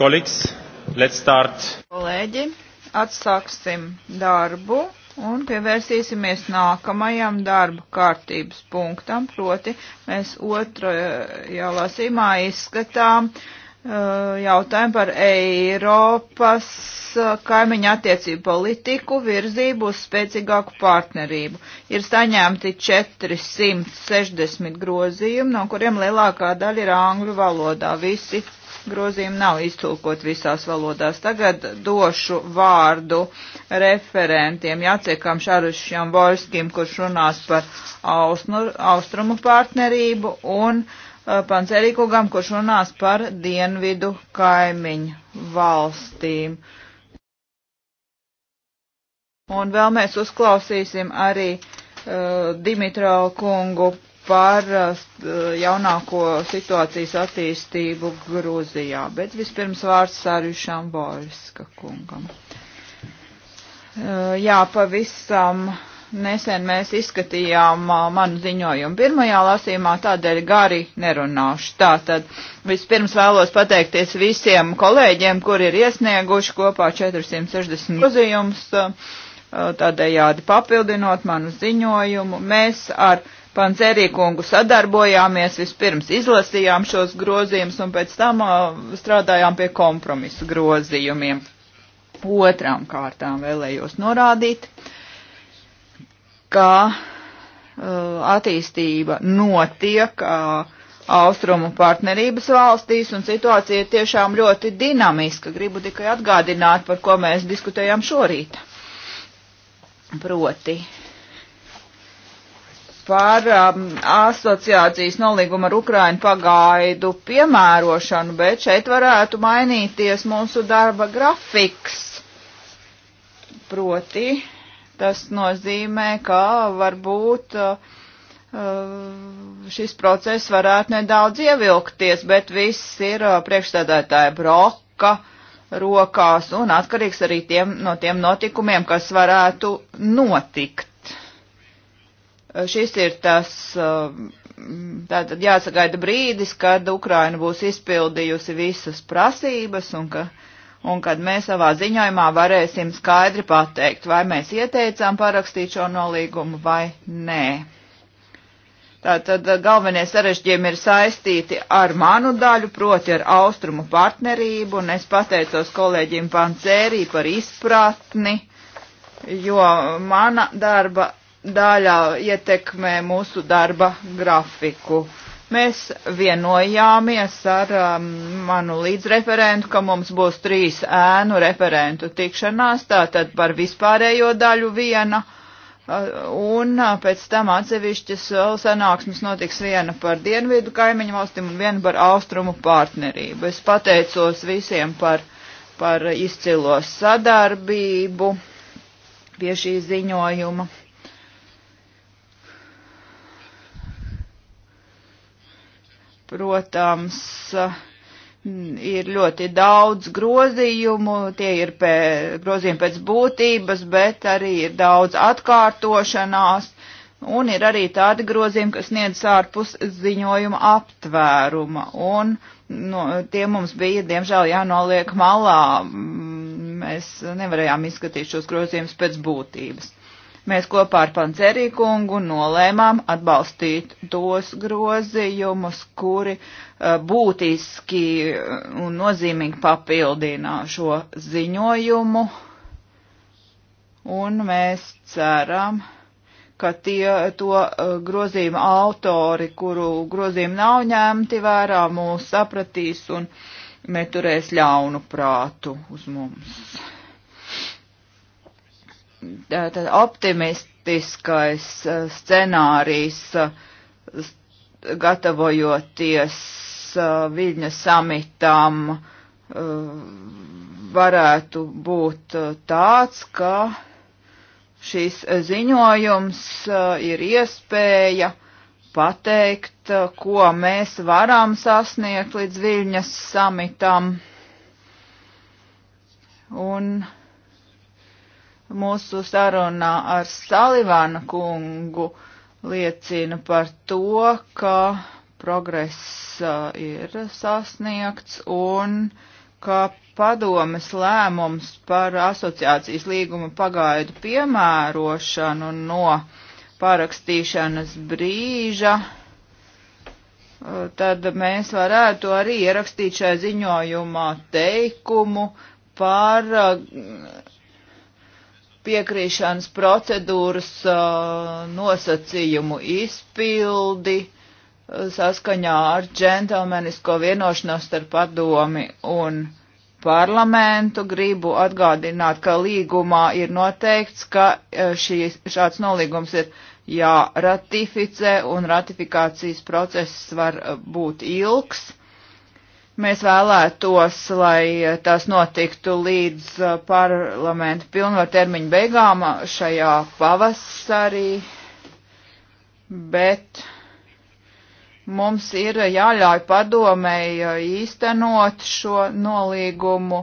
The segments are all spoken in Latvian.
Kolīgs, let's start. Kolēģi, atsāksim darbu un pievērsīsimies nākamajam darba kārtības punktam, proti mēs otrajā lasīmā izskatām uh, Eh, jautājumu par Eiropas eh, kaimiņu attiecību politiku virzību uz spēcīgāku partnerību. Ir saņemti 460 grozījumi, no kuriem lielākā daļa ir angļu valodā. Visi grozījumi nav iztulkot visās valodās. Tagad došu vārdu referentiem Jācekam Šarušam Borskim, kurš runās par austrumu partnerību un uh, Uh, Pancerīkungam, kurš runās par dienvidu kaimiņu valstīm. Un vēl mēs uzklausīsim arī uh, Dimitro kungu par uh, uh jaunāko situācijas attīstību Grūzijā. Bet vispirms vārds Sārišām Boriska kungam. Uh, jā, pavisam nesen mēs izskatījām manu ziņojumu pirmajā lasījumā, tādēļ gari nerunāšu. Tātad vispirms vēlos pateikties visiem kolēģiem, kuri ir iesnieguši kopā 460 grozījumus, tādējādi papildinot manu ziņojumu. Mēs ar Pancerīkungu sadarbojāmies, vispirms izlasījām šos grozījumus un pēc tam strādājām pie kompromisu grozījumiem. Otrām kārtām vēlējos norādīt, ka uh, attīstība notiek uh, austrumu partnerības valstīs, un situācija ir tiešām ļoti dinamiska. Gribu tikai atgādināt, par ko mēs diskutējām šorīt. Proti par um, asociācijas nolīgumu ar Ukrainu pagaidu piemērošanu, bet šeit varētu mainīties mūsu darba grafiks. Proti, uh, Tas nozīmē, ka varbūt uh, šis process varētu nedaudz ievilkties, bet viss ir uh, priekšstādātāja broka rokās un atkarīgs arī tiem, no tiem notikumiem, kas varētu notikt. Uh, šis ir tas tātad jāsagaida brīdis, kad Ukraina būs izpildījusi visas prasības un ka un kad mēs savā ziņojumā varēsim skaidri pateikt, vai mēs ieteicām parakstīt šo nolīgumu vai nē. Tātad eh, galvenie sarežģījumi ir saistīti ar manu daļu, proti ar austrumu partnerību, un es pateicos kolēģim Pancērī par izpratni, jo mana darba daļā ietekmē mūsu darba grafiku. Uh, Mēs vienojāmies ar um, manu līdzreferentu, ka mums būs trīs ēnu referentu tikšanās, tātad par vispārējo daļu viena, uh, un uh, pēc tam atsevišķas vēl uh, sanāksmes notiks viena par dienvidu kaimiņu valstīm un viena par austrumu partnerību. Es pateicos visiem par, par izcilo sadarbību pie šī ziņojuma. protams, ir ļoti daudz grozījumu, tie ir pē, grozījumi pēc būtības, bet arī ir daudz atkārtošanās, un ir arī tādi grozījumi, kas sniedz ārpus ziņojuma aptvēruma, un no, tie mums bija, diemžēl, jānoliek malā, mēs nevarējām izskatīt šos grozījumus pēc būtības. Mēs kopā ar Pancerī kungu nolēmām atbalstīt tos grozījumus, kuri uh, būtiski un nozīmīgi papildina šo ziņojumu. Un mēs ceram, ka tie to uh, grozījuma autori, kuru grozījumi nav ņemti vērā, mūs sapratīs un neturēs ļaunu prātu uz mums tad optimistiskais scenārijs gatavojoties Viļņa samitām varētu būt tāds, ka šīs ziņojums ir iespēja pateikt, ko mēs varam sasniegt līdz Viļņas samitam. Un mūsu sarunā ar Salivānu kungu liecina par to, ka progress ir sasniegts un ka padomes lēmums par asociācijas līguma pagaidu piemērošanu no parakstīšanas brīža, tad mēs varētu arī ierakstīt šai ziņojumā teikumu par piekrīšanas procedūras nosacījumu izpildi saskaņā ar džentelmenisko vienošanos starp padomi un parlamentu. Gribu atgādināt, ka līgumā ir noteikts, ka šī, šāds nolīgums ir jāratificē un ratifikācijas process var būt ilgs Mēs vēlētos, lai tas notiktu līdz uh, parlamenta pilnvartermiņa beigām uh, šajā pavasarī, bet mums ir jāļauj padomēji uh, īstenot šo nolīgumu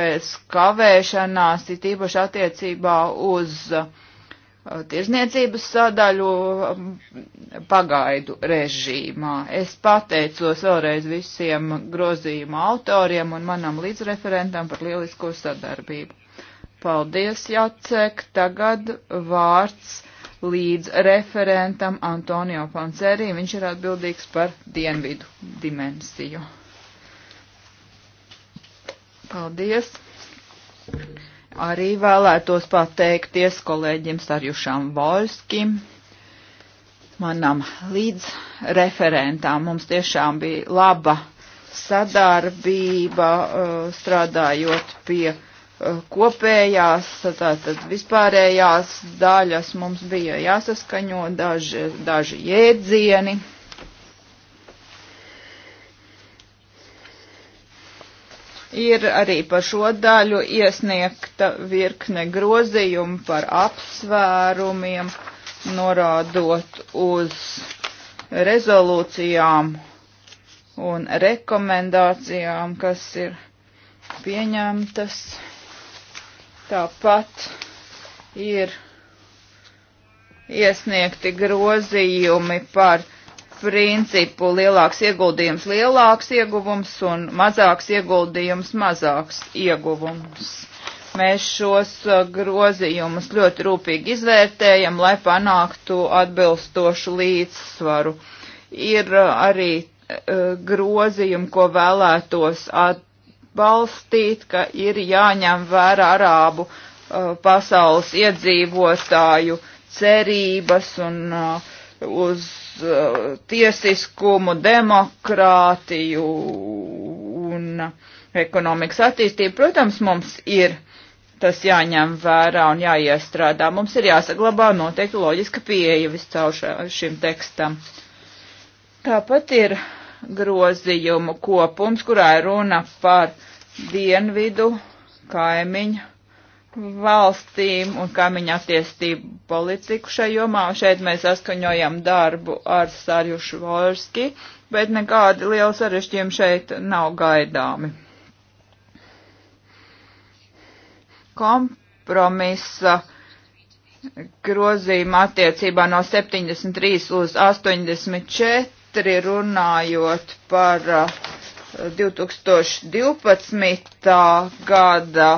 bez kavēšanās, it īpaši attiecībā uz uh, tirzniecības sadaļu um, pagaidu režīmā. Es pateicos vēlreiz visiem grozījuma autoriem un manam līdzreferentam par lielisko sadarbību. Paldies, Jacek. Tagad vārds līdz referentam Antonio Pancerī. Viņš ir atbildīgs par dienvidu dimensiju. Paldies. Thank you. Arī vēlētos pateikties kolēģim Sarjušām Volskim, manam līdzreferentām. Mums tiešām bija laba sadarbība eh, strādājot pie eh, kopējās, tātad vispārējās daļas mums bija jāsaskaņo daži, daži jēdzieni. Ir arī par šo daļu iesniegta virkne grozījumu par apsvērumiem, norādot uz rezolūcijām un rekomendācijām, kas ir pieņemtas. Tāpat ir iesniegti grozījumi par principu lielāks ieguldījums lielāks ieguvums un mazāks ieguldījums mazāks ieguvums. Mēs šos uh, grozījumus ļoti rūpīgi izvērtējam, lai panāktu atbilstošu līdzsvaru. Ir uh, arī uh, grozījumi, ko vēlētos atbalstīt, ka ir jāņem vērā arābu pasaules iedzīvotāju cerības un uz Eh, tiesiskumu, demokrātiju un ekonomikas attīstību. Protams, mums ir tas jāņem vērā un jāiestrādā. Mums ir jāsaglabā noteikti loģiska pieeja viscaur šim tekstam. Tāpat ir grozījumu kopums, kurā ir runa par dienvidu kaimiņu valstīm un kaimiņu attiestību politiku šai jomā. Šeit mēs saskaņojam darbu ar Sarjušu Vorski, bet nekādi lieli sarešķiem šeit nav gaidāmi. Kompromisa grozījuma attiecībā no 73 uz 84 runājot par 2012. Uh, gada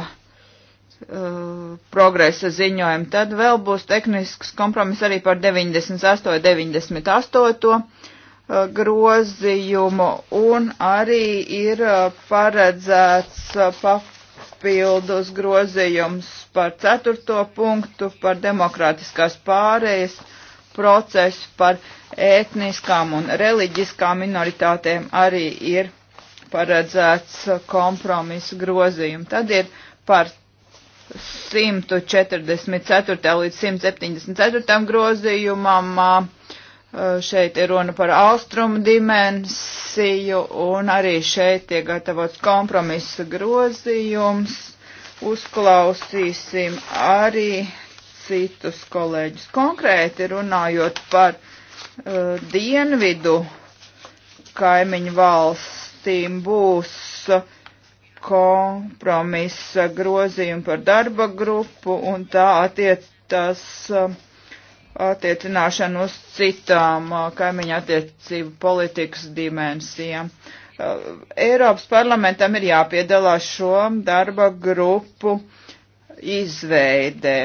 Uh, progresa ziņojumu. Tad vēl būs tehnisks kompromiss arī par 98, 98 uh, grozījumu un arī ir uh, paredzēts papildus grozījums par ceturto punktu, par demokrātiskās pārējas procesu, par ētniskām un reliģiskām minoritātēm arī ir paredzēts kompromisu grozījumu. Tad ir par 144. līdz 174. grozījumam. Šeit ir runa par austrumu dimensiju, un arī šeit tiek gatavots kompromisa grozījums. Uzklausīsim arī citus kolēģus. Konkrēti runājot par uh, dienvidu kaimiņu valstīm būs uh, kompromisa grozījumu par darba grupu un tā attiec tas um, attiecināšanu uz citām uh, kaimiņa attiecību politikas dimensijām. Uh, Eiropas parlamentam ir jāpiedalās šo darba grupu izveidē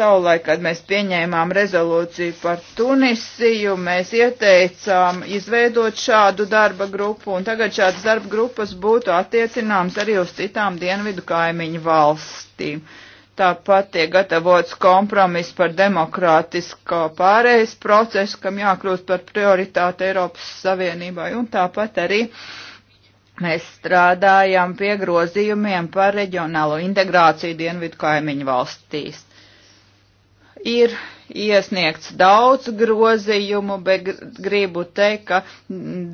saulē, kad mēs pieņēmām rezolūciju par Tunisiju, mēs ieteicām izveidot šādu darba grupu, un tagad šādas darba grupas būtu attiecināmas arī uz citām dienvidu kaimiņu valstīm. Tāpat tiek gatavots kompromiss par demokrātisko pārējais procesu, kam jākļūst par prioritāti Eiropas Savienībai, un tāpat arī mēs strādājam pie grozījumiem par reģionālo integrāciju dienvidu kaimiņu valstīs. Ir iesniegts daudz grozījumu, bet gribu teikt, ka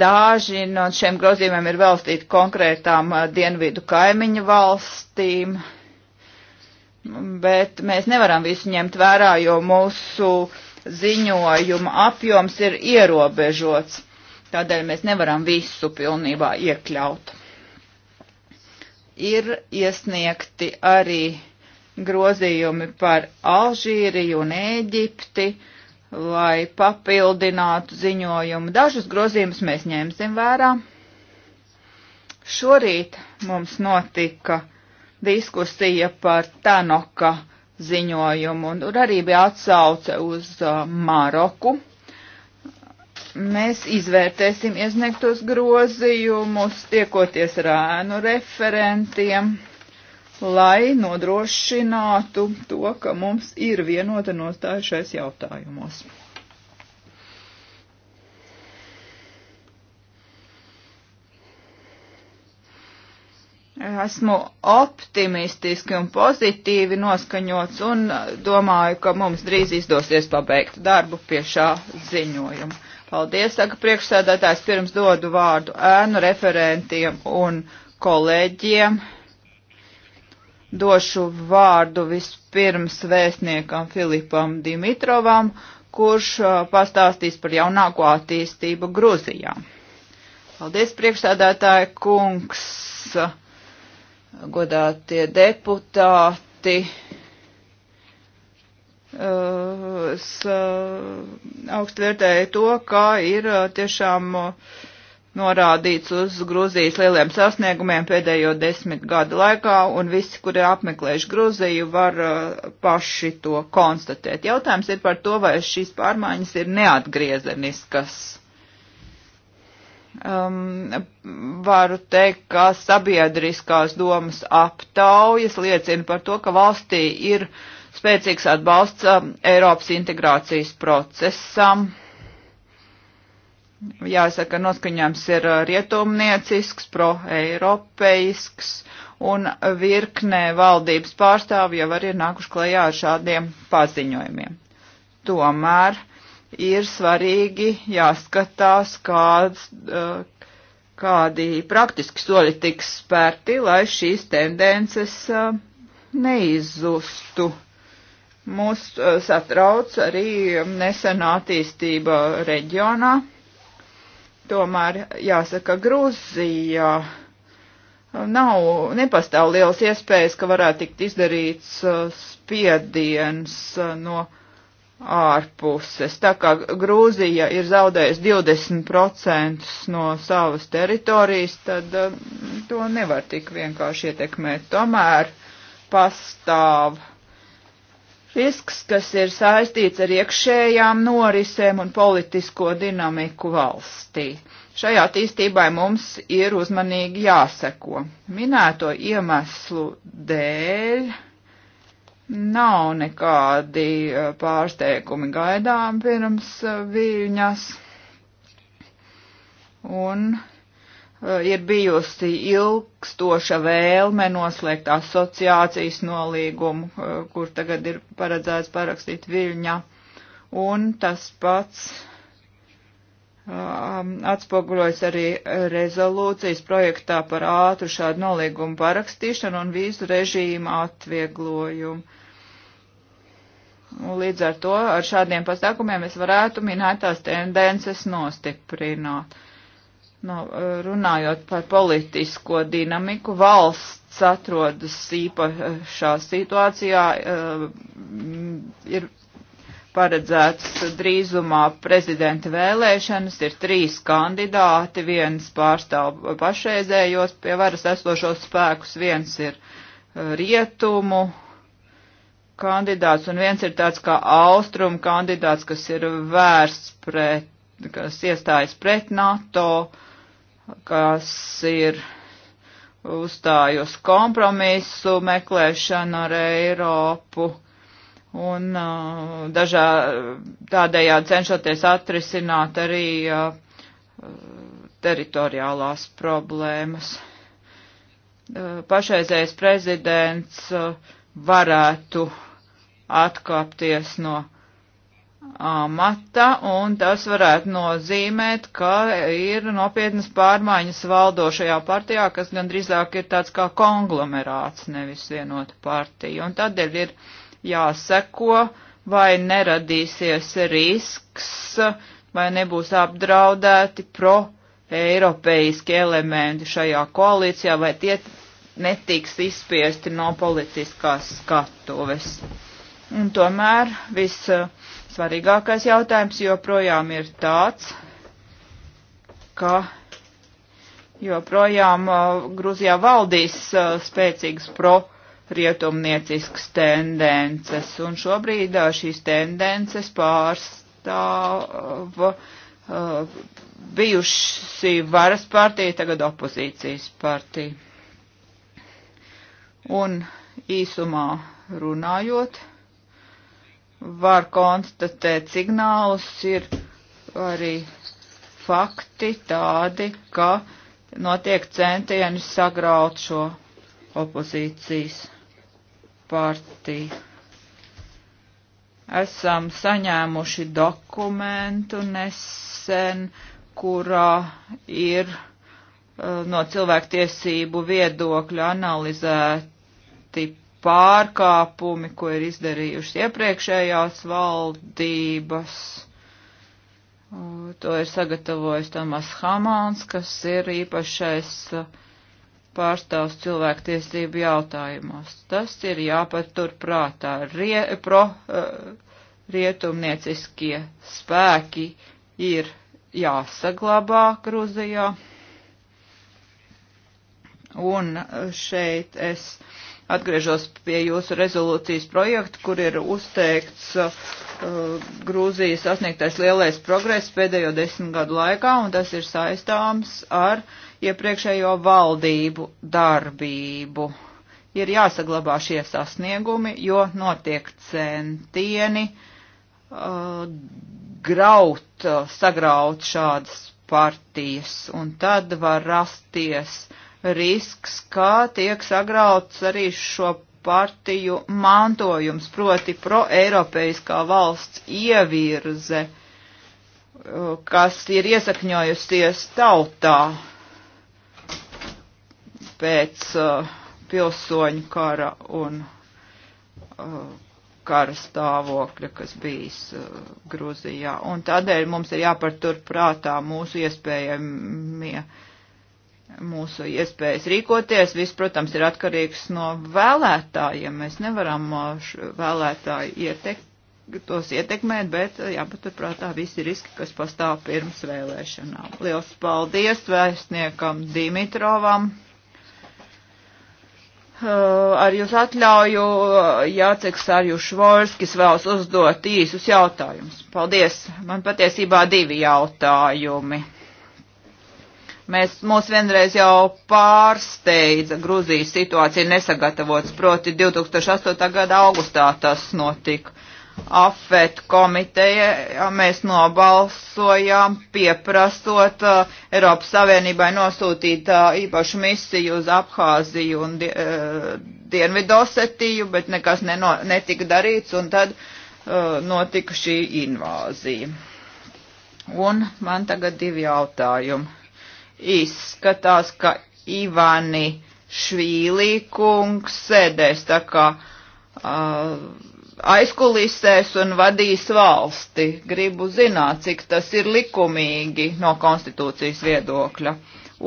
daži no šiem grozījumiem ir velstīti konkrētām dienvidu kaimiņu valstīm, bet mēs nevaram visu ņemt vērā, jo mūsu ziņojuma apjoms ir ierobežots. Tādēļ mēs nevaram visu pilnībā iekļaut. Ir iesniegti arī grozījumi par Alžīriju un Ēģipti, lai papildinātu ziņojumu. Dažus grozījumus mēs ņemsim vērā. Šorīt mums notika diskusija par Tanoka ziņojumu, un tur arī bija atsauce uz uh, Maroku. Mēs izvērtēsim iesniegtos grozījumus, tiekoties ar ēnu referentiem lai nodrošinātu to, ka mums ir vienota nostāja šais jautājumos. Esmu optimistiski un pozitīvi noskaņots un domāju, ka mums drīz izdosies pabeigt darbu pie šā ziņojuma. Paldies, saka priekšsēdētājs, pirms dodu vārdu ēnu referentiem un kolēģiem došu vārdu vispirms vēstniekam Filipam Dimitrovam, kurš uh, pastāstīs par jaunāko attīstību Gruzijā. Paldies, priekšsēdētāji kungs, godātie deputāti. Uh, es uh, augstu vērtēju to, kā ir tiešām uh, norādīts uz Grūzijas lieliem sasniegumiem pēdējo desmit gadu laikā, un visi, kuri apmeklējuši Grūziju, var uh, paši to konstatēt. Jautājums ir par to, vai šīs pārmaiņas ir neatgriezeniskas. Um, varu teikt, ka sabiedriskās domas aptaujas liecina par to, ka valstī ir spēcīgs atbalsts um, Eiropas integrācijas procesam. Um, jāsaka, noskaņojums ir uh, rietumniecisks, proeiropeisks, un virknē valdības pārstāvji jau arī ir nākuši klajā ar šādiem paziņojumiem. Tomēr ir svarīgi jāskatās, kāds, uh, kādi praktiski soļi tiks spērti, lai šīs tendences uh, neizzustu. Mūs satrauc arī nesenā attīstība reģionā, Tomēr jāsaka, Grūzija uh, nav, nepastāv liels iespējas, ka varētu tikt izdarīts uh, spiediens uh, no ārpuses. Tā kā Grūzija ir zaudējusi 20% no savas teritorijas, tad to nevar tik vienkārši ietekmēt. Tomēr pastāv risks, kas ir saistīts ar iekšējām norisēm un politisko dinamiku valstī. Šajā attīstībai mums ir uzmanīgi jāseko. Minēto iemeslu dēļ nav nekādi eh, pārsteigumi gaidām pirms eh, viņas. Un Eh, ir bijusi ilgstoša vēlme noslēgt asociācijas nolīgumu, eh, kur tagad ir paredzēts parakstīt Viļņā. Un tas pats um, atspoguļojas arī rezolūcijas projektā par ātru šādu nolīgumu parakstīšanu un vīzu režīmu atvieglojumu. Un līdz ar to ar šādiem pasākumiem es varētu minētās tendences nostiprināt. Nu, runājot par politisko dinamiku, valsts atrodas īpašā situācijā, eh, ir paredzēts drīzumā prezidenta vēlēšanas, ir trīs kandidāti, viens pārstāv pašreizējos pie varas esošos spēkus, viens ir eh, rietumu kandidāts un viens ir tāds kā austrumu kandidāts, kas ir vērsts pret, kas iestājas pret NATO. Uh, kas ir uzstājus kompromisu meklēšanu ar Eiropu un uh, dažā tādējādi cenšoties atrisināt arī uh, teritoriālās problēmas. Uh, pašreizējais prezidents uh, varētu atkāpties no amata, un tas varētu nozīmēt, ka ir nopietnas pārmaiņas valdošajā partijā, kas gandrīzāk ir tāds kā konglomerāts, nevis vienota partija. Un tādēļ ir jāseko, vai neradīsies risks, vai nebūs apdraudēti pro-eiropeiski elementi šajā koalīcijā, vai tie netiks izspiesti no politiskās skatuves. Un tomēr viss svarīgākais jautājums joprojām ir tāds, ka joprojām uh, Gruzijā valdīs uh, spēcīgas pro-rietumnieciskas tendences, un šobrīd uh, šīs tendences pārstāv uh, bijuši varas partija, tagad opozīcijas partija. Un īsumā runājot, var konstatēt signālus, ir arī fakti tādi, ka notiek centieni sagraut šo opozīcijas partiju. Esam saņēmuši dokumentu nesen, kurā ir eh, no cilvēktiesību viedokļa analizēti pārkāpumi, ko ir izdarījušas iepriekšējās valdības. To ir sagatavojis Tomas Hamāns, kas ir īpašais uh, pārstāvs cilvēktiesību jautājumos. Tas ir jāpatur prātā. Rie, pro, uh, rietumnieciskie spēki ir jāsaglabā Gruzijā. Un uh, šeit es atgriežos pie jūsu rezolūcijas projekta, kur ir uzteikts uh, Grūzijas sasniegtais lielais progress pēdējo desmit gadu laikā, un tas ir saistāms ar iepriekšējo valdību darbību. Ir jāsaglabā šie sasniegumi, jo notiek centieni uh, graut, sagraut šādas partijas, un tad var rasties uh, risks, kā tiek sagrauts arī šo partiju mantojums, proti proeiropeiskā valsts ievirze, uh, kas ir iesakņojusies tautā pēc uh, pilsoņu kara un uh, kara stāvokļa, kas bijis uh, Grūzijā. Un tādēļ mums ir jāpartur prātā mūsu iespējamie uh, mūsu iespējas rīkoties. Viss, protams, ir atkarīgs no vēlētājiem. Mēs nevaram uh, vēlētāju ietek, tos ietekmēt, bet uh, jāpaturprātā visi riski, kas pastāv pirms vēlēšanām. Liels paldies vēstniekam Dimitrovam. Uh, ar jūs atļauju Jāceks Arju Švorskis vēlas uzdot īsus jautājumus. Paldies. Man patiesībā divi jautājumi. Mēs mūs vienreiz jau pārsteidza Gruzijas situācija nesagatavots, proti 2008. gada augustā tas notika. AFET komiteja ja mēs nobalsojām pieprasot uh, Eiropas Savienībai nosūtīt uh, īpašu misiju uz Abhāziju un die, uh, Dienvidosetiju, bet nekas neno, netika darīts un tad uh, notika šī invāzija. Un man tagad divi jautājumi Izskatās, ka Ivani Švīlī kungs sēdēs tā kā uh, aizkulisēs un vadīs valsti. Gribu zināt, cik tas ir likumīgi no konstitūcijas viedokļa.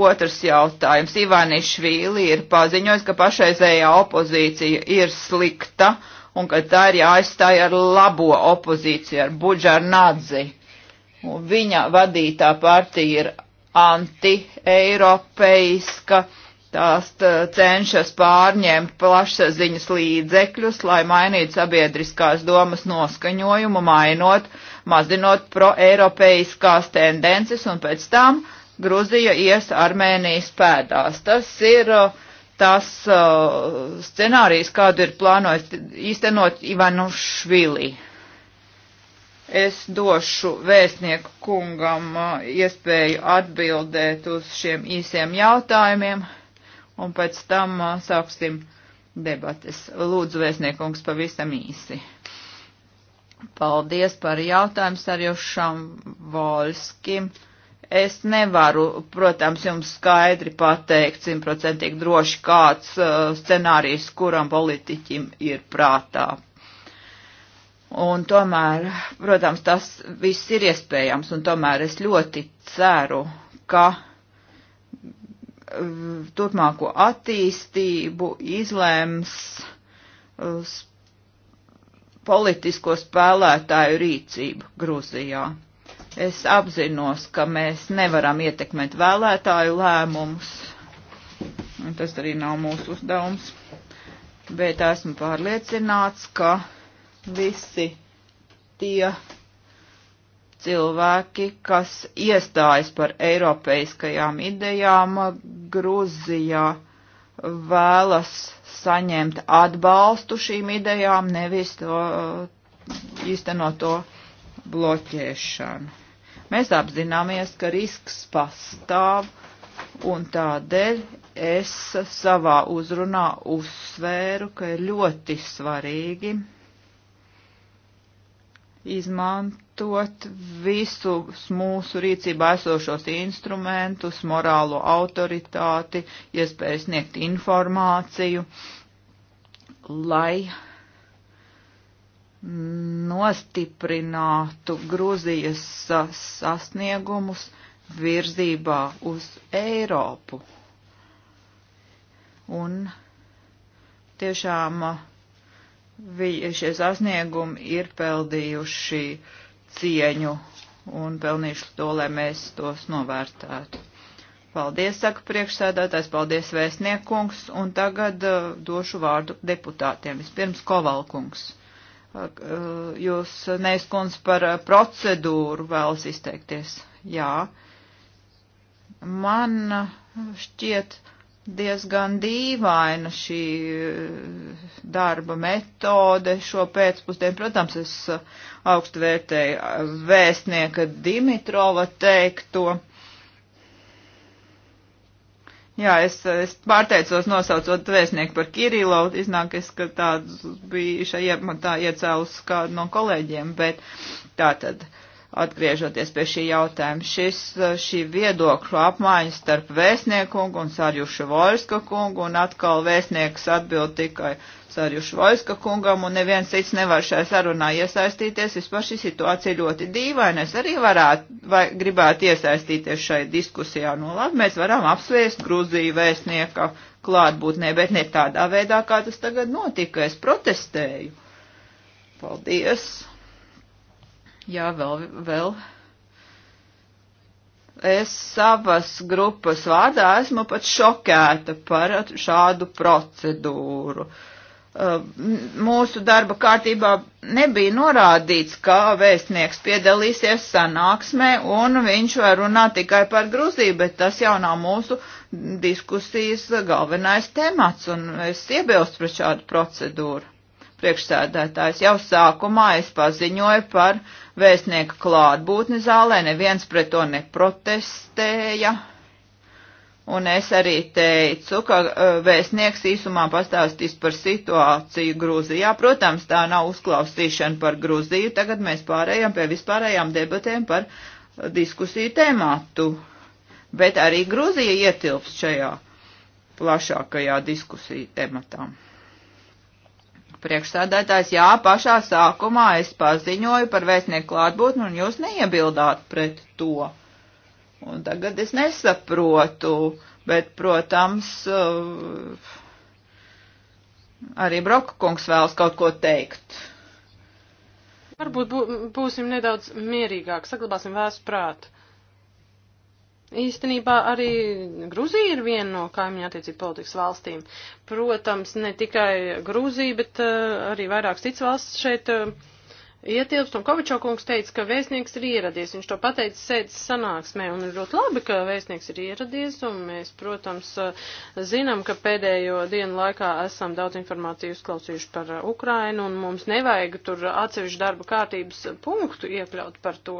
Otrs jautājums. Ivaniš Vīli ir paziņojis, ka pašreizējā opozīcija ir slikta un ka tā ir jāaizstāja ar labo opozīciju, ar Budžarnadzi. Viņa vadītā partija ir anti-eiropeiska. Tās cenšas pārņemt plašsaziņas līdzekļus, lai mainītu sabiedriskās domas noskaņojumu, mainot, mazinot proeiropeiskās tendences un pēc tam Gruzija ies Armēnijas pēdās. Tas ir tas uh, scenārijs, kādu ir plānojis īstenot Ivanu Švili. Es došu vēstnieku kungam uh, iespēju atbildēt uz šiem īsiem jautājumiem, un pēc tam uh, sāksim debates. Lūdzu, vēstniekungs, pavisam īsi. Paldies par jautājumu Sarjušam Volskim. Es nevaru, protams, jums skaidri pateikt simtprocentīgi droši kāds uh, scenārijs, kuram politiķim ir prātā Un tomēr, protams, tas viss ir iespējams, un tomēr es ļoti ceru, ka mm, turpmāko attīstību izlēms mm, politisko spēlētāju rīcību Grūzijā. Es apzinos, ka mēs nevaram ietekmēt vēlētāju lēmumus, un tas arī nav mūsu uzdevums, bet esmu pārliecināts, ka visi tie cilvēki, kas iestājas par eiropeiskajām idejām Gruzijā, vēlas saņemt atbalstu šīm idejām, nevis to īstenot to bloķēšanu. Mēs apzināmies, ka risks pastāv, un tādēļ es savā uzrunā uzsvēru, ka ir ļoti svarīgi izmantot visus mūsu rīcībā esošos instrumentus, morālo autoritāti, iespēju sniegt informāciju, lai nostiprinātu Gruzijas sasniegumus virzībā uz Eiropu. Un tiešām uh, vi, šie sasniegumi ir peldījuši cieņu un pelnījuši to, lai mēs tos novērtētu. Paldies, saka priekšsēdētājs, paldies vēstniekungs, un tagad uh, došu vārdu deputātiem. Vispirms Kovalkungs. Uh, jūs, Neiskunds, par uh, procedūru vēlas izteikties. Jā. Man uh, šķiet, uh, diezgan dīvaina šī eh, darba metode šo pēcpusdienu. Protams, es eh, augstu vērtēju eh, vēstnieka Dimitrova teikto. Jā, es, es pārteicos nosaucot vēstnieku par Kirilovu, iznāk es, ka tāds bija šai, man tā iecēlus kādu no kolēģiem, bet tā tad. Uh, atgriežoties pie šī jautājuma. Šis, eh, šī viedokļu apmaiņa starp vēstniekungu un Sārjušu Voļska kungu, un atkal vēstnieks atbild tikai Sārjušu Voļska kungam, un neviens cits nevar šajā sarunā iesaistīties. Vispār šī situācija ļoti dīvaina. Es arī varētu, vai gribētu iesaistīties šai diskusijā. Nu, labi, mēs varam apsvēst Gruziju vēstnieka klātbūtnē, bet ne tādā veidā, kā tas tagad notika. Es protestēju. Paldies! Jā, vēl, vēl. Es savas grupas vārdā esmu pat šokēta par šādu procedūru. Uh, mūsu darba kārtībā nebija norādīts, ka vēstnieks piedalīsies sanāksmē un viņš var runāt tikai par Gruziju, bet tas jau nav mūsu diskusijas galvenais temats un es iebilstu pret šādu procedūru priekšsēdētājs. Jau sākumā es paziņoju par vēstnieku klātbūtni zālē, neviens pret to neprotestēja. Un es arī teicu, ka eh, vēstnieks īsumā pastāstīs par situāciju Grūzijā. Protams, tā nav uzklausīšana par Grūziju. Tagad mēs pārējām pie vispārējām debatēm par diskusiju tēmātu. Bet arī Grūzija ietilps šajā plašākajā diskusiju tematām. Priekšsēdētājs, jā, pašā sākumā es paziņoju par vēstnieku klātbūtni un jūs neiebildāt pret to. Un tagad es nesaprotu, bet, protams, eh, arī Broka kungs vēlas kaut ko teikt. Varbūt bū, būsim nedaudz mierīgāki, saglabāsim vēstu prātu. Īstenībā arī Gruzija ir viena no kaimiņu attiecību politikas valstīm. Protams, ne tikai Gruzija, bet uh, arī vairākas citas valsts šeit uh, ietilpst. Un Kovačokungs teica, ka vēstnieks ir ieradies. Viņš to pateica sēdes sanāksmē. Un ir ļoti labi, ka vēstnieks ir ieradies. Un mēs, protams, uh, zinām, ka pēdējo dienu laikā esam daudz informāciju uzklausījuši par uh, Ukrainu. Un mums nevajag tur atsevišķu darba kārtības punktu iekļaut par to.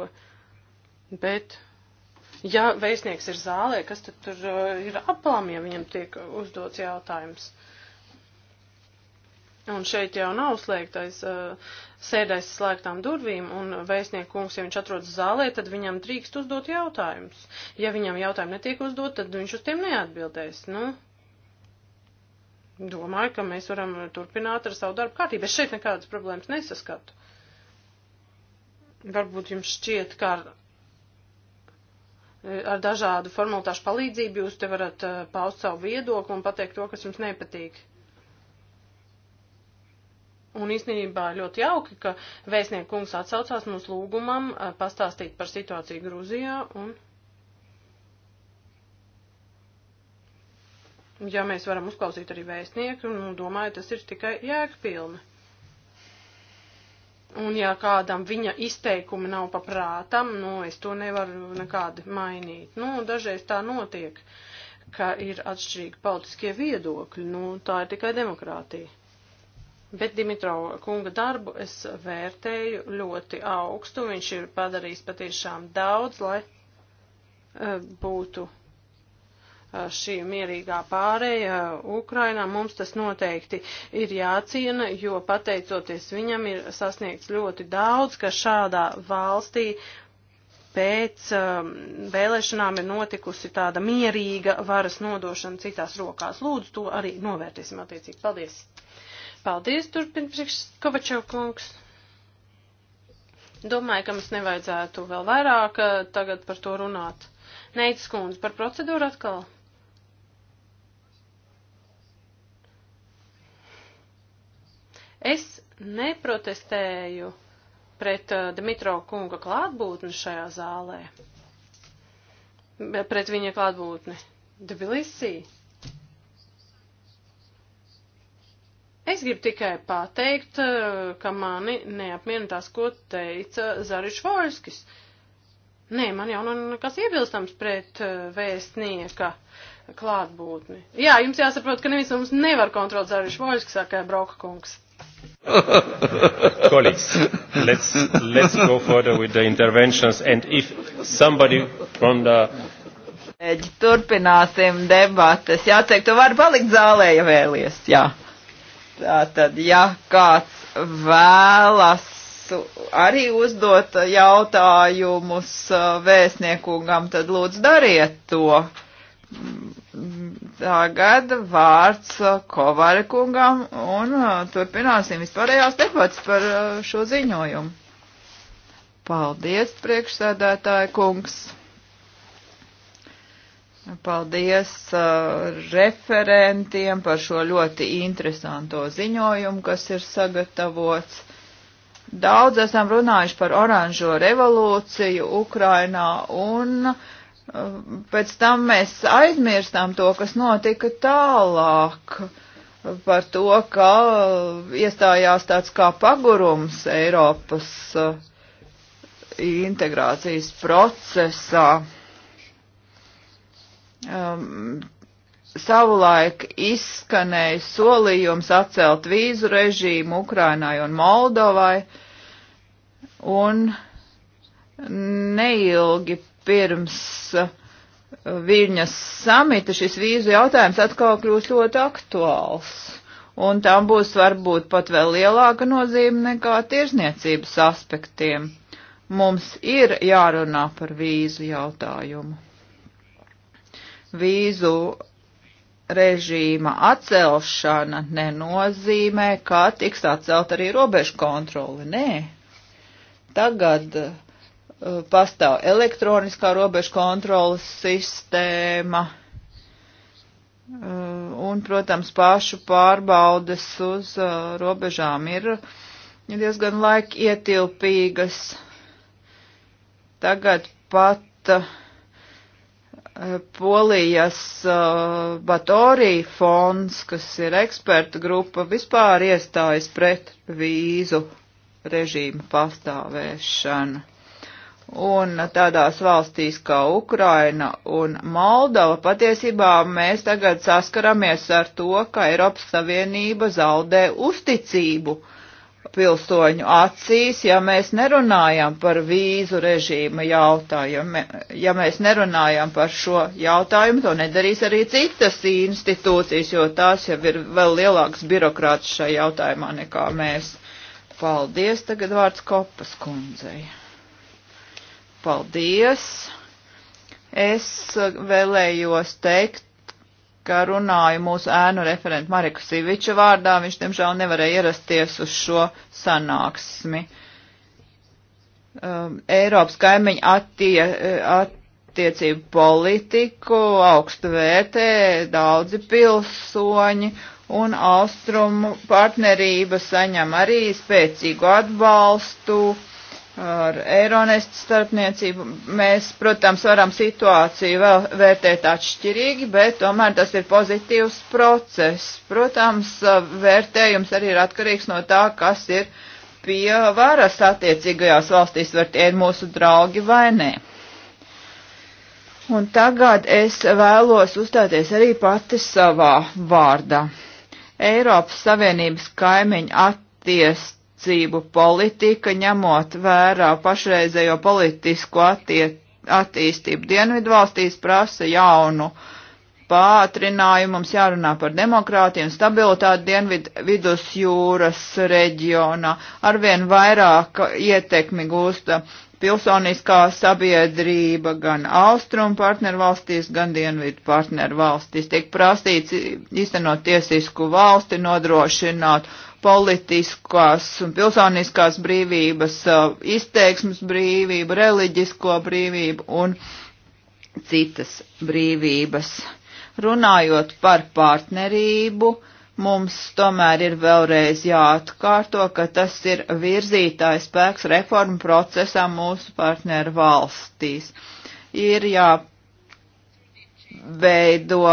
Bet Ja vēstnieks ir zālē, kas tad tur uh, ir aplām, ja viņam tiek uzdots jautājums? Un šeit jau nav slēgtais, uh, sēdais slēgtām durvīm, un vēstnieku kungs, ja viņš atrodas zālē, tad viņam drīkst uzdot jautājumus. Ja viņam jautājumi netiek uzdot, tad viņš uz tiem neatbildēs. Nu, domāju, ka mēs varam turpināt ar savu darbu kārtību. Es šeit nekādas problēmas nesaskatu. Varbūt jums šķiet, ka ar ar dažādu formulāšu palīdzību jūs te varat eh, paust savu viedokli un pateikt to, kas jums nepatīk. Un īstenībā ļoti jauki, ka vēstnieku kungs atsaucās mums lūgumam eh, pastāstīt par situāciju Grūzijā un. Ja mēs varam uzklausīt arī vēstnieku, nu, domāju, tas ir tikai jēgpilni. Un ja kādam viņa izteikumi nav paprātam, nu, es to nevaru nekādi mainīt. Nu, dažreiz tā notiek, ka ir atšķirīgi politiskie viedokļi. Nu, tā ir tikai demokrātija. Bet Dimitrova kunga darbu es vērtēju ļoti augstu. Viņš ir padarījis patiešām daudz, lai eh, būtu Eh, šī mierīgā pārēja eh, Ukrainā. Mums tas noteikti ir jāciena, jo pateicoties viņam ir sasniegts ļoti daudz, ka šādā valstī pēc um, vēlēšanām ir notikusi tāda mierīga varas nodošana citās rokās. Lūdzu, to arī novērtēsim attiecīgi. Paldies! Paldies, turpin priekš Kovačev kungs! Domāju, ka mums nevajadzētu vēl vairāk tagad par to runāt. Neits kundze par procedūru atkal. Es neprotestēju pret uh, Dimitro kunga klātbūtni šajā zālē. Pret viņa klātbūtni. Debilisī. Es gribu tikai pateikt, uh, ka mani neapmierina tas, ko teica Zariš Volskis. Nē, man jau nav nekas iebilstams pret uh, vēstnieka klātbūtni. Jā, jums jāsaprot, ka nevis mums nevar kontrolēt Zariš Volskis, saka Broka kungs. Colleagues, let's, let's go further with the interventions and if somebody from the Mēģi, turpināsim debates. Jāceik, tu vari palikt zālē, ja vēlies. Jā. Tātad, ja kāds vēlas arī uzdot jautājumus uh, vēstniekungam, tad lūdzu dariet to. Tagad vārds uh, Kovāri kungam un uh, turpināsim vispārējās debats par uh, šo ziņojumu. Paldies, priekšsēdētāja kungs. Paldies uh, referentiem par šo ļoti interesanto ziņojumu, kas ir sagatavots. Daudz esam runājuši par oranžo revolūciju Ukrainā un uh, pēc tam mēs aizmirstām to, kas notika tālāk par to, ka iestājās tāds kā pagurums Eiropas uh, integrācijas procesā. Um, savulaik izskanēja solījums atcelt vīzu režīmu Ukrainai un Moldovai, un neilgi pirms uh, Viļņas samita šis vīzu jautājums atkal kļūs ļoti aktuāls. Un tam būs varbūt pat vēl lielāka nozīme nekā tirzniecības aspektiem. Mums ir jārunā par vīzu jautājumu. Vīzu režīma atcelšana nenozīmē, ka tiks atcelt arī robežu kontroli. Nē. Tagad uh, Uh, pastāv elektroniskā robežu kontrolas sistēma uh, un, protams, pašu pārbaudes uz uh, robežām ir diezgan laika ietilpīgas. Tagad pat Polijas Batorī fonds, kas ir eksperta grupa, vispār iestājas pret vīzu režīmu pastāvēšanu. Un tādās valstīs kā Ukraina un Moldova patiesībā mēs tagad saskaramies ar to, ka Eiropas Savienība zaudē uzticību pilsoņu acīs, ja mēs nerunājam par vīzu režīma jautājumu. Ja mēs nerunājam par šo jautājumu, to nedarīs arī citas institūcijas, jo tās jau ir vēl lielāks birokrāts šajā jautājumā nekā mēs. Paldies, tagad vārds Kopas kundzei. Paldies! Es uh, vēlējos teikt, ka runāju mūsu ēnu referentu Mariku Siviču vārdā. Viņš, diemžēl, nevarēja ierasties uz šo sanāksmi. Um, Eiropas kaimiņu attie, attiecību politiku augstu vērtē daudzi pilsoņi, un austrumu partnerība saņem arī spēcīgu atbalstu ar Eironestu starpniecību. Mēs, protams, varam situāciju vēl vērtēt atšķirīgi, bet tomēr tas ir pozitīvs process. Protams, vērtējums arī ir atkarīgs no tā, kas ir pie varas attiecīgajās valstīs, var tie ir mūsu draugi vai nē. Un tagad es vēlos uzstāties arī pati savā vārdā. Eiropas Savienības kaimiņu attiest rīcību politika, ņemot vērā pašreizējo politisko attiet, attīstību dienvidvalstīs, prasa jaunu pātrinājumu. Mums jārunā par demokrātiju un stabilitāti dienvid vidusjūras reģionā. Arvien vairāk ietekmi gūsta pilsoniskā sabiedrība gan austrumu partneru valstīs, gan dienvidu partneru valstīs. Tiek prasīts īstenot tiesisku valsti, nodrošināt politiskās un pilsoniskās brīvības, uh, izteiksmes brīvību, reliģisko brīvību un citas brīvības. Runājot par partnerību, mums tomēr ir vēlreiz jāatkārto, ka tas ir virzītājs spēks reformu procesā mūsu partneru valstīs. Ir jāveido uh,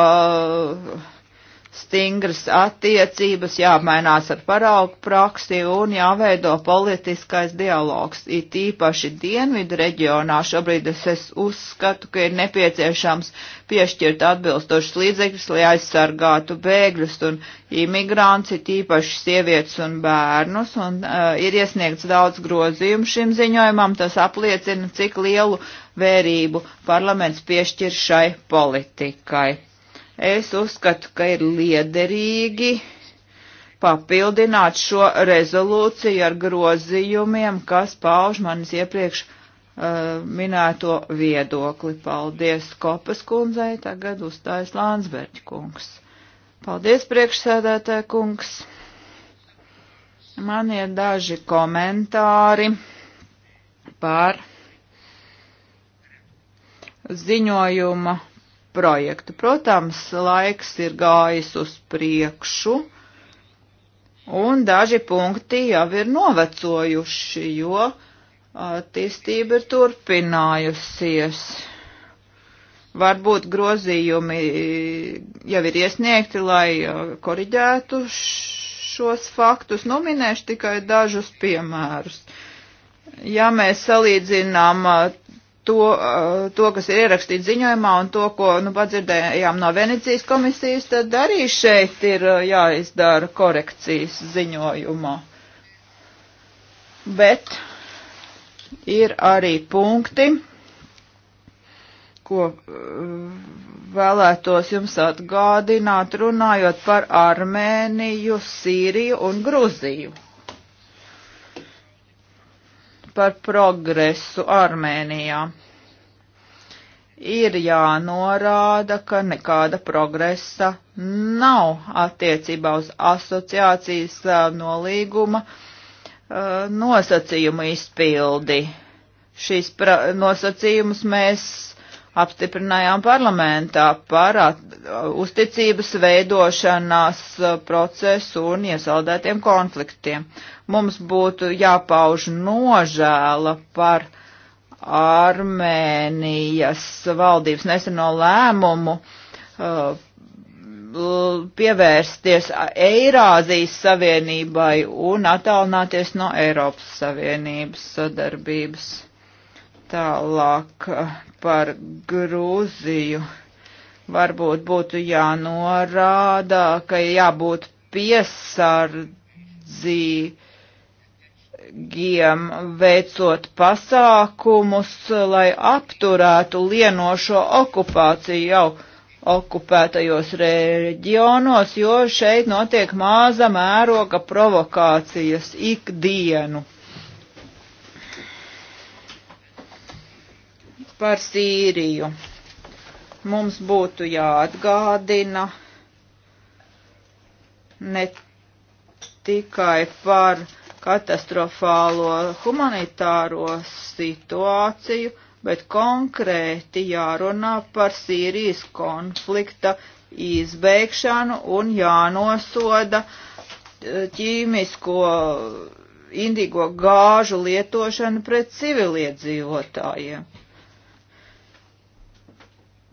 stingras attiecības, jāapmainās ar paraugu praksi un jāveido politiskais dialogs. It īpaši dienvidu reģionā šobrīd es, es uzskatu, ka ir nepieciešams piešķirt atbilstošas līdzekļus, lai aizsargātu bēgļus un imigrants, it īpaši sievietes un bērnus. Un, uh, ir iesniegts daudz grozījumu šim ziņojumam, tas apliecina, cik lielu vērību parlaments piešķir šai politikai Es uzskatu, ka ir liederīgi papildināt šo rezolūciju ar grozījumiem, kas pauž manis iepriekš uh, minēto viedokli. Paldies Kopas kundzei, tagad uzstājas Lānsberģa kungs. Paldies priekšsēdētāja kungs. Man ir daži komentāri par ziņojuma projektu. Protams, laiks ir gājis uz priekšu, un daži punkti jau ir novecojuši, jo attīstība ir turpinājusies. Varbūt grozījumi jau ir iesniegti, lai koriģētu šos faktus. Nominēšu tikai dažus piemērus. Ja mēs salīdzinām to, eh, to, kas ir ierakstīts ziņojumā un to, ko nu, padzirdējām no Venecijas komisijas, tad arī šeit ir eh, jāizdara korekcijas ziņojumā. Bet ir arī punkti, ko eh, vēlētos jums atgādināt, runājot par Armēniju, Sīriju un Gruziju par progresu Armēnijā. Ir jānorāda, ka nekāda progresa nav attiecībā uz asociācijas nolīguma nosacījumu izpildi. Šīs nosacījumus mēs apstiprinājām parlamentā par uzticības veidošanās uh, procesu un iesaldētiem konfliktiem. Mums būtu jāpauž nožēla par Armēnijas valdības neseno lēmumu uh, pievērsties Eirāzijas Savienībai un attālināties no Eiropas Savienības sadarbības. Tālāk eh, par Grūziju. Varbūt būtu jānorāda, ka jābūt piesardzīgiem veicot pasākumus, lai apturētu lienošo okupāciju jau okupētajos reģionos, jo šeit notiek māza mēroga provokācijas ikdienu. Par Sīriju mums būtu jāatgādina ne tikai par katastrofālo humanitāro situāciju, bet konkrēti jārunā par Sīrijas konflikta izbeigšanu un jānosoda e, ķīmisko indigo gāžu lietošanu pret civiliedzīvotājiem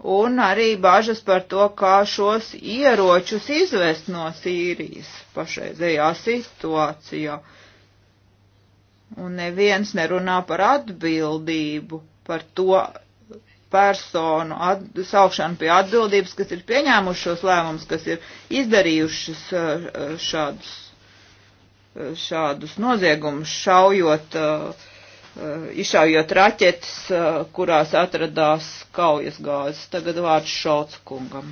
un arī bažas par to, kā šos ieročus izvest no Sīrijas pašreizējā situācijā. Un neviens nerunā par atbildību, par to personu at, saukšanu pie atbildības, kas ir pieņēmuši šos lēmumus, kas ir izdarījušas eh, šādus, eh, šādus noziegumus, šaujot uh, Uh, izšaujot raķetes, uh, kurās atradās kaujas gāzes. Tagad vārds Šolts kungam.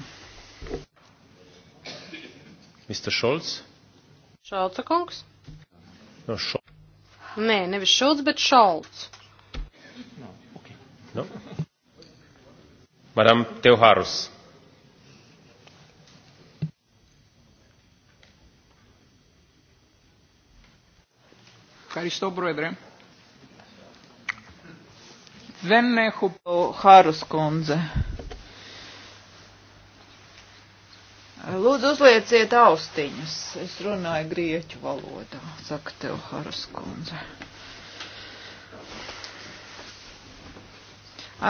Mr. Šolts? Šolca kungs? No šo... Nē, nevis Šolts, bet Šolts. No, okay. no. Madam Teoharus. Ευχαριστώ, Πρόεδρε. Δεν έχω χάρος κόντζε. Lūdzu, uzlieciet austiņas. Es runāju grieķu valodā, saka tev Haras kundze.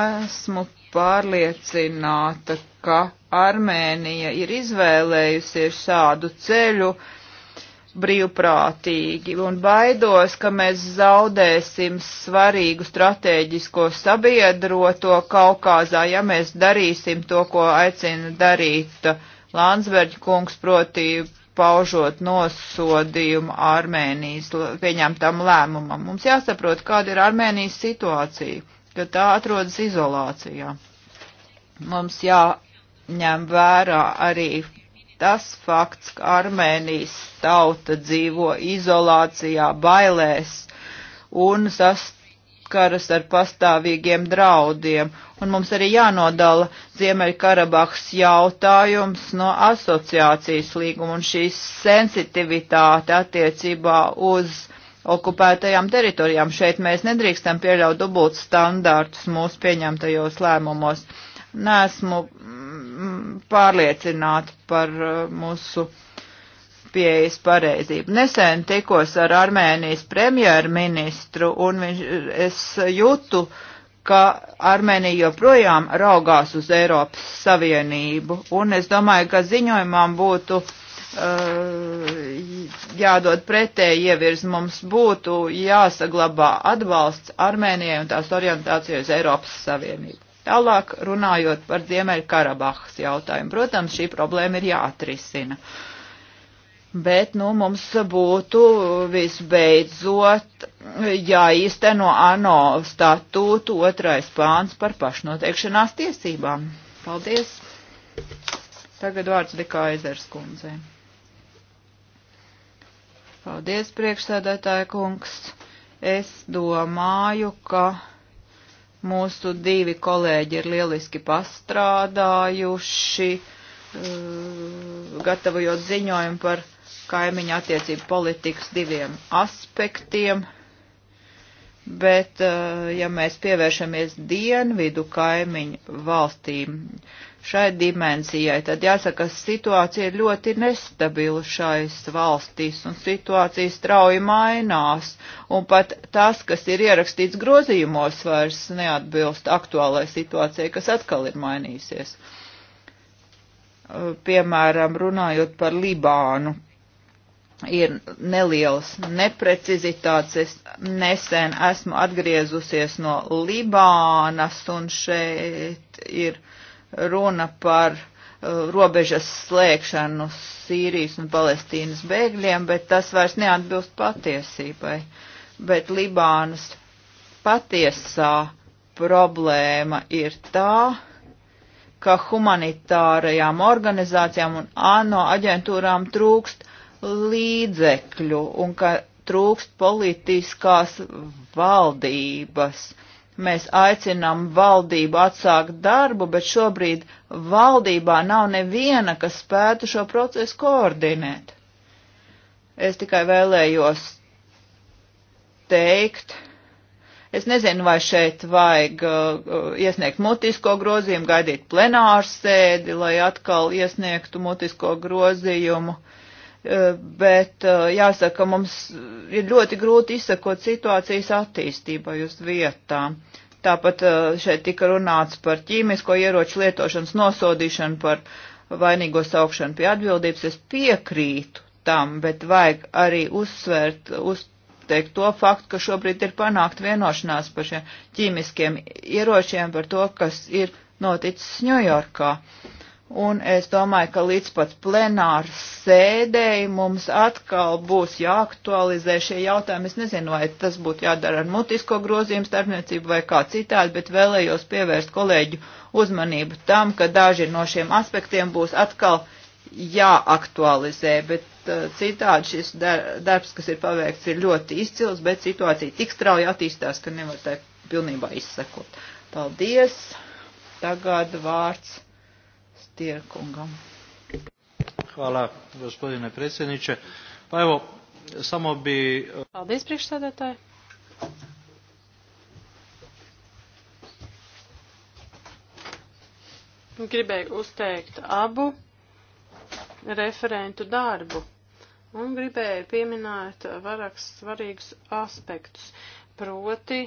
Esmu pārliecināta, ka Armēnija ir izvēlējusies šādu ceļu, uh, brīvprātīgi un baidos, ka mēs zaudēsim svarīgu strateģisko sabiedroto Kaukāzā, ja mēs darīsim to, ko aicina darīt Landsverģa kungs, proti paužot nosodījumu Armēnijas pieņemtam lēmumam. Mums jāsaprot, kāda ir Armēnijas situācija, ka tā atrodas izolācijā. Mums jāņem vērā arī tas fakts, ka Armēnijas tauta dzīvo izolācijā, bailēs un saskaras ar pastāvīgiem draudiem. Un mums arī jānodala Ziemeļkarabahas jautājums no asociācijas līguma un šī sensitivitāte attiecībā uz okupētajām teritorijām. Šeit mēs nedrīkstam pieļaut dubult standārtus mūsu pieņemtajos lēmumos. Nesmu pārliecināti par uh, mūsu pieejas pareizību. Nesen tikos ar Armēnijas premjerministru un viņš, es jūtu, ka Armēnija joprojām raugās uz Eiropas Savienību. Un es domāju, ka ziņojumam būtu uh, jādod pretēji ievirz mums būtu jāsaglabā atbalsts Armēnijai un tās orientācija uz Eiropas Savienību. Tālāk runājot par Ziemeļkarabahas jautājumu. Protams, šī problēma ir jāatrisina. Bet, nu, mums būtu visbeidzot jāīsteno ANO statūtu otrais pāns par pašnoteikšanās tiesībām. Paldies! Tagad vārds Dikā Ezers kundzei. Paldies, priekšsēdētāja kungs. Es domāju, ka Mūsu divi kolēģi ir lieliski pastrādājuši, eh, gatavojot ziņojumu par kaimiņu attiecību politikas diviem aspektiem. Bet, eh, ja mēs pievēršamies dienvidu kaimiņu valstīm, šai dimensijai, tad jāsaka, situācija ir ļoti nestabila šais valstīs un situācija strauji mainās, un pat tas, kas ir ierakstīts grozījumos, vairs neatbilst aktuālai situācijai, kas atkal ir mainīsies. Piemēram, runājot par Libānu, ir nelielas neprecizitātes. Es nesen esmu atgriezusies no Libānas un šeit ir runa par uh, robežas slēgšanu Sīrijas un Palestīnas bēgļiem, bet tas vairs neatbilst patiesībai. Bet Libānas patiesā problēma ir tā, ka humanitārajām organizācijām un ANO aģentūrām trūkst līdzekļu un ka trūkst politiskās valdības mēs aicinām valdību atsākt darbu, bet šobrīd valdībā nav neviena, kas spētu šo procesu koordinēt. Es tikai vēlējos teikt, es nezinu, vai šeit vajag uh, iesniegt mutisko grozījumu, gaidīt plenārsēdi, lai atkal iesniegtu mutisko grozījumu. Uh, Eh, bet eh, jāsaka, mums ir ļoti grūti izsakot situācijas attīstībai uz vietām. Tāpat eh, šeit tika runāts par ķīmisko ieroču lietošanas nosodīšanu, par vainīgo saukšanu pie atbildības. Es piekrītu tam, bet vajag arī uzsvērt, uzteikt to faktu, ka šobrīd ir panākt vienošanās par šiem ķīmiskiem ieročiem, par to, kas ir noticis Ņujorkā. Uh, Un es domāju, ka līdz pat plenāru sēdēji mums atkal būs jāaktualizē šie jautājumi. Es nezinu, vai tas būtu jādara ar mutisko grozījumu starpniecību vai kā citādi, bet vēlējos pievērst kolēģu uzmanību tam, ka daži no šiem aspektiem būs atkal jāaktualizē, bet uh, citādi šis darbs, kas ir paveikts, ir ļoti izcils, bet situācija tik strauji attīstās, ka nevar tā pilnībā izsekot. Paldies! Tagad vārds. Stierkungam. Hvala, gospodine predsjedniče. Pa evo, samo bi... Paldies, priekšsēdētāji. Gribēju uzteikt abu referentu darbu un gribēju pieminēt vairākus svarīgus aspektus, proti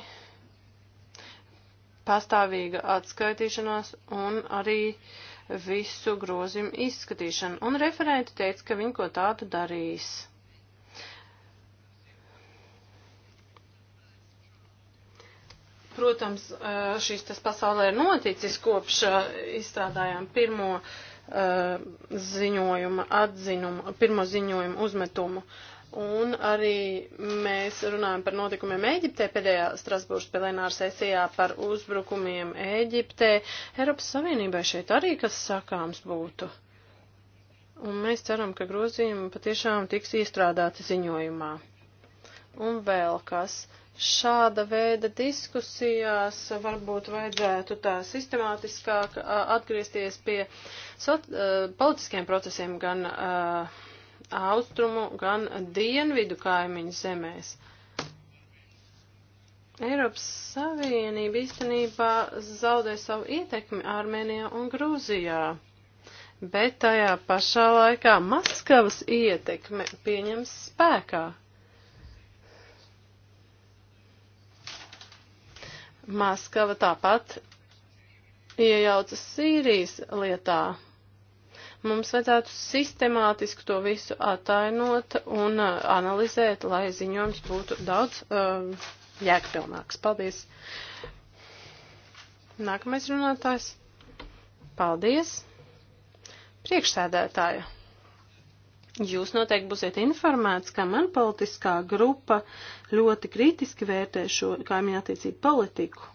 pastāvīga atskaitīšanās un arī uh, visu grozījumu izskatīšanu, un referenti teica, ka viņi ko tādu darīs. Protams, šis tas pasaulē ir noticis kopš izstrādājām pirmo ziņojuma atzinumu, pirmo ziņojumu uzmetumu. Un arī mēs runājam par notikumiem Ēģiptē pēdējā Strasbūras plenāra sesijā par uzbrukumiem Ēģiptē. Eiropas Savienībai šeit arī kas sakāms būtu. Un mēs ceram, ka grozījumi patiešām tiks iestrādāti ziņojumā. Un vēl kas. Šāda veida diskusijās varbūt vajadzētu tā sistemātiskāk atgriezties pie so, politiskiem procesiem gan. Uh, austrumu, gan dienvidu kaimiņu zemēs. Eiropas Savienība īstenībā zaudē savu ietekmi Armēnijā un Grūzijā, bet tajā pašā laikā Maskavas ietekme pieņems spēkā. Maskava tāpat iejaucas Sīrijas lietā. Mums vajadzētu sistemātiski to visu atainot un uh, analizēt, lai ziņojums būtu daudz um, jēgpilnāks. Paldies! Nākamais runātājs. Paldies! Priekšsēdētāja! Jūs noteikti būsiet informēts, ka man politiskā grupa ļoti kritiski vērtē šo kaimiņu attiecību politiku.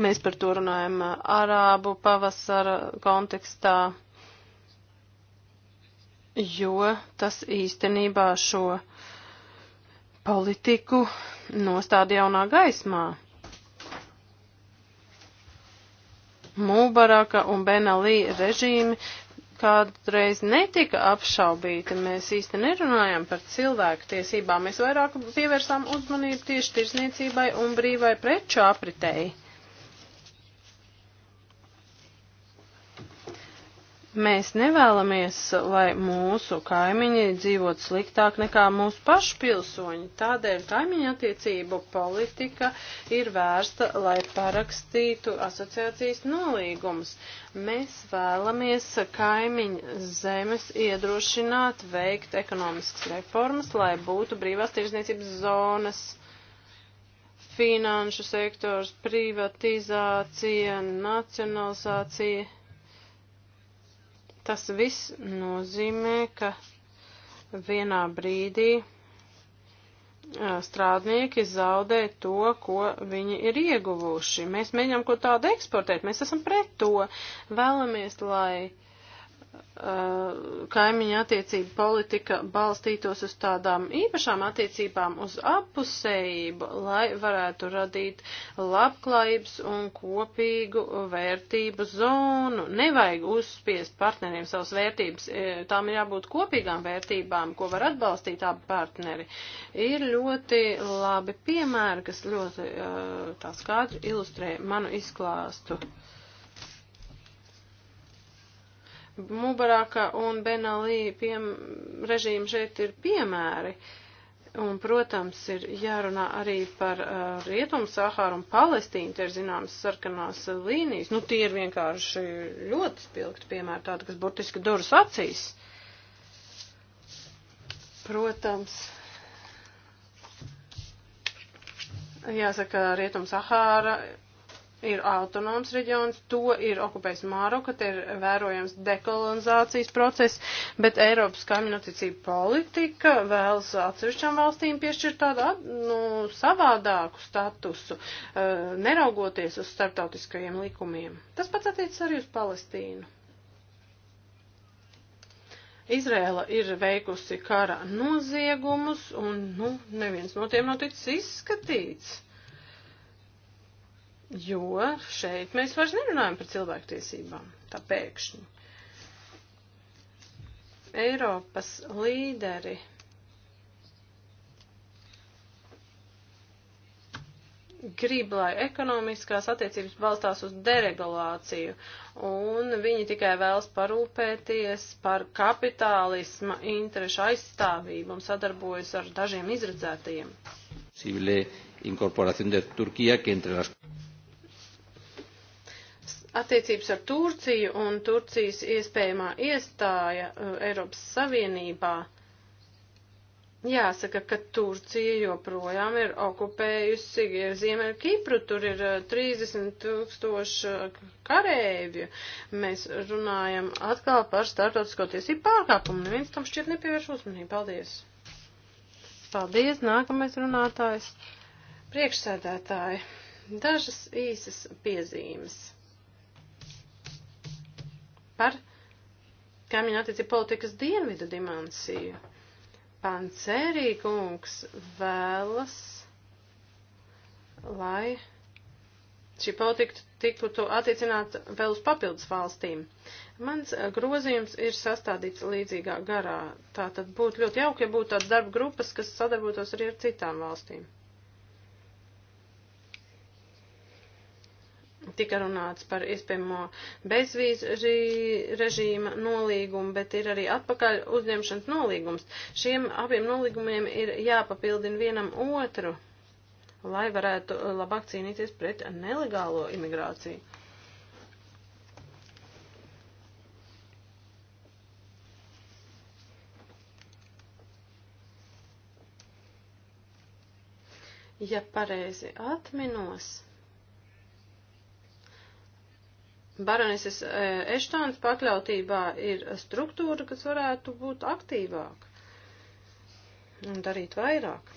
Mēs par to runājam uh, arābu pavasara kontekstā, jo tas īstenībā šo politiku nostāda jaunā gaismā. Mūbaraka un Benalī režīmi kādreiz netika apšaubīti. Mēs īsti nerunājam par cilvēku tiesībām. Mēs vairāk pievērsām uzmanību tieši tirzniecībai un brīvai preču apritei. Mēs nevēlamies, lai mūsu kaimiņi dzīvot sliktāk nekā mūsu pašu pilsoņi. Tādēļ kaimiņa attiecību politika ir vērsta, lai parakstītu asociācijas nolīgumus. Mēs vēlamies kaimiņu zemes iedrošināt veikt ekonomiskas reformas, lai būtu brīvās tirzniecības zonas, finanšu sektors, privatizācija, nacionalizācija Tas viss nozīmē, ka vienā brīdī strādnieki zaudē to, ko viņi ir ieguvuši. Mēs mēģinām ko tādu eksportēt, mēs esam pret to. Vēlamies, lai uh, Uh, kaimiņa attiecība politika balstītos uz tādām īpašām attiecībām, uz appusējību, lai varētu radīt labklājības un kopīgu vērtību zonu. Nevajag uzspiest partneriem savas vērtības, e, tām ir jābūt kopīgām vērtībām, ko var atbalstīt abi partneri. Ir ļoti labi piemēri, kas ļoti e, tā skaidri ilustrē manu izklāstu. Mubaraka un Benalī piem, režīmi šeit ir piemēri. Un, protams, ir jārunā arī par uh, Rietumu Sahāru un Palestīnu, tie ir zināmas sarkanās līnijas. Nu, tie ir vienkārši ļoti spilgti piemēri, tādi, kas burtiski duras acīs. Protams, jāsaka, Rietumu Sahāra ir autonoms reģions, to ir okupējis Māroka, te ir vērojams dekolonizācijas process, bet Eiropas kaimiņoticība politika vēlas atsevišķām valstīm piešķirt tādu nu, savādāku statusu, eh, neraugoties uz starptautiskajiem likumiem. Tas pats attiecas arī uz Palestīnu. Izrēla ir veikusi kara noziegumus, un, nu, neviens no tiem nav ticis izskatīts. Jo šeit mēs vairs nerunājam par cilvēktiesībām, tā pēkšņi. Eiropas līderi grib, lai ekonomiskās attiecības balstās uz deregulāciju, un viņi tikai vēlas parūpēties par kapitālisma interešu aizstāvību un sadarbojas ar dažiem izredzētajiem. Turquía, que entre las attiecības ar Turciju un Turcijas iespējamā iestāja uh, Eiropas Savienībā. Jāsaka, ka Turcija joprojām ir okupējusi Ziemeļu Kipru, tur ir 30 uh, tūkstoši uh, karēvju. Mēs runājam atkal par startautisko tiesību pārkāpumu, neviens tam šķiet nepievērš uzmanību. Paldies! Paldies, nākamais runātājs, priekšsēdētāji. Dažas īsas piezīmes par kaimiņu attiecību politikas dienvidu dimensiju. Pancerī kungs vēlas, lai šī politika tiktu attiecināta vēl uz papildus valstīm. Mans grozījums ir sastādīts līdzīgā garā. Tā tad būtu ļoti jauki, ja būtu tādas darba grupas, kas sadarbotos arī ar citām valstīm. tika runāts par iespējamo bezvīzu režīma nolīgumu, bet ir arī atpakaļ uzņemšanas nolīgums. Šiem abiem nolīgumiem ir jāpapildina vienam otru, lai varētu uh, labāk cīnīties pret nelegālo imigrāciju. Ja pareizi atminos, Baroneses e, Eštāns pakļautībā ir struktūra, kas varētu būt aktīvāka un darīt vairāk.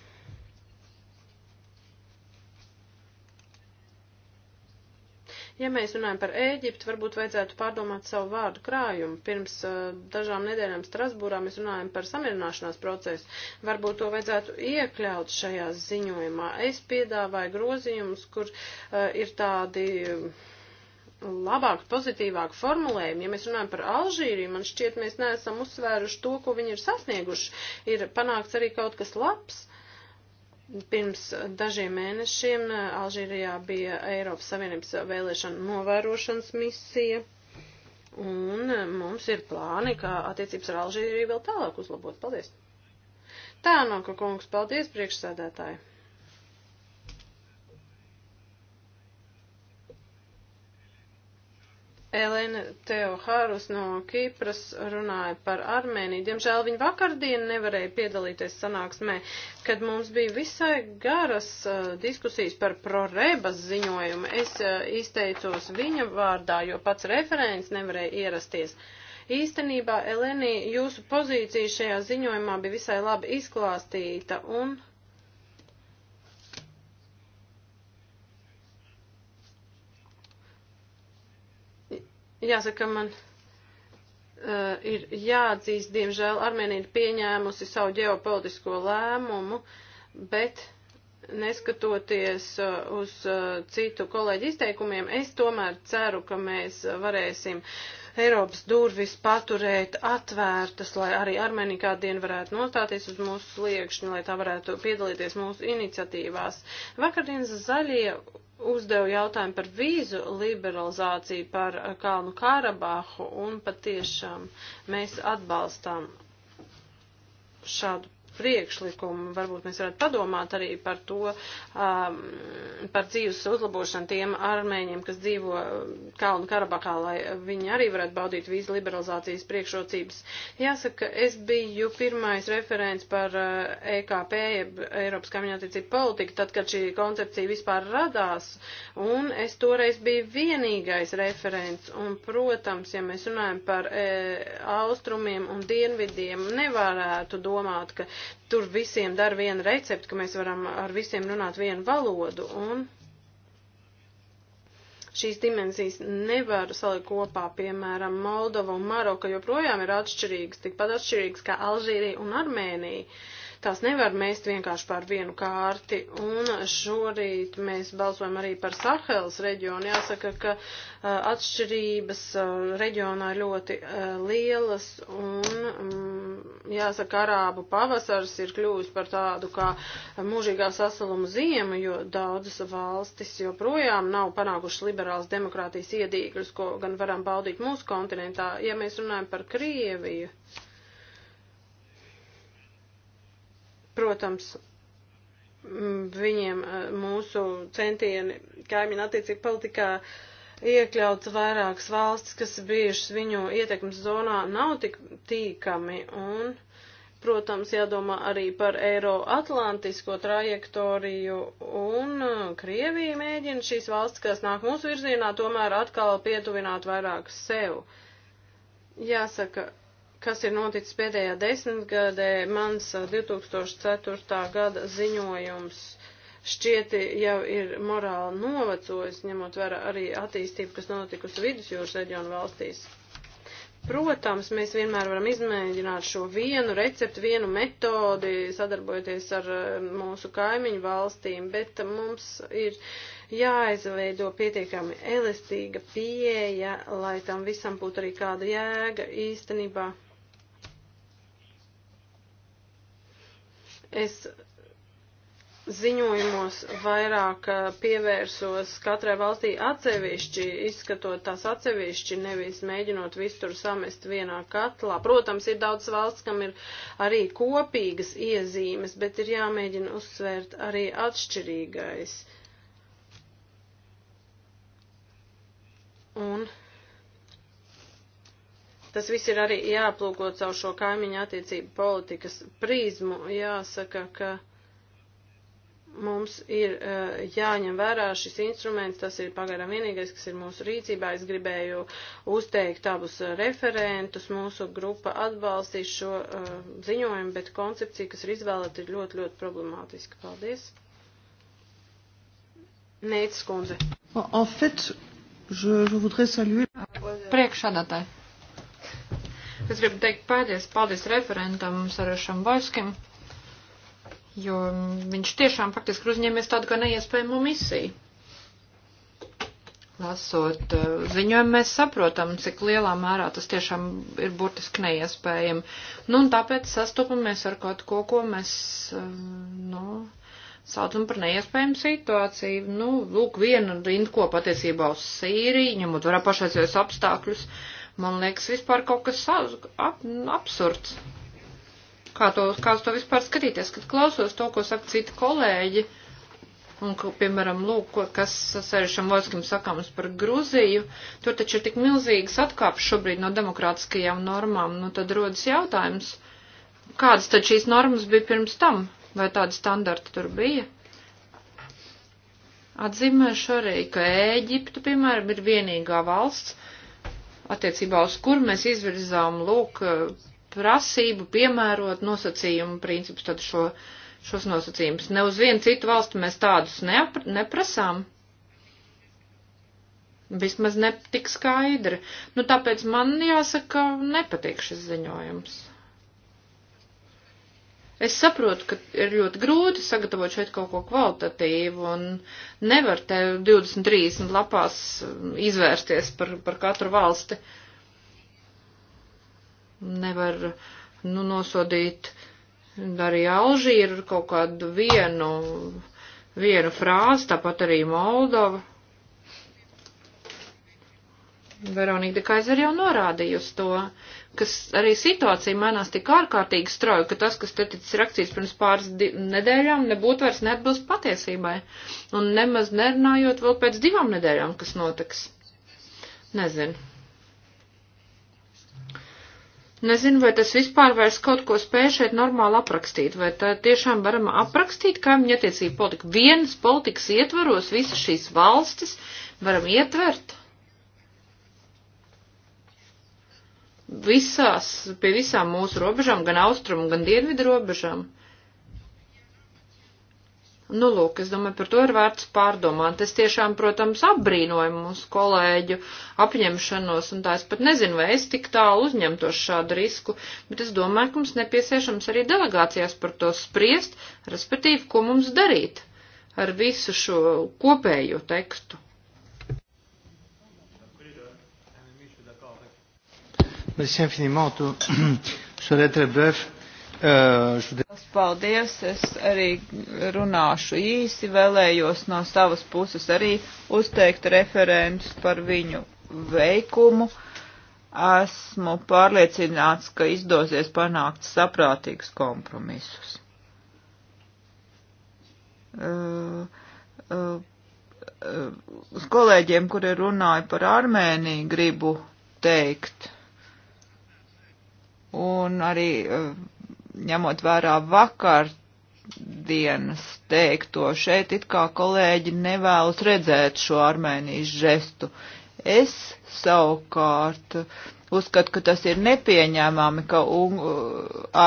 Ja mēs runājam par Ēģipti, varbūt vajadzētu pārdomāt savu vārdu krājumu. Pirms uh, dažām nedēļām Strasbūrā mēs runājam par samierināšanās procesu. Varbūt to vajadzētu iekļaut šajā ziņojumā. Es piedāvāju grozījumus, kur uh, ir tādi. Uh, labāku, pozitīvāku formulējumu. Ja mēs runājam par Alžīriju, man šķiet, mēs neesam uzsvēruši to, ko viņi ir sasnieguši. Ir panākts arī kaut kas labs. Pirms dažiem mēnešiem eh, Alžīrijā bija Eiropas Savienības vēlēšana novērošanas misija. Un eh, mums ir plāni, kā attiecības ar Alžīriju vēl tālāk uzlabot. Paldies! Tā nāk, kungs, paldies priekšsēdētāji! Elena Teoharus no Kipras runāja par Armēniju. Diemžēl viņa vakardien nevarēja piedalīties sanāksmē, kad mums bija visai garas uh, diskusijas par prorebas ziņojumu. Es uh, izteicos viņa vārdā, jo pats referents nevarēja ierasties. Īstenībā, Eleni, jūsu pozīcija šajā ziņojumā bija visai labi izklāstīta un Jāsaka, man uh, ir jāatzīst, diemžēl Armēnija ir pieņēmusi savu ģeopolitisko lēmumu, bet neskatoties uh, uz uh, citu kolēģu izteikumiem, es tomēr ceru, ka mēs varēsim Eiropas durvis paturēt atvērtas, lai arī Armēnija kādu dienu varētu nostāties uz mūsu sliekšņu, lai tā varētu piedalīties mūsu iniciatīvās. Vakardienas zaļie uzdevu jautājumu par vīzu liberalizāciju par Kalnu Karabahu un patiešām mēs atbalstām šādu priekšlikumu. Varbūt mēs varētu padomāt arī par to, um, par dzīves uzlabošanu tiem armēņiem, kas dzīvo Kalnu Karabakā, lai viņi arī varētu baudīt vīzu liberalizācijas priekšrocības. Jāsaka, es biju pirmais referents par uh, EKP, Eiropas kaimiņattiecību politiku, tad, kad šī koncepcija vispār radās, un es toreiz biju vienīgais referents. Un, protams, ja mēs runājam par e, austrumiem un dienvidiem, nevarētu domāt, ka tur visiem dar vienu recepti, ka mēs varam ar visiem runāt vienu valodu, un šīs dimensijas nevar salikt kopā, piemēram, Moldova un Maroka joprojām ir atšķirīgas, tikpat atšķirīgas kā Alžīrija un Armēnija. Uh, Tās nevar mēst vienkārši pār vienu kārti. Un šorīt mēs balsojam arī par Sahels reģionu. Jāsaka, ka uh, atšķirības uh, reģionā ir ļoti uh, lielas un, um, jāsaka, arābu pavasars ir kļuvis par tādu kā mūžīgā sasaluma ziemu, jo daudzas valstis joprojām nav panākušas liberālas demokrātijas iedīgļus, ko gan varam baudīt mūsu kontinentā, ja mēs runājam par Krieviju. Uh, Protams, viņiem e, mūsu centieni kaimiņu attiecību politikā iekļauts vairākas valstis, kas bijušas viņu ietekmes zonā, nav tik tīkami un, protams, jādomā arī par Eiroatlantisko trajektoriju un e, Krievija mēģina šīs valstis, kas nāk mūsu virzienā, tomēr atkal pietuvināt vairāk sev. Jāsaka, kas ir noticis pēdējā desmitgadē, mans 2004. gada ziņojums šķieti jau ir morāli novecojis, ņemot vērā arī attīstību, kas notikusi vidusjūras reģionu valstīs. Protams, mēs vienmēr varam izmēģināt šo vienu receptu, vienu metodi, sadarbojoties ar mūsu kaimiņu valstīm, bet mums ir jāizveido pietiekami elastīga pieeja, lai tam visam būtu arī kāda jēga īstenībā. Es ziņojumos vairāk eh, pievērsos katrai valstī atsevišķi, izskatot tās atsevišķi, nevis mēģinot visu tur samest vienā katlā. Protams, ir daudz valsts, kam ir arī kopīgas iezīmes, bet ir jāmēģina uzsvērt arī atšķirīgais. Un Tas viss ir arī jāplūko caur šo kaimiņu attiecību politikas prizmu. Jāsaka, ka mums ir uh, jāņem vērā šis instruments, tas ir pagaidām vienīgais, kas ir mūsu rīcībā. Es gribēju uzteikt abus referentus, mūsu grupa atbalstīs šo uh, ziņojumu, bet koncepcija, kas ir izvēlēta, ir ļoti, ļoti problemātiska. Paldies. Neits skundze. En fait, je, je voudrais saluer. Priekšādātāji. Es gribu teikt pēdējais paldies referentam Sarošam Vaiskim, jo viņš tiešām faktiski uzņēmies tādu kā neiespējamo misiju. Lasot eh, ziņojumu, mēs saprotam, cik lielā mērā tas tiešām ir burtiski neiespējami. Nu, un tāpēc sastopamies ar kaut ko, ko mēs, eh, nu, saucam par neiespējamu situāciju. Nu, lūk, viena rinda kopā attiecībā uz Sīriju, ņemot vērā pašreizējos apstākļus. Uh, Man liekas, vispār kaut kas ap, absurds. Kā to, kāds to vispār skatīties, kad klausos to, ko saka citi kolēģi, un, ka, piemēram, lūk, kas sēžam Vojskim sakāms par Gruziju, tur taču ir tik milzīgas atkāpes šobrīd no demokrātiskajām normām, nu tad rodas jautājums, kādas tad šīs normas bija pirms tam, vai tādi standarti tur bija? Atzīmēšu arī, ka Ēģipta, piemēram, ir vienīgā valsts, attiecībā uz kur mēs izvirzām, lūk, prasību piemērot nosacījumu principus, tad šo, šos nosacījumus. Ne uz vienu citu valstu mēs tādus neapra, neprasām. Vismaz ne tik skaidri. Nu, tāpēc man jāsaka, nepatīk šis ziņojums. Es saprotu, ka ir ļoti grūti sagatavot šeit kaut ko kvalitatīvu un nevar te 20-30 lapās um, izvērsties par, par katru valsti. Nevar, nu, nosodīt arī Alžīru ar kaut kādu vienu, vienu frāzi, tāpat arī Moldova. Veronika Kaiser jau norādījusi to, kas arī situācija mainās tik ārkārtīgi strauji, ka tas, kas te ticis rakstīts pirms pāris nedēļām, nebūtu vairs neatbilst patiesībai. Un nemaz nerunājot vēl pēc divām nedēļām, kas notiks. Nezinu. Nezinu, vai tas vispār vairs kaut ko spēj šeit normāli aprakstīt, vai tā tiešām varam aprakstīt kaimiņu attiecību politiku. Vienas politikas ietvaros visas šīs valstis varam ietvert. visās, pie visām mūsu robežām, gan austrumu, gan dienvidu robežām. Nu, lūk, es domāju, par to ir vērts pārdomāt. Es tiešām, protams, apbrīnoju mūsu kolēģu apņemšanos, un tā es pat nezinu, vai es tik tālu uzņemtos šādu risku, bet es domāju, ka mums nepieciešams arī delegācijās par to spriest, respektīvi, ko mums darīt ar visu šo kopējo tekstu. Merci infiniment, tu, Šorē Trebev. Paldies, es arī runāšu īsi, vēlējos no savas puses arī uzteikt referents par viņu veikumu. Esmu pārliecināts, ka izdosies panākt saprātīgus kompromisus. Uh, uh, uh, uz kolēģiem, kuri runāja par Armēniju, gribu teikt, uh, un arī eh, ņemot vērā vakar dienas teikto, šeit it kā kolēģi nevēlas redzēt šo Armēnijas žestu. Es savukārt uzskatu, ka tas ir nepieņēmami, ka eh,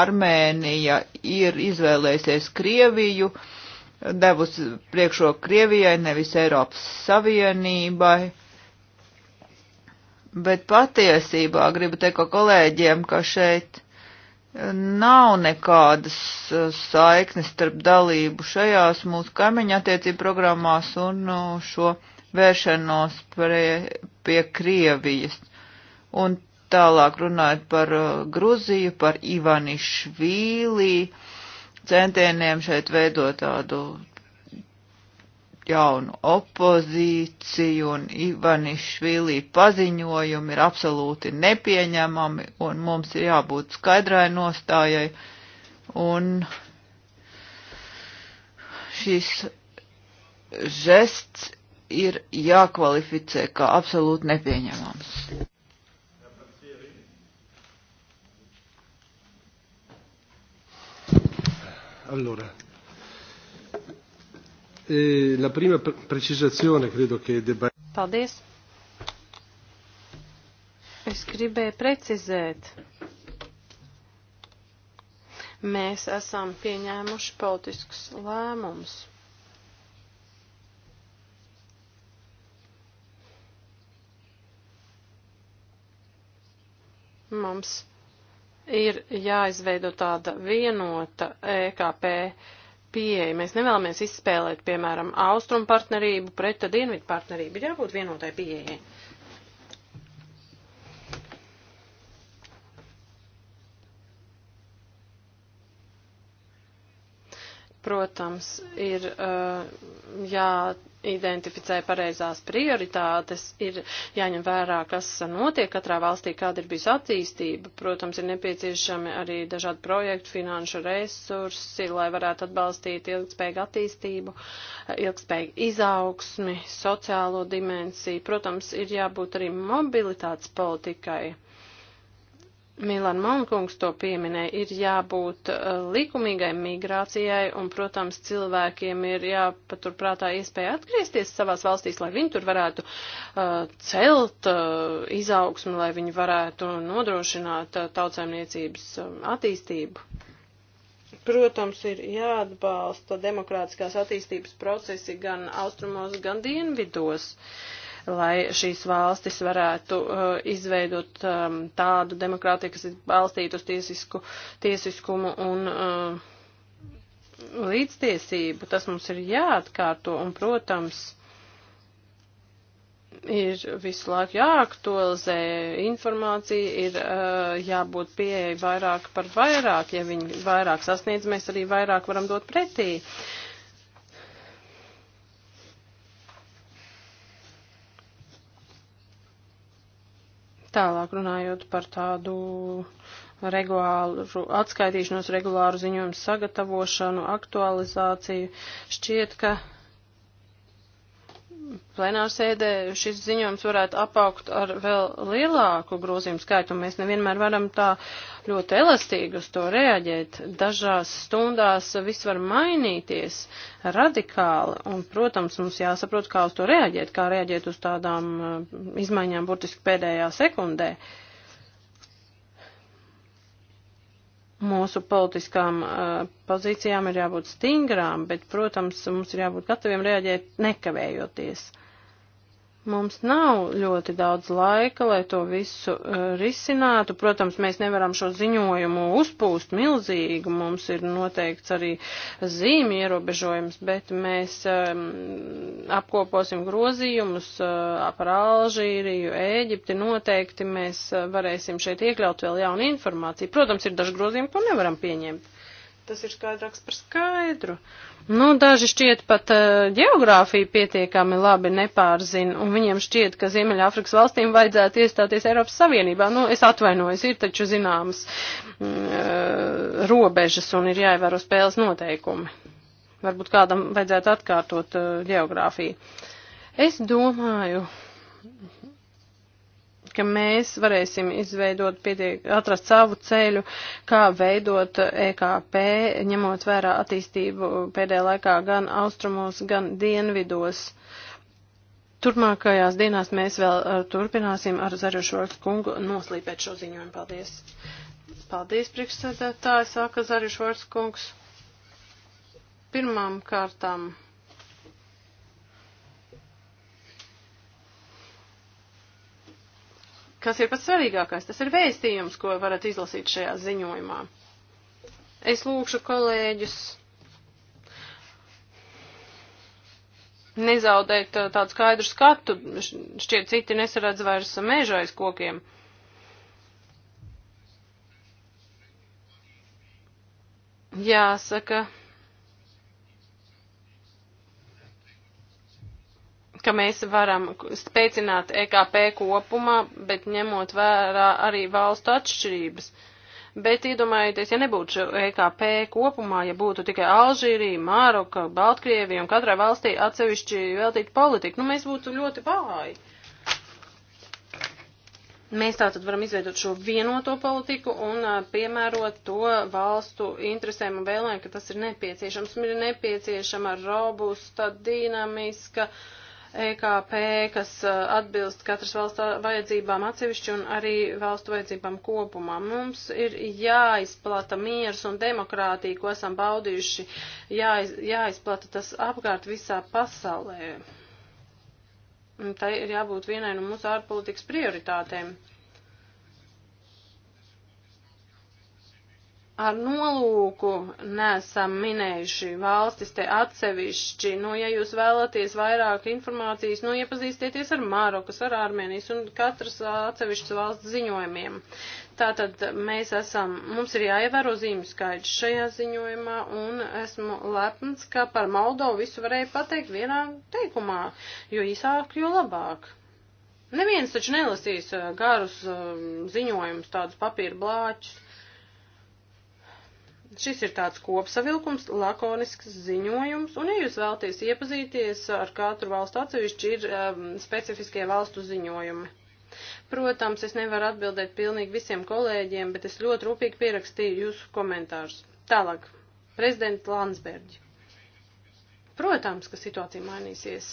Armēnija ir izvēlējusies Krieviju, devusi priekšroku Krievijai, nevis Eiropas Savienībai Bet patiesībā gribu teikt kolēģiem, ka šeit nav nekādas uh, saiknes starp dalību šajās mūsu kaimiņa attiecību programmās un uh, šo vēršanos prie, pie Krievijas. Un tālāk runājot par uh, Gruziju, par Ivanišvīlī, centieniem šeit veidot tādu jaunu opozīciju un Ivanišvili paziņojumi ir absolūti nepieņemami un mums ir jābūt skaidrai nostājai un šis žests ir jākvalificē kā absolūti nepieņemams. Allora, Eh, la prima precisazione credo che debba. Paldies. Es gribēju precizēt. Mēs esam pieņēmuši politiskus lēmumus. Mums ir jāizveido tāda vienota EKP pieeja. Mēs nevēlamies izspēlēt, piemēram, austrumu partnerību pret dienvidu partnerību. Ir jābūt vienotai pieejai. Protams, ir uh, jā jāidentificē pareizās prioritātes, ir jāņem vērā, kas notiek katrā valstī, kāda ir bijusi attīstība. Protams, ir nepieciešami arī dažādi projektu, finanšu resursi, lai varētu atbalstīt ilgspējīgu attīstību, ilgspējīgu izaugsmi, sociālo dimensiju. Protams, ir jābūt arī mobilitātes politikai Milan Monkungs to pieminēja, ir jābūt uh, likumīgai migrācijai, un, protams, cilvēkiem ir jāpaturprātā iespēja atgriezties savās valstīs, lai viņi tur varētu uh, celt uh, izaugsmu, lai viņi varētu nodrošināt uh, tautsēmniecības um, attīstību. Protams, ir jāatbalsta demokrātiskās attīstības procesi gan austrumos, gan dienvidos. Uh, lai šīs valstis varētu uh, izveidot um, tādu demokrātiju, kas ir balstīta uz tiesisku, tiesiskumu un uh, līdztiesību. Tas mums ir jāatkārto un, protams, ir visu laiku jāaktualizē informācija, ir uh, jābūt pieeja vairāk par vairāk, ja viņi vairāk sasniedz, mēs arī vairāk varam dot pretī. Uh, Tālāk runājot par tādu regulāru atskaitīšanos, regulāru ziņojumu sagatavošanu, aktualizāciju, šķiet, ka plenārsēdē šis ziņojums varētu apaugt ar vēl lielāku grozījumu skaitu, un mēs nevienmēr varam tā ļoti elastīgi uz to reaģēt. Dažās stundās viss var mainīties radikāli, un, protams, mums jāsaprot, kā uz to reaģēt, kā reaģēt uz tādām eh, izmaiņām burtiski pēdējā sekundē. Uh, mūsu politiskām uh, pozīcijām ir jābūt stingrām, bet, protams, mums ir jābūt gataviem reaģēt nekavējoties. Uh, Mums nav ļoti daudz laika, lai to visu uh, risinātu. Protams, mēs nevaram šo ziņojumu uzpūst milzīgi, mums ir noteikts arī zīmju ierobežojums, bet mēs uh, apkoposim grozījumus uh, par Alžīriju, Ēģipti. Noteikti mēs uh, varēsim šeit iekļaut vēl jaunu informāciju. Protams, ir daži grozījumi, ko nevaram pieņemt tas ir skaidrāks par skaidru. Nu, daži šķiet pat uh, eh, geogrāfiju pietiekami labi nepārzina, un viņiem šķiet, ka Ziemeļāfrikas valstīm vajadzētu iestāties Eiropas Savienībā. Nu, es atvainojos, ir taču zināmas uh, robežas un ir jāievēro spēles noteikumi. Varbūt kādam vajadzētu atkārtot uh, geogrāfiju. Es domāju, ka mēs varēsim izveidot, pietiek, atrast savu ceļu, kā veidot EKP, ņemot vērā attīstību pēdējā laikā gan austrumos, gan dienvidos. Turpmākajās dienās mēs vēl uh, turpināsim ar Zarušo kungu noslīpēt šo ziņojumu. Paldies! Paldies, priekšsēdētāji, sāka Zarušo kungs. Pirmām kārtām. kas ir pats svarīgākais, tas ir vēstījums, ko varat izlasīt šajā ziņojumā. Es lūkšu kolēģus nezaudēt uh, tādu skaidru skatu, šķiet citi nesaredz vairs meža aiz kokiem. Jāsaka, ka mēs varam spēcināt EKP kopumā, bet ņemot vērā arī valstu atšķirības. Bet iedomājieties, ja nebūtu EKP kopumā, ja būtu tikai Alžīrija, Māroka, Baltkrievija un katrai valstī atsevišķi veltīt politiku, nu mēs būtu ļoti vāji. Mēs tātad varam izveidot šo vienoto politiku un piemērot to valstu interesēm un vēlēm, ka tas ir nepieciešams. Ir nepieciešama robusta, dinamiska. Uh, EKP, kas uh, atbilst katras valsts uh, vajadzībām atsevišķi un arī valstu vajadzībām kopumā. Mums ir jāizplata miers un demokrātija, ko esam baudījuši, jāiz, jāizplata tas apkārt visā pasaulē. Un tai ir jābūt vienai no mūsu ārpolitikas prioritātēm. ar nolūku nesam minējuši valstis te atsevišķi. Nu, ja jūs vēlaties vairāk informācijas, nu, iepazīstieties ar Mārokas, ar Armēnijas un katras atsevišķas valsts ziņojumiem. Tātad mēs esam, mums ir jāievēro zīmju skaidrs šajā ziņojumā, un esmu lepns, ka par Moldovu visu varēju pateikt vienā teikumā, jo īsāk, jo labāk. Neviens taču nelasīs uh, garus um, ziņojumus, tādus papīra blāķus. Šis ir tāds kopsavilkums, lakonisks ziņojums, un, ja jūs vēlaties iepazīties ar katru valstu atsevišķi, ir um, specifiskie valstu ziņojumi. Protams, es nevaru atbildēt pilnīgi visiem kolēģiem, bet es ļoti rūpīgi pierakstīju jūsu komentārus. Tālāk, prezidents Landsbergi. Protams, ka situācija mainīsies.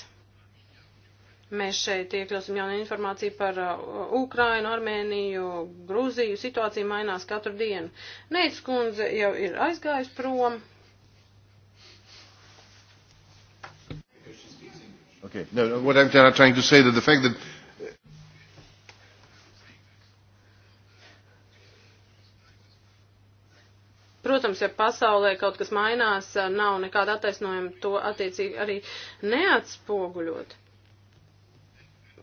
Mēs šeit iekļausim jaunu informāciju par uh, Ukrainu, Armēniju, Grūziju. Situācija mainās katru dienu. Neic kundze jau ir aizgājusi prom. Okay. No, no, what I'm trying to say that the fact that Protams, ja pasaulē kaut kas mainās, nav nekāda attaisnojuma to attiecīgi arī neatspoguļot.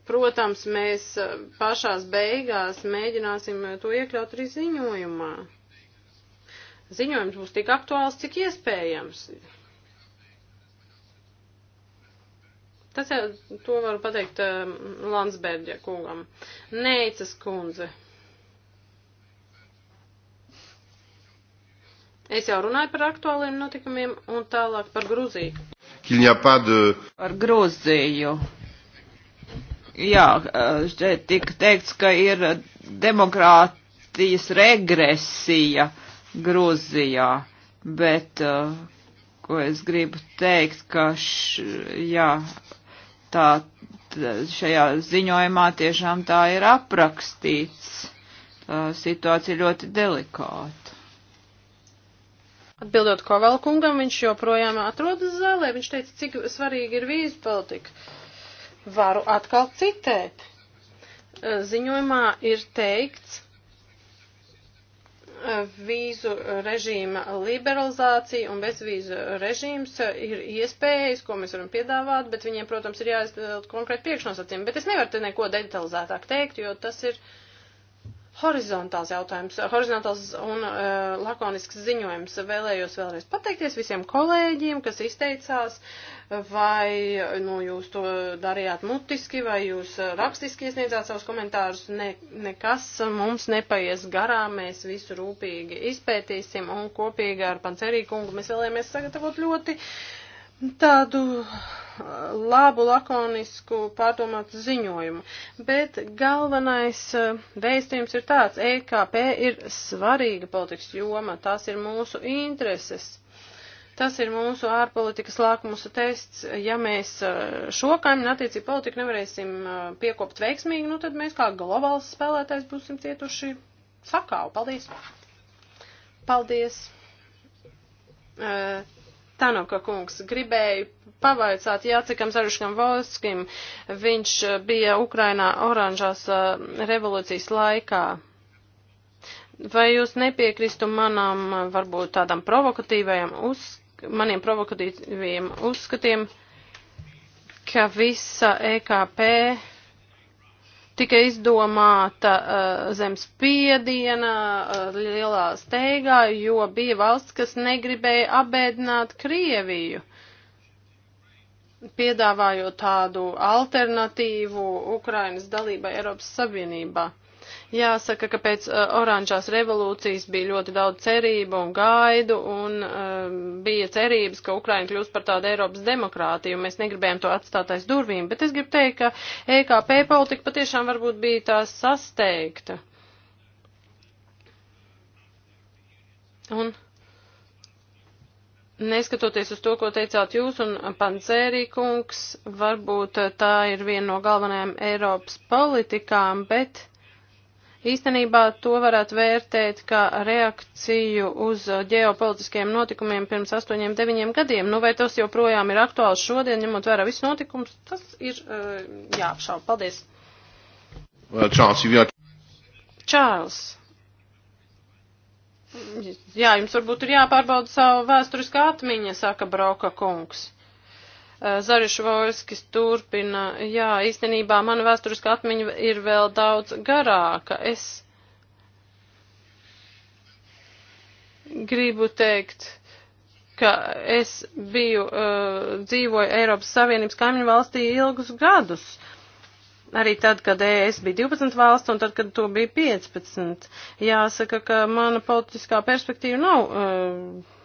Protams, mēs eh, pašās beigās mēģināsim eh, to iekļaut arī ziņojumā. Ziņojums būs tik aktuāls, cik iespējams. Tas jau to var pateikt uh, Landsbergja kungam. Neicas kundze. Es jau runāju par aktuāliem notikumiem un tālāk par Gruziju. De... Par Gruziju jā, šeit tika teikts, ka ir demokrātijas regresija Grūzijā, bet, uh, ko es gribu teikt, ka, š, jā, tā, šajā ziņojumā tiešām tā ir aprakstīts. Tā situācija ļoti delikāta. Atbildot Kovalkungam, viņš joprojām atrodas zālē, viņš teica, cik svarīgi ir vīzu politika. Uh, varu atkal citēt. Ziņojumā ir teikts, vīzu režīma liberalizācija un bezvīzu režīms ir iespējas, ko mēs varam piedāvāt, bet viņiem, protams, ir jāizdod konkrēti priekšnosacījumi. Bet es nevaru te neko detalizētāk teikt, jo tas ir horizontāls jautājums, horizontāls un uh, lakonisks ziņojums. Vēlējos vēlreiz pateikties visiem kolēģiem, kas izteicās. Uh, vai nu, jūs to darījāt mutiski, vai jūs rakstiski iesniedzāt savus komentārus. Ne, nekas mums nepaies garām, mēs visu rūpīgi izpētīsim un kopīgi ar Pancerī kungu mēs vēlamies sagatavot ļoti tādu uh, labu, lakonisku, pārdomātu ziņojumu. Bet galvenais uh, vēstījums ir tāds, EKP ir svarīga politikas joma, tās ir mūsu intereses. Tas ir mūsu ārpolitikas lākmusa tests. Ja mēs eh, šo kaimiņu attiecību politiku nevarēsim eh, piekopt veiksmīgi, nu tad mēs kā globāls spēlētājs būsim cietuši sakāvu. Paldies! Paldies! Eh, Tanoka kungs gribēju pavaicāt Jācekam Zaruškam Volskim. Viņš bija Ukrainā oranžās revolūcijas laikā. Vai jūs nepiekristu manam varbūt tādam provokatīvajam uzskatam? maniem provokatīviem uzskatiem, ka visa EKP tika izdomāta uh, zem spiediena, uh, lielā steigā, jo bija valsts, kas negribēja abēdināt Krieviju, piedāvājot tādu alternatīvu Ukrainas dalībai Eiropas Savienībā. Jāsaka, ka pēc uh, oranžās revolūcijas bija ļoti daudz cerību un gaidu, un uh, bija cerības, ka Ukraina kļūs par tādu Eiropas demokrātiju, un mēs negribējām to atstāt aiz durvīm. Bet es gribu teikt, ka EKP politika patiešām varbūt bija tā sasteigta. Un neskatoties uz to, ko teicāt jūs un Pancērī kungs, varbūt uh, tā ir viena no galvenajām Eiropas politikām, bet Īstenībā to varētu vērtēt kā reakciju uz ģeopolitiskiem notikumiem pirms 8-9 gadiem. Nu, vai tas joprojām ir aktuāls šodien, ņemot vērā visus notikumus, tas ir uh, jāapšauba. Paldies. Čārls, well, Čārls. Jā, jums varbūt ir jāpārbauda savu vēsturiskā atmiņa, saka Broka kungs. Eh, Zarišvojskis turpina, jā, īstenībā mana vēsturiskā atmiņa ir vēl daudz garāka. Es gribu teikt, ka es biju, uh, dzīvoju Eiropas Savienības kaimiņu valstī ilgus gadus. Arī tad, kad es biju 12 valsts un tad, kad to bija 15. Jāsaka, ka mana politiskā perspektīva nav. Uh,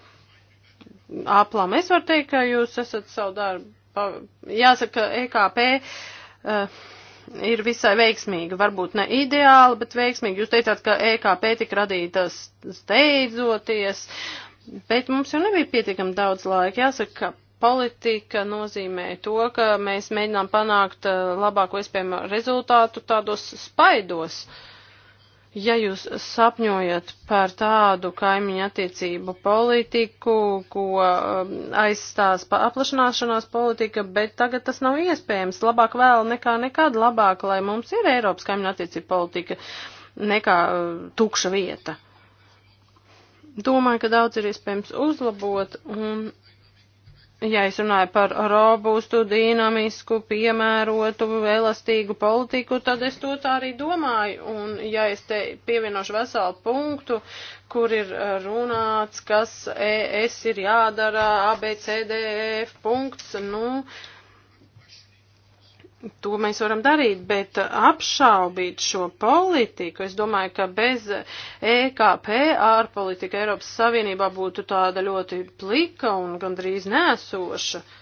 aplama. Es varu teikt, ka jūs esat savu darbu, jāsaka, EKP uh, eh, ir visai veiksmīga, varbūt ne ideāla, bet veiksmīga. Jūs teicāt, ka EKP tika radīta steidzoties, bet mums jau nebija pietiekami daudz laika. Jāsaka, ka politika nozīmē to, ka mēs mēģinām panākt eh, labāko iespējamo rezultātu tādos spaidos. Uh, Ja jūs sapņojat par tādu kaimiņu attiecību politiku, ko um, aizstās pa aplašanāšanās politika, bet tagad tas nav iespējams, labāk vēl nekā nekad labāk, lai mums ir Eiropas kaimiņu attiecību politika nekā uh, tukša vieta. Domāju, ka daudz ir iespējams uzlabot un ja es runāju par robustu, dinamisku, piemērotu, elastīgu politiku, tad es to tā arī domāju. Un ja es te pievienošu veselu punktu, kur ir runāts, kas es ir jādara, ABCDF e punkts, nu, uh, to mēs varam darīt, bet apšaubīt šo politiku, es domāju, ka bez EKP ārpolitika Eiropas Savienībā būtu tāda ļoti plika un gandrīz nēsoša. Uh,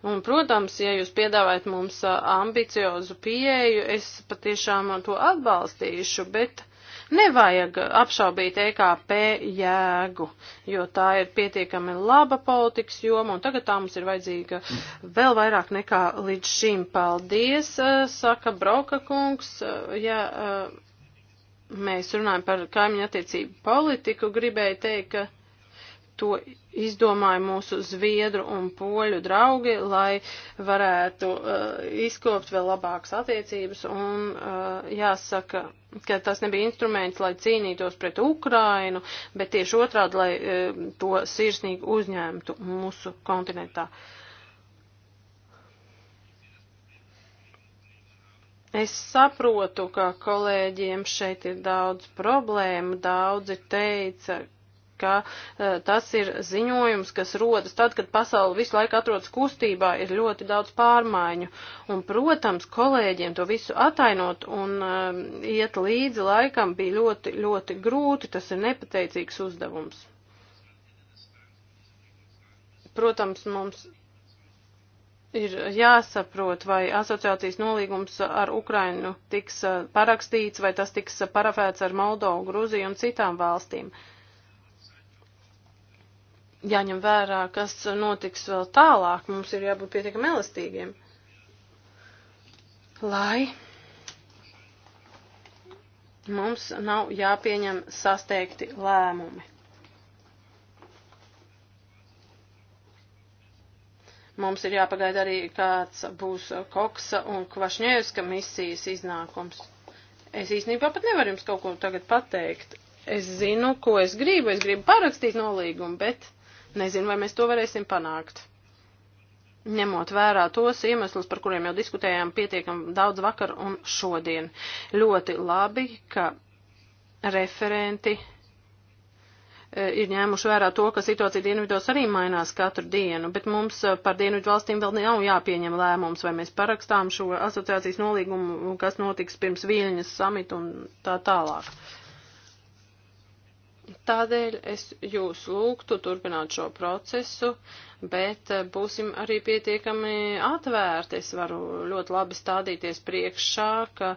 Un, protams, ja jūs piedāvājat mums ambiciozu pieeju, es patiešām to atbalstīšu, bet nevajag apšaubīt EKP jēgu, jo tā ir pietiekami laba politikas joma, un tagad tā mums ir vajadzīga vēl vairāk nekā līdz šim. Paldies, saka Broka kungs. Ja mēs runājam par kaimiņu attiecību politiku, gribēju teikt, ka to izdomāja mūsu zviedru un poļu draugi, lai varētu uh, izkopt vēl labākas attiecības. Un uh, jāsaka, ka tas nebija instruments, lai cīnītos pret Ukrainu, bet tieši otrādi, lai uh, to sirsnīgi uzņemtu mūsu kontinentā. Es saprotu, ka kolēģiem šeit ir daudz problēmu. Daudzi teica, ka uh, tas ir ziņojums, kas rodas tad, kad pasauli visu laiku atrodas kustībā, ir ļoti daudz pārmaiņu. Un, protams, kolēģiem to visu atainot un uh, iet līdzi laikam bija ļoti, ļoti grūti, tas ir nepateicīgs uzdevums. Protams, mums ir jāsaprot, vai asociācijas nolīgums ar Ukrainu tiks e, parakstīts, vai tas tiks parafēts ar Moldovu, Gruziju un citām valstīm. Uh, jāņem vērā, kas notiks vēl tālāk. Mums ir jābūt pietiekami elastīgiem. Lai mums nav jāpieņem sasteigti lēmumi. Mums ir jāpagaida arī, kāds būs Koksa un Kvašņēvska misijas iznākums. Es īstenībā pat nevaru jums kaut ko tagad pateikt. Es zinu, ko es gribu. Es gribu parakstīt nolīgumu, bet. Nezinu, vai mēs to varēsim panākt. Ņemot vērā tos iemeslus, par kuriem jau diskutējām pietiekam daudz vakar un šodien. Ļoti labi, ka referenti e, ir ņēmuši vērā to, ka situācija dienvidos arī mainās katru dienu, bet mums e, par dienvidu valstīm vēl nav jāpieņem lēmums, vai mēs parakstām šo asociācijas nolīgumu, kas notiks pirms Viļņas samita un tā tālāk. Tādēļ es jūs lūgtu turpināt šo procesu, bet eh, būsim arī pietiekami atvērti. Es varu ļoti labi stādīties priekšā, ka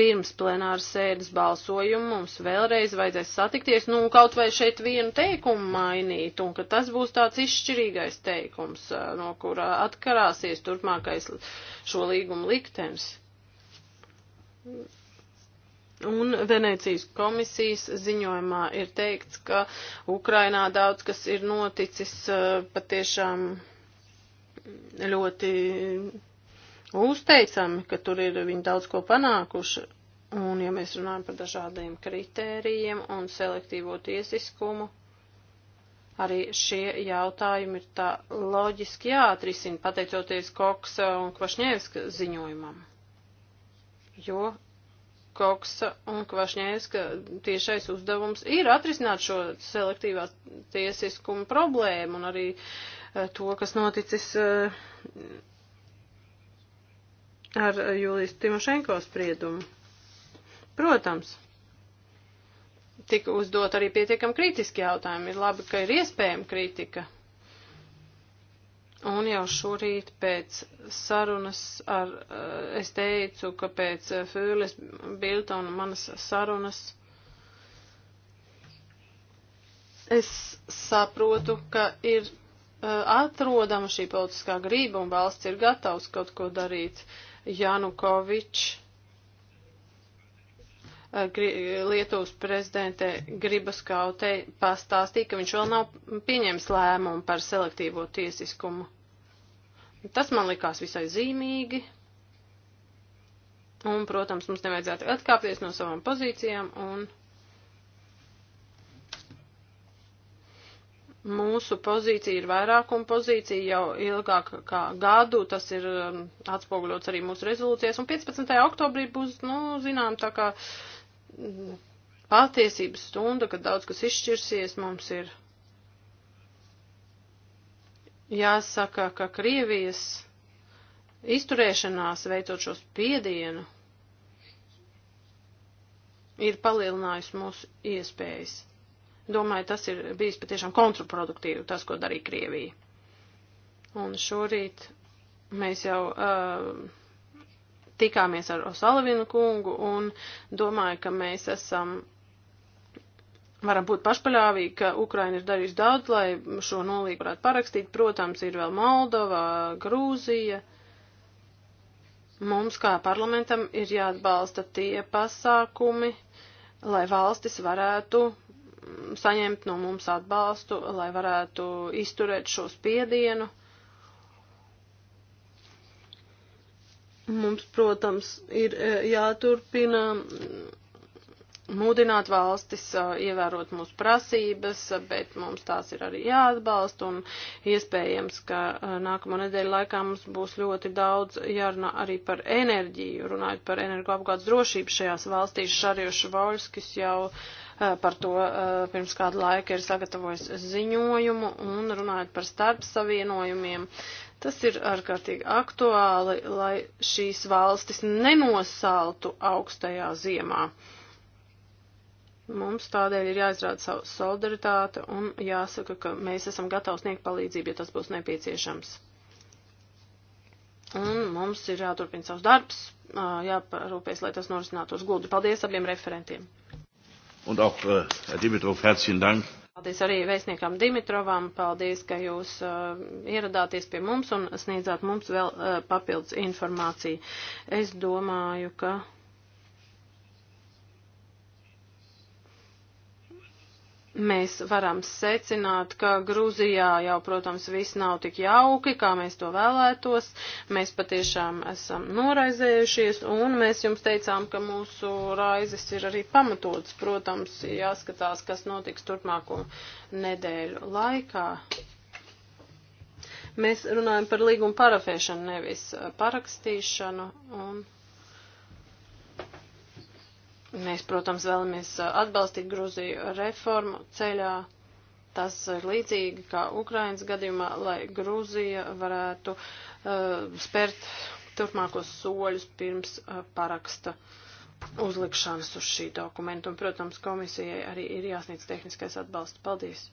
pirms plenāras sēdes balsojumu mums vēlreiz vajadzēs satikties, nu, kaut vai šeit vienu teikumu mainīt, un ka tas būs tāds izšķirīgais teikums, eh, no kura atkarāsies turpmākais šo līgumu liktenis. Un Venecijas komisijas ziņojumā ir teikts, ka Ukrainā daudz kas ir noticis patiešām ļoti uzteicami, ka tur ir viņi daudz ko panākuši. Un ja mēs runājam par dažādiem kritērijiem un selektīvo tiesiskumu, arī šie jautājumi ir tā loģiski jāatrisina, pateicoties Koksa un Kvašņevska ziņojumam. Jo Koksa un Kvašņēska tiešais uzdevums ir atrisināt šo selektīvā tiesiskuma problēmu un arī eh, to, kas noticis eh, ar Jūlijas Timošenko spriedumu. Protams, tika uzdot arī pietiekam kritiski jautājumi. Ir labi, ka ir iespējama kritika. Un jau šorīt pēc sarunas ar, eh, es teicu, ka pēc eh, Fūles Bilta un manas sarunas es saprotu, ka ir eh, atrodama šī politiskā grība un valsts ir gatavs kaut ko darīt. Janukovičs Eh, Lietuvas prezidentē Gribas Kautei pastāstīja, ka viņš vēl nav pieņēmis lēmumu par selektīvo tiesiskumu. Tas man likās visai zīmīgi. Un, protams, mums nevajadzētu atkāpties no savām pozīcijām un mūsu pozīcija ir vairākuma pozīcija jau ilgāk kā gadu, tas ir um, atspoguļots arī mūsu rezolūcijās, un 15. oktobrī būs, nu, zinām, tā kā uh, patiesības stunda, kad daudz kas izšķirsies, mums ir jāsaka, ka Krievijas izturēšanās veicot šo spiedienu ir palielinājusi mūsu iespējas. Domāju, tas ir bijis patiešām kontraproduktīvi, tas, ko darīja Krievija. Un šorīt mēs jau uh, tikāmies ar Osalavinu kungu un domāju, ka mēs esam, varam būt pašpaļāvīgi, ka Ukraina ir darījusi daudz, lai šo nolīgu varētu parakstīt. Protams, ir vēl Moldova, Grūzija. Mums kā parlamentam ir jāatbalsta tie pasākumi, lai valstis varētu saņemt no mums atbalstu, lai varētu izturēt šo spiedienu. Mums, protams, ir e, jāturpina mudināt valstis e, ievērot mūsu prasības, bet mums tās ir arī jāatbalsta un iespējams, ka e, nākamo nedēļu laikā mums būs ļoti daudz jārunā arī par enerģiju, runājot par energoapgādes drošību šajās valstīs. Šarjoša Voļskis jau par to pirms kādu laiku ir sagatavojis ziņojumu un runājot par starpsavienojumiem. Tas ir ārkārtīgi aktuāli, lai šīs valstis nenosaltu augstajā ziemā. Mums tādēļ ir jāizrāda savu solidaritāti un jāsaka, ka mēs esam gatavi sniegt palīdzību, ja tas būs nepieciešams. Un mums ir jāturpina savs darbs, jāparūpēs, lai tas norisinātos gludi. Paldies abiem referentiem. Un auch, uh, Dimitrov, herzlichen Dank. Paldies arī vēstniekam Dimitrovam, paldies, ka jūs uh, ieradāties pie mums un sniedzāt mums vēl uh, papildus informāciju. Es domāju, ka. mēs varam secināt, ka Grūzijā jau, protams, viss nav tik jauki, kā mēs to vēlētos. Mēs patiešām esam noraizējušies, un mēs jums teicām, ka mūsu raizes ir arī pamatotas. Protams, jāskatās, kas notiks turpmāko nedēļu laikā. Mēs runājam par līgumu parafēšanu, nevis parakstīšanu. Un... Mēs, protams, vēlamies uh, atbalstīt Gruziju reformu ceļā. Tas ir līdzīgi kā Ukrainas gadījumā, lai Grūzija varētu uh, spērt turpmākos soļus pirms uh, paraksta uzlikšanas uz šī dokumenta. Un, protams, komisijai arī ir jāsniedz tehniskais atbalsts. Paldies!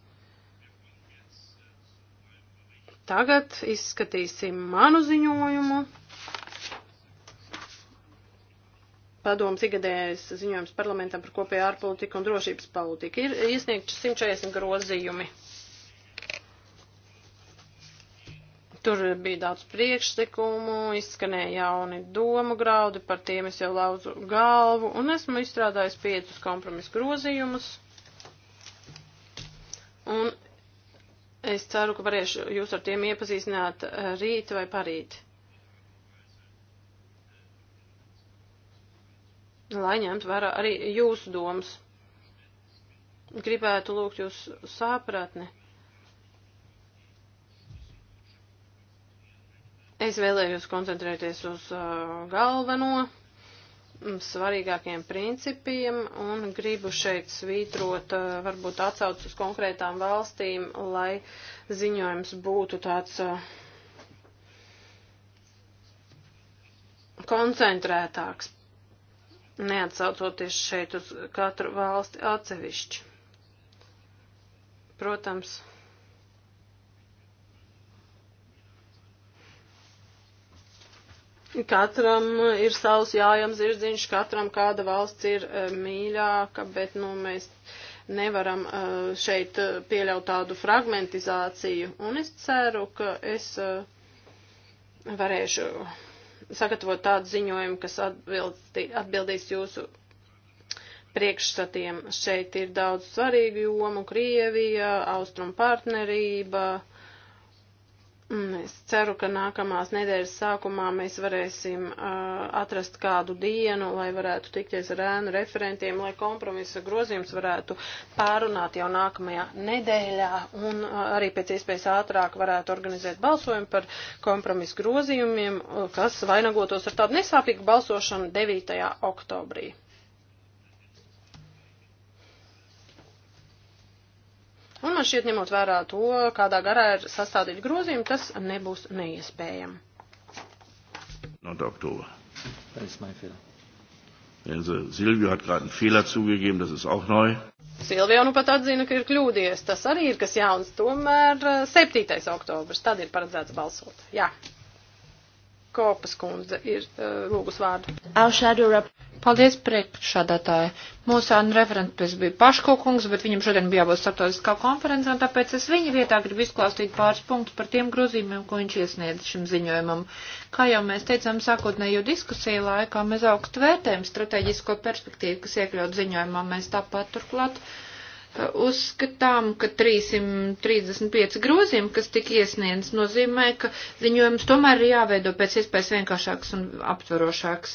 Tagad izskatīsim manu ziņojumu. padomas igadējais ziņojums parlamentam par kopēju ārpolitiku un drošības politiku. Ir iesniegti 140 grozījumi. Tur bija daudz priekšlikumu, izskanēja jauni domu graudi, par tiem es jau lauzu galvu, un esmu izstrādājis piecus kompromisu grozījumus. Un es ceru, ka varēšu jūs ar tiem iepazīstināt rīt vai parīt. lai ņemtu vērā arī jūsu domas. Gribētu lūgt jūs sāpratni. Es vēlējos koncentrēties uz uh, galveno, mm, svarīgākiem principiem un gribu šeit svītrot uh, varbūt atsauc uz konkrētām valstīm, lai ziņojums būtu tāds uh, koncentrētāks neatsaucoties šeit uz katru valsti atsevišķi. Protams, katram ir savs jājams zirdziņš, katram kāda valsts ir e, mīļāka, bet nu, mēs nevaram e, šeit e, pieļaut tādu fragmentizāciju. Un es ceru, ka es varēšu sagatavot tādu ziņojumu, kas atbildi, atbildīs jūsu priekšstatiem. Šeit ir daudz svarīgu jomu - Krievija, Austrum partnerība, Mm, es ceru, ka nākamās nedēļas sākumā mēs varēsim uh, atrast kādu dienu, lai varētu tikties ar ēnu referentiem, lai kompromisa grozījums varētu pārunāt jau nākamajā nedēļā un uh, arī pēc iespējas ātrāk varētu organizēt balsojumu par kompromisa grozījumiem, uh, kas vainagotos ar tādu nesāpīgu balsošanu 9. oktobrī. Un man šķiet, ņemot vērā to, kādā garā ir sastādīti grozījumi, tas nebūs neiespējami. Not Oktober. Das ist mein Fehler. Also Silvio hat gerade einen Fehler zugegeben, das ist auch neu. Silvio nu pat atzina, ka ir kļūdies. Tas arī ir kas jauns. Tomēr 7. Eh, oktobrs, tad ir paredzēts balsot. Jā. Kopas kundze ir uh, lūgus vārdu. Paldies priekšādātāji. Mūsu Anna referentis bija Paškokungs, bet viņam šodien bija jābūt startautiskā konferencē, un tāpēc es viņa vietā gribu izklāstīt pāris punktus par tiem grozījumiem, ko viņš iesniedz šim ziņojumam. Kā jau mēs teicām sākotnējo diskusiju laikā, mēs augstu vērtējam strateģisko perspektīvu, kas iekļaut ziņojumā, mēs tāpat turklāt. Uh, uzskatām, ka 335 grozījumi, kas tika iesniegts, nozīmē, ka ziņojums tomēr ir jāveido pēc iespējas vienkāršāks un aptverošāks.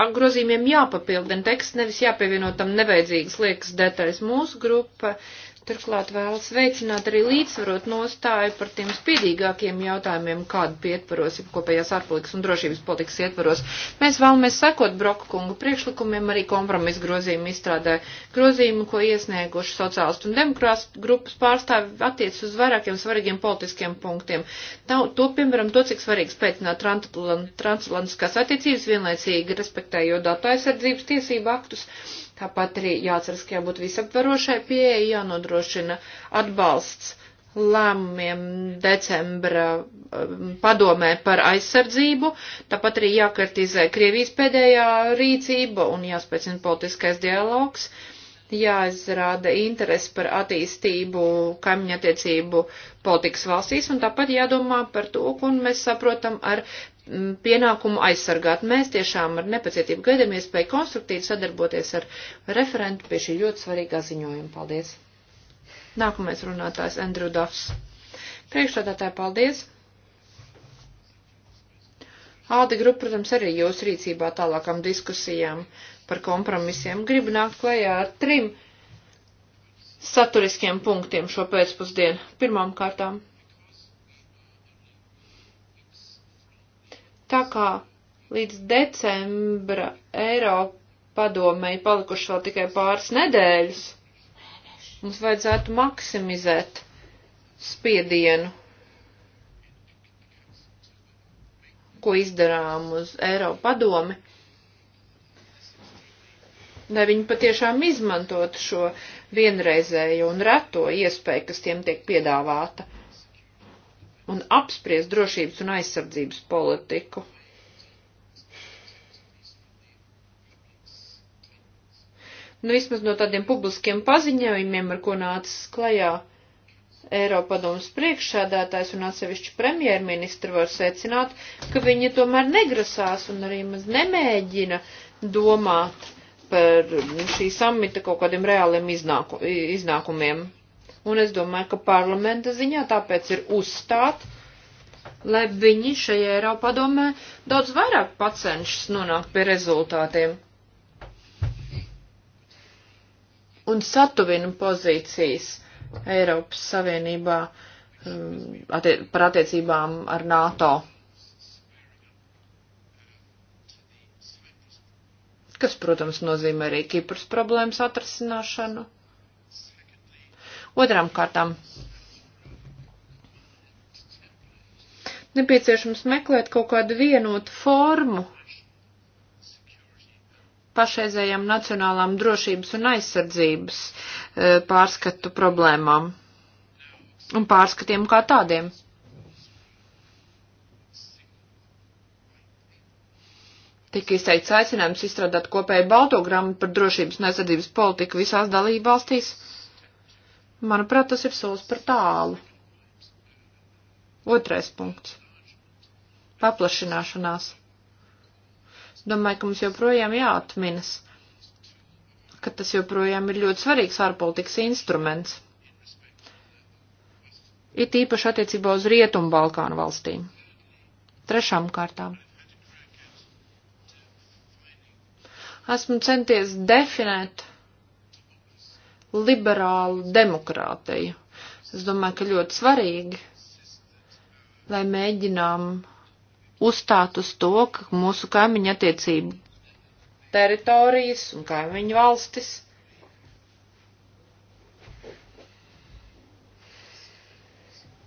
Ar grozījumiem jāpapildina teksts, nevis jāpievienot tam nevajadzīgas liekas detaļas. Mūsu grupa Turklāt vēlas veicināt arī līdzsvarot nostāju par tiem spiedīgākiem jautājumiem, kādu pietvaros, ja kopējās ārpolitikas un drošības politikas ietvaros. Mēs vēlamies sekot Broka kungu priekšlikumiem arī kompromisu grozījumu izstrādē. Grozījumu, ko iesnieguši sociālistu un demokrāstu grupas pārstāvi, attiec uz vairākiem svarīgiem politiskiem punktiem. Tā, to, piemēram, to, cik svarīgi spēcināt transatlantiskās attiecības vienlaicīgi, respektējot datu aizsardzības tiesību aktus. Uh, Tāpat arī jāatceras, ka jābūt visaptvarošai pieeja, jānodrošina atbalsts lēmumiem decembra um, padomē par aizsardzību, tāpat arī jākartizē Krievijas pēdējā rīcība un jāspēcina politiskais dialogs, jāizrāda interesi par attīstību kaimiņattiecību politikas valstīs un tāpat jādomā par to, un mēs saprotam ar Mm, pienākumu aizsargāt. Mēs tiešām ar nepacietību gaidām iespēju konstruktīvi sadarboties ar referentu pie šī ļoti svarīgā ziņojuma. Paldies! Nākamais runātājs Andrew Dafs. Priekšstādātāji, paldies! Āda grupa, protams, arī jūs rīcībā tālākam diskusijām par kompromisiem. Gribu nākt klajā ar trim saturiskiem punktiem šo pēcpusdienu. Pirmām kārtām Tā kā līdz decembra Eiropa padomēji palikuši vēl tikai pāris nedēļas, mums vajadzētu maksimizēt spiedienu, ko izdarām uz Eiropa padomi lai viņi patiešām izmantotu šo vienreizējo un reto iespēju, kas tiem tiek piedāvāta un apspriest drošības un aizsardzības politiku. Nu, vismaz no tādiem publiskiem paziņojumiem, ar ko nācis klajā Eiropadomas priekšsēdētājs un atsevišķi premjerministri, var secināt, ka viņi tomēr negrasās un arī maz nemēģina domāt par šī samita kaut kādiem reāliem iznāku, iznākumiem. Un es domāju, ka parlamenta ziņā tāpēc ir uzstāt, lai viņi šajā Eiropadomē daudz vairāk pacenšas nonākt pie rezultātiem. Un satuvina pozīcijas Eiropas Savienībā um, attie par attiecībām ar NATO. kas, protams, nozīmē arī Kipras problēmas atrasināšanu. Otram kārtām nepieciešams meklēt kaut kādu vienotu formu pašreizējām nacionālām drošības un aizsardzības e, pārskatu problēmām un pārskatiem kā tādiem. Tika izteikts aicinājums izstrādāt kopēju balto grāmatu par drošības un aizsardzības politiku visās dalību valstīs. Manuprāt, tas ir solis par tālu. Otrais punkts. Paplašināšanās. Domāju, ka mums joprojām jāatminas, ka tas joprojām ir ļoti svarīgs ārpolitikas instruments. It īpaši attiecībā uz Rietumu Balkānu valstīm. Trešām kārtām. Esmu centies definēt liberālu demokrātiju. Es domāju, ka ļoti svarīgi, lai mēģinām uzstāt uz to, ka mūsu kaimiņu attiecību teritorijas un kaimiņu valstis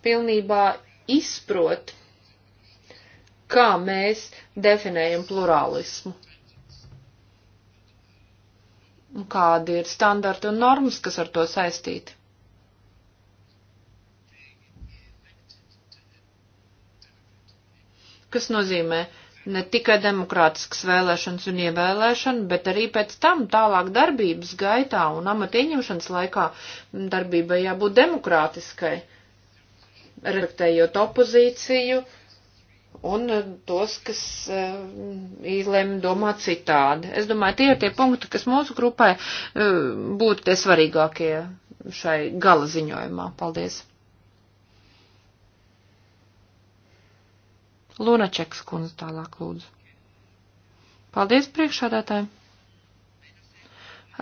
pilnībā izprot, kā mēs definējam plurālismu. Kādi ir standarti un normas, kas ar to saistīti? Kas nozīmē ne tikai demokrātiskas vēlēšanas un ievēlēšana, bet arī pēc tam tālāk darbības gaitā un amata ieņemšanas laikā darbībai jābūt demokrātiskai, reflektējot opozīciju, uh, un eh, tos, kas uh, eh, izlēma domāt citādi. Es domāju, tie ir tie punkti, kas mūsu grupai uh, būtu tie svarīgākie šai gala ziņojumā. Paldies! Lunačeks kundze tālāk lūdzu. Paldies priekšādātājiem!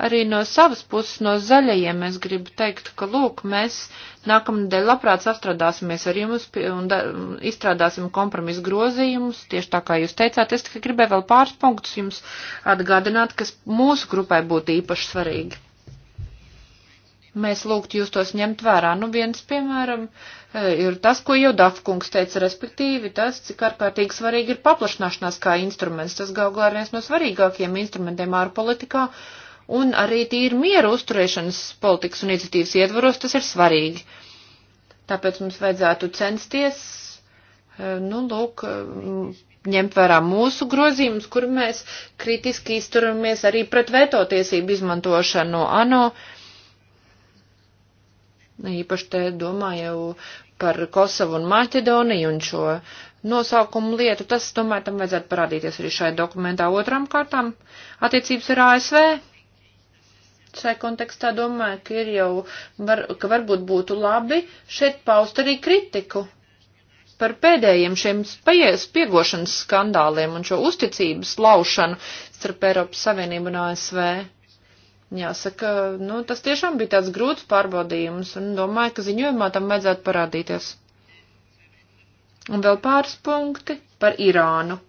Arī no savas puses, no zaļajiem, es gribu teikt, ka, lūk, mēs nākamnedēļ labprāt sastrādāsimies ar jums un da, izstrādāsim kompromisu grozījumus, tieši tā kā jūs teicāt. Es tikai gribēju vēl pāris punktus jums atgādināt, kas mūsu grupai būtu īpaši svarīgi mēs lūgtu jūs tos ņemt vērā. Nu, viens, piemēram, e, ir tas, ko jau Dafkungs teica, respektīvi tas, cik ārkārtīgi svarīgi ir paplašināšanās kā instruments. Tas galvā ir viens no svarīgākajiem instrumentiem ārpolitikā, politikā un arī tīri mieru uzturēšanas politikas un iniciatīvas ietvaros tas ir svarīgi. Tāpēc mums vajadzētu censties, eh, nu, lūk, eh, ņemt vērā mūsu grozījumus, kur mēs kritiski izturamies arī pret vetotiesību izmantošanu no ANO. Īpaši te domāju par Kosovu un Maķedoniju un šo nosaukumu lietu. Tas, domāju, tam vajadzētu parādīties arī šai dokumentā. Otram kārtām attiecības ar ASV šai kontekstā domāju, ka ir jau, var, ka varbūt būtu labi šeit paust arī kritiku par pēdējiem šiem spiegošanas skandāliem un šo uzticības laušanu starp Eiropas Savienību un ASV. Jāsaka, nu, tas tiešām bija tāds grūts pārbaudījums, un domāju, ka ziņojumā tam vajadzētu parādīties. Un vēl pāris punkti par Irānu.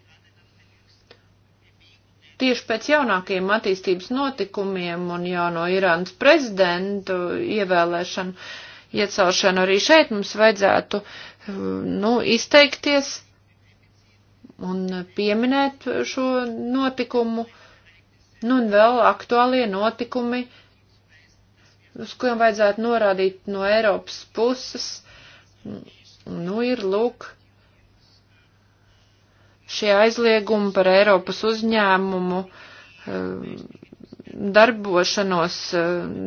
Tieši pēc jaunākajiem attīstības notikumiem un jauno Irānas prezidentu ievēlēšanu, iecelšanu arī šeit mums vajadzētu, nu, izteikties un pieminēt šo notikumu, nu, un vēl aktuālie notikumi, uz kuriem vajadzētu norādīt no Eiropas puses, nu, ir lūk šie aizliegumi par Eiropas uzņēmumu eh, darbošanos eh,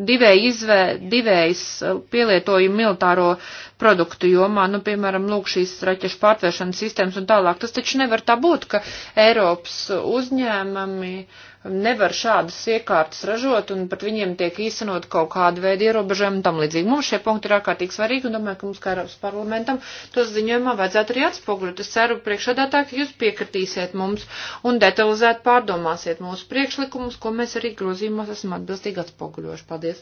divēji izvē, divējas eh, pielietojumu militāro produktu jomā, nu, piemēram, lūk, šīs raķešu pārtvēršanas sistēmas un tālāk. Tas taču nevar tā būt, ka Eiropas uzņēmumi nevar šādas iekārtas ražot un pat viņiem tiek īstenot kaut kādu veidu ierobežojumu un tam līdzīgi. Mums šie punkti ir ārkārtīgi svarīgi un domāju, ka mums kā Eiropas parlamentam tos ziņojumā vajadzētu arī atspoguļot. Es ceru priekšādātā, ka jūs piekritīsiet mums un detalizēt pārdomāsiet mūsu priekšlikumus, ko mēs arī grozījumos esam atbilstīgi atspoguļojuši. Paldies!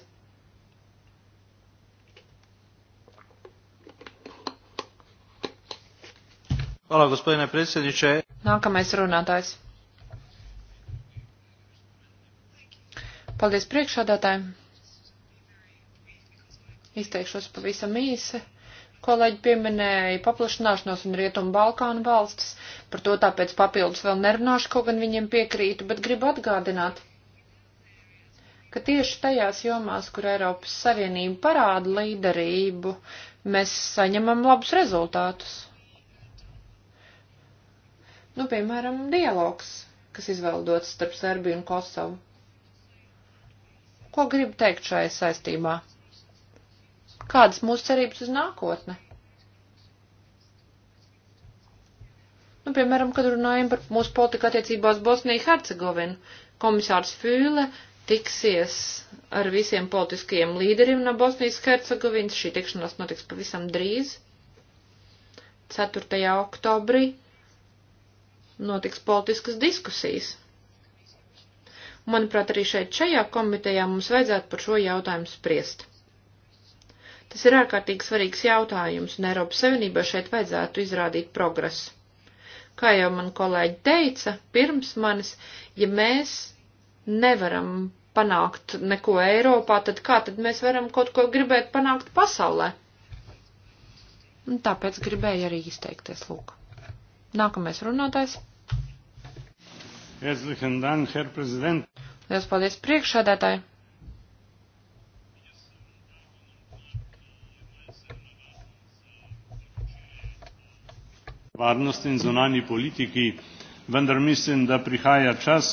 Hvala, gospodine predsjedniče. Nākamais runātājs. Paldies priekšādātājiem. Izteikšos pavisam īsi. Kolēģi pieminēja paplašināšanos un Rietumu Balkānu valstis. Par to tāpēc papildus vēl nerunāšu, kaut gan viņiem piekrītu, bet gribu atgādināt, ka tieši tajās jomās, kur Eiropas Savienība parāda līderību, mēs saņemam labus rezultātus. Nu, piemēram, dialogs, kas izveidots starp Serbiju un Kosovu. Ko gribu teikt šajā saistībā? Kādas mūsu cerības uz nākotni? Nu, piemēram, kad runājam par mūsu politiku attiecībās Bosniju Hercegovinu, komisārs Fīle tiksies ar visiem politiskajiem līderiem no Bosnijas Hercegovinas. Šī tikšanās notiks pavisam drīz. 4. oktobrī notiks politiskas diskusijas. Manuprāt, arī šeit šajā komitejā mums vajadzētu par šo jautājumu spriest. Tas ir ārkārtīgi svarīgs jautājums, un Eiropas Savienībā šeit vajadzētu izrādīt progresu. Kā jau man kolēģi teica, pirms manis, ja mēs nevaram panākt neko Eiropā, tad kā tad mēs varam kaut ko gribēt panākt pasaulē? Un tāpēc gribēju arī izteikties, lūk. Nākamais runātājs. Herzlichen Dank, Herr Präsident. Liels paldies priekšādātāji! varnost in zunanji politiki, vendar mislim, da prihaja čas,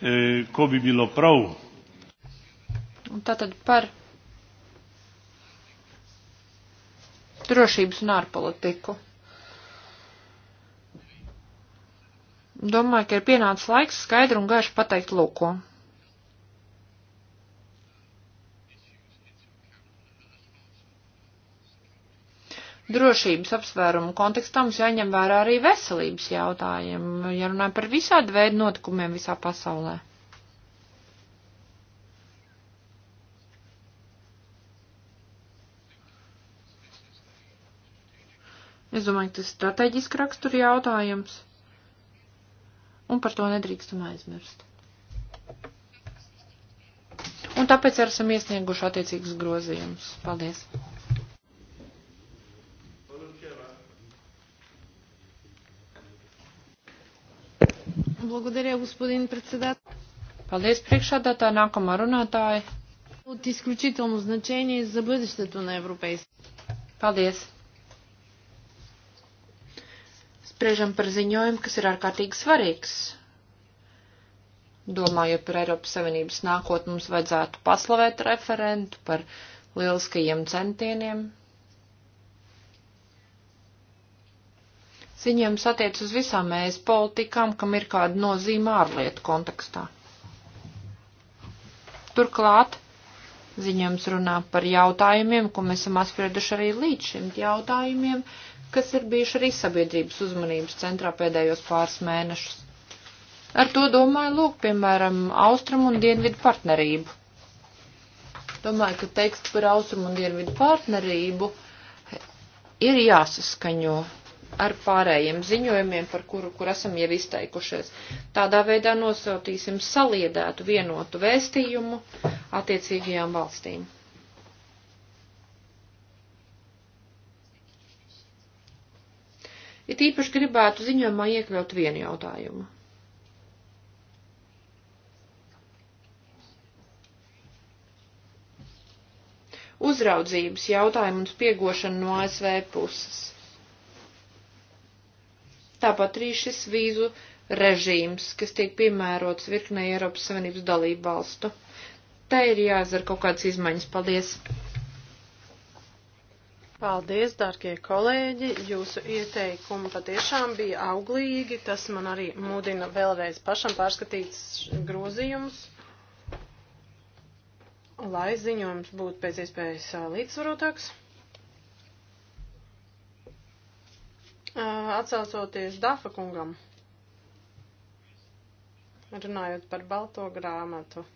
eh, ko bi bilo prav. Tātad par drošības un ārpolitiku. Domāju, ka ir pienācis laiks skaidri un gaiši pateikt lūko. drošības apsvērumu kontekstā mums jāņem vērā arī veselības jautājumu, ja runājam par visādi veidu notikumiem visā pasaulē. Es domāju, ka tas ir strateģiski rakstur jautājums un par to nedrīkstam aizmirst. Un tāpēc arī esam iesnieguši attiecīgus grozījumus. Paldies! Благодаря, господин председател. Paldies, priekšādātā nākamā runātāja. От изключително значение за бъдещето на Европейския. Paldies. Spriežam par ziņojumu, kas ir ārkārtīgi svarīgs. Domājot par Eiropas Savienības nākotni, mums vajadzētu paslavēt referentu par lieliskajiem centieniem. Ziņojums attiec uz visām mēs politikām, kam ir kāda nozīme ārlietu kontekstā. Turklāt ziņojums runā par jautājumiem, ko mēs esam apsprieduši arī līdz šim jautājumiem, kas ir bijuši arī sabiedrības uzmanības centrā pēdējos pāris mēnešus. Ar to domāju, lūk, piemēram, austrumu un dienvidu partnerību. Domāju, ka teksts par austrumu un dienvidu partnerību ir jāsaskaņo ar pārējiem ziņojumiem, par kuru, kur esam jau izteikušies. Tādā veidā nosautīsim saliedētu vienotu vēstījumu attiecīgajām valstīm. It īpaši gribētu ziņojumā iekļaut vienu jautājumu. Uzraudzības jautājumu un spiegošanu no ASV puses. Tāpat arī šis vīzu režīms, kas tiek piemērots virknei Eiropas Savienības dalību valstu. Te ir jāizdara kaut kādas izmaiņas. Paldies! Paldies, darbie kolēģi! Jūsu ieteikumi patiešām bija auglīgi. Tas man arī mudina vēlreiz pašam pārskatīt grozījumus, lai ziņojums būtu pēc iespējas līdzsvarotāks. Atsaucoties Dafa kungam, runājot par balto grāmatu.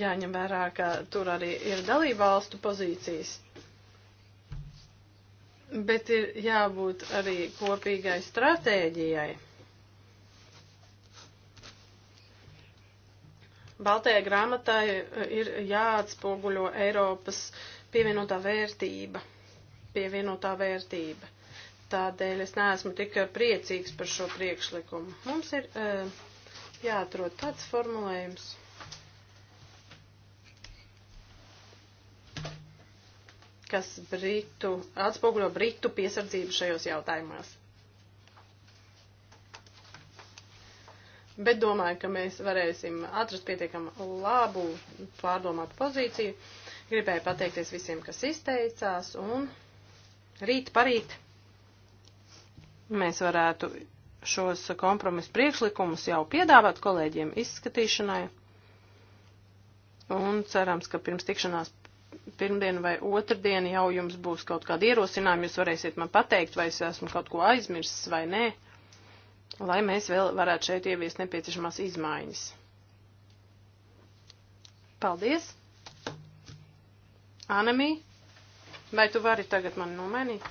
jāņem vērā, ka tur arī ir dalībvalstu pozīcijas. Bet ir jābūt arī kopīgai stratēģijai. Baltajai grāmatai e, ir jāatspoguļo Eiropas pievienotā vērtība. Pievienotā vērtība. Tādēļ es neesmu tik priecīgs par šo priekšlikumu. Mums ir e, jāatrod tāds formulējums. kas Britu, atspoguļo Britu piesardzību šajos jautājumos. Bet domāju, ka mēs varēsim atrast pietiekam labu pārdomātu pozīciju. Gribēju pateikties visiem, kas izteicās, un rīt parīt mēs varētu šos kompromisu priekšlikumus jau piedāvāt kolēģiem izskatīšanai. Un cerams, ka pirms tikšanās pirmdien vai otrdien jau jums būs kaut kādi ierosinājumi, jūs varēsiet man pateikt, vai es esmu kaut ko aizmirsis vai nē, lai mēs vēl varētu šeit ieviest nepieciešamās izmaiņas. Paldies! Anemī, vai tu vari tagad mani nomainīt?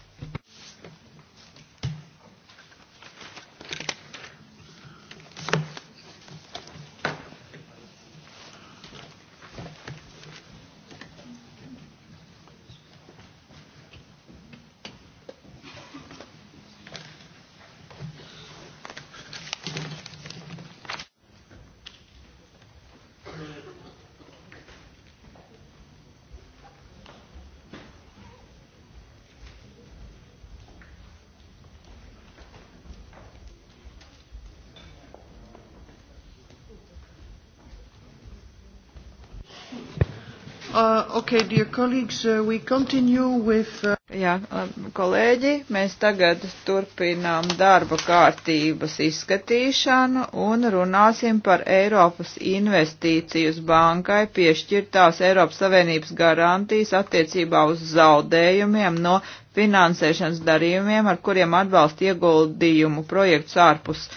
Okay, dear colleagues, uh, we continue with. Uh... Jā, um, kolēģi, mēs tagad turpinām darba kārtības izskatīšanu un runāsim par Eiropas investīcijas bankai piešķirtās Eiropas Savienības garantijas attiecībā uz zaudējumiem no finansēšanas darījumiem, ar kuriem atbalsta ieguldījumu projekts ārpus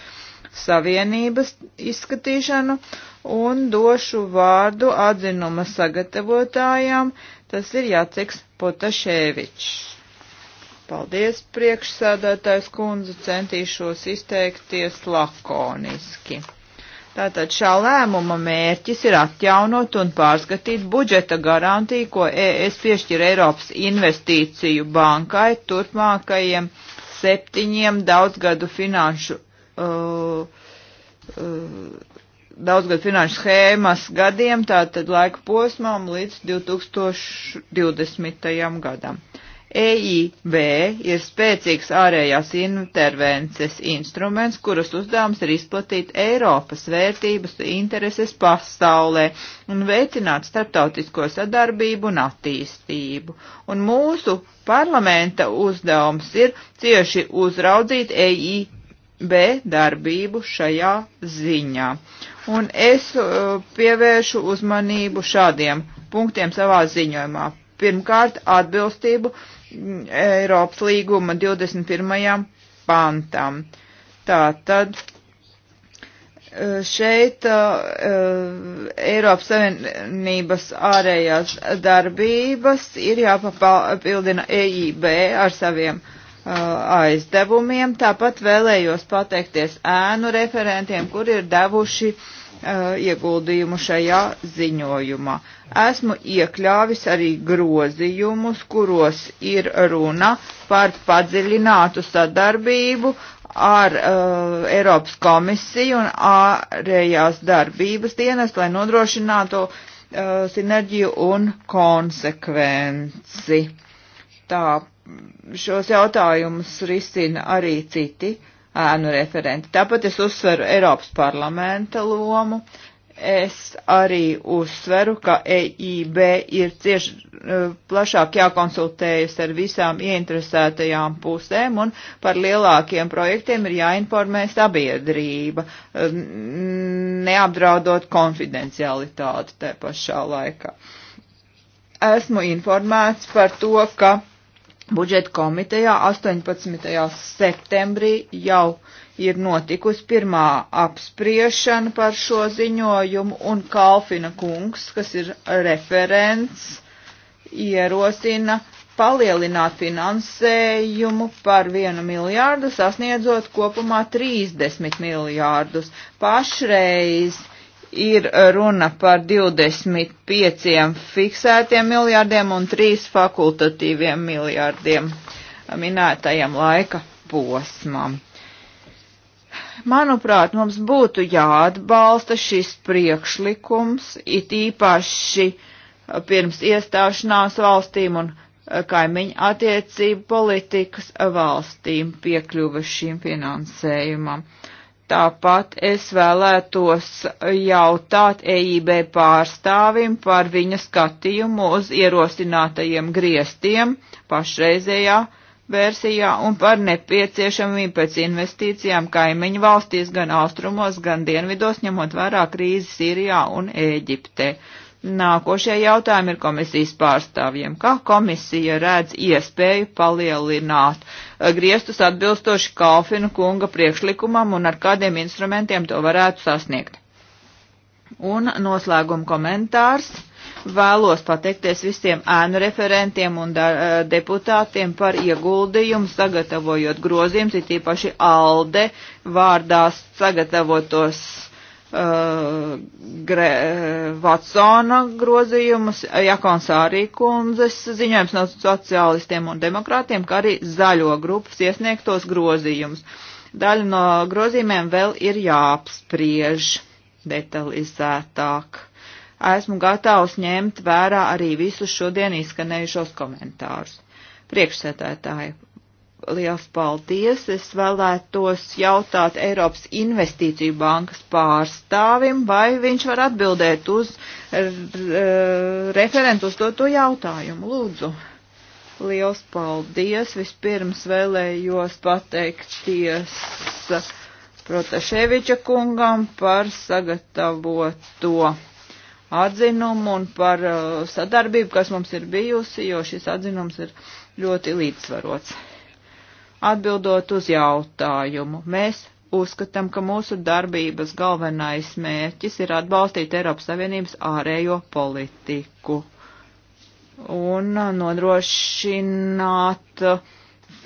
Savienības izskatīšanu. Uh, un došu vārdu atzinuma sagatavotājām. Tas ir Jāceks Potaševičs. Paldies, priekšsēdētājs kundze, centīšos izteikties lakoniski. Tātad šā lēmuma mērķis ir atjaunot un pārskatīt budžeta garantiju, ko ES piešķir Eiropas investīciju bankai turpmākajiem septiņiem daudzgadu finanšu uh, uh, daudzgad finanšu schēmas gadiem, tātad laika posmām līdz 2020. gadam. EIB ir spēcīgs ārējās intervences instruments, kuras uzdevums ir izplatīt Eiropas vērtības intereses pasaulē un veicināt starptautisko sadarbību un attīstību. Un mūsu parlamenta uzdevums ir cieši uzraudzīt EIB darbību šajā ziņā Un es uh, pievēršu uzmanību šādiem punktiem savā ziņojumā. Pirmkārt, atbilstību mm, Eiropas līguma 21. pantam. Tātad uh, šeit uh, uh, Eiropas Savienības ārējās darbības ir jāpapildina EIB ar saviem uh, Uh, aizdevumiem. Tāpat vēlējos pateikties ēnu referentiem, kur ir devuši uh, ieguldījumu šajā ziņojumā. Esmu iekļāvis arī grozījumus, kuros ir runa par padziļinātu sadarbību ar uh, Eiropas komisiju un ārējās darbības dienas, lai nodrošinātu uh, sinerģiju un konsekvenci. Tāpat šos jautājumus risina arī citi ēnu referenti. Tāpat es uzsveru Eiropas parlamenta lomu. Es arī uzsveru, ka EIB ir cieši e, plašāk jākonsultējas ar visām ieinteresētajām pusēm un par lielākiem projektiem ir jāinformē sabiedrība, e, neapdraudot konfidencialitāti te pašā laikā. Esmu informēts par to, ka budžeta komitejā 18. septembrī jau ir notikusi pirmā apspriešana par šo ziņojumu, un Kalfina kungs, kas ir referents, ierosina palielināt finansējumu par vienu miljārdu, sasniedzot kopumā 30 miljārdus. Pašreiz ir runa par 25 fiksētiem miljārdiem un 3 fakultatīviem miljārdiem minētajam laika posmam. Manuprāt, mums būtu jāatbalsta šis priekšlikums, it īpaši pirms iestāšanās valstīm un eh, kaimiņu attiecību politikas valstīm piekļuva šīm finansējumam. Uh, Tāpat es vēlētos jautāt EIB pārstāvim par viņa skatījumu uz ierosinātajiem griestiem pašreizējā versijā un par nepieciešamību pēc investīcijām kaimiņu valstīs gan austrumos, gan dienvidos, ņemot vērā krīzi Sīrijā un Ēģiptē. Nākošie jautājumi ir komisijas pārstāvjiem. Kā komisija redz iespēju palielināt eh, griestus atbilstoši Kalfinu kunga priekšlikumam un ar kādiem instrumentiem to varētu sasniegt? Un noslēguma komentārs. Vēlos pateikties visiem ēnu referentiem un eh, deputātiem par ieguldījumu, sagatavojot grozījumus, it īpaši ALDE vārdās sagatavotos uh, Gre, uh, Vatsona grozījumus, Jakons Ārī kundzes ziņojums no sociālistiem un demokrātiem, kā arī zaļo grupas iesniegtos grozījumus. Daļa no grozījumiem vēl ir jāapspriež detalizētāk. Esmu gatavs ņemt vērā arī visus šodien izskanējušos komentārus. Priekšsētētāji, liels paldies. Es vēlētos jautāt Eiropas investīciju bankas pārstāvim, vai viņš var atbildēt uz referentu uz to, to jautājumu. Lūdzu. Liels paldies. Vispirms vēlējos pateikties Protaševiča kungam par sagatavoto atzinumu un par uh, sadarbību, kas mums ir bijusi, jo šis atzinums ir ļoti līdzsvarots. Atbildot uz jautājumu, mēs uzskatām, ka mūsu darbības galvenais mērķis ir atbalstīt Eiropas Savienības ārējo politiku un nodrošināt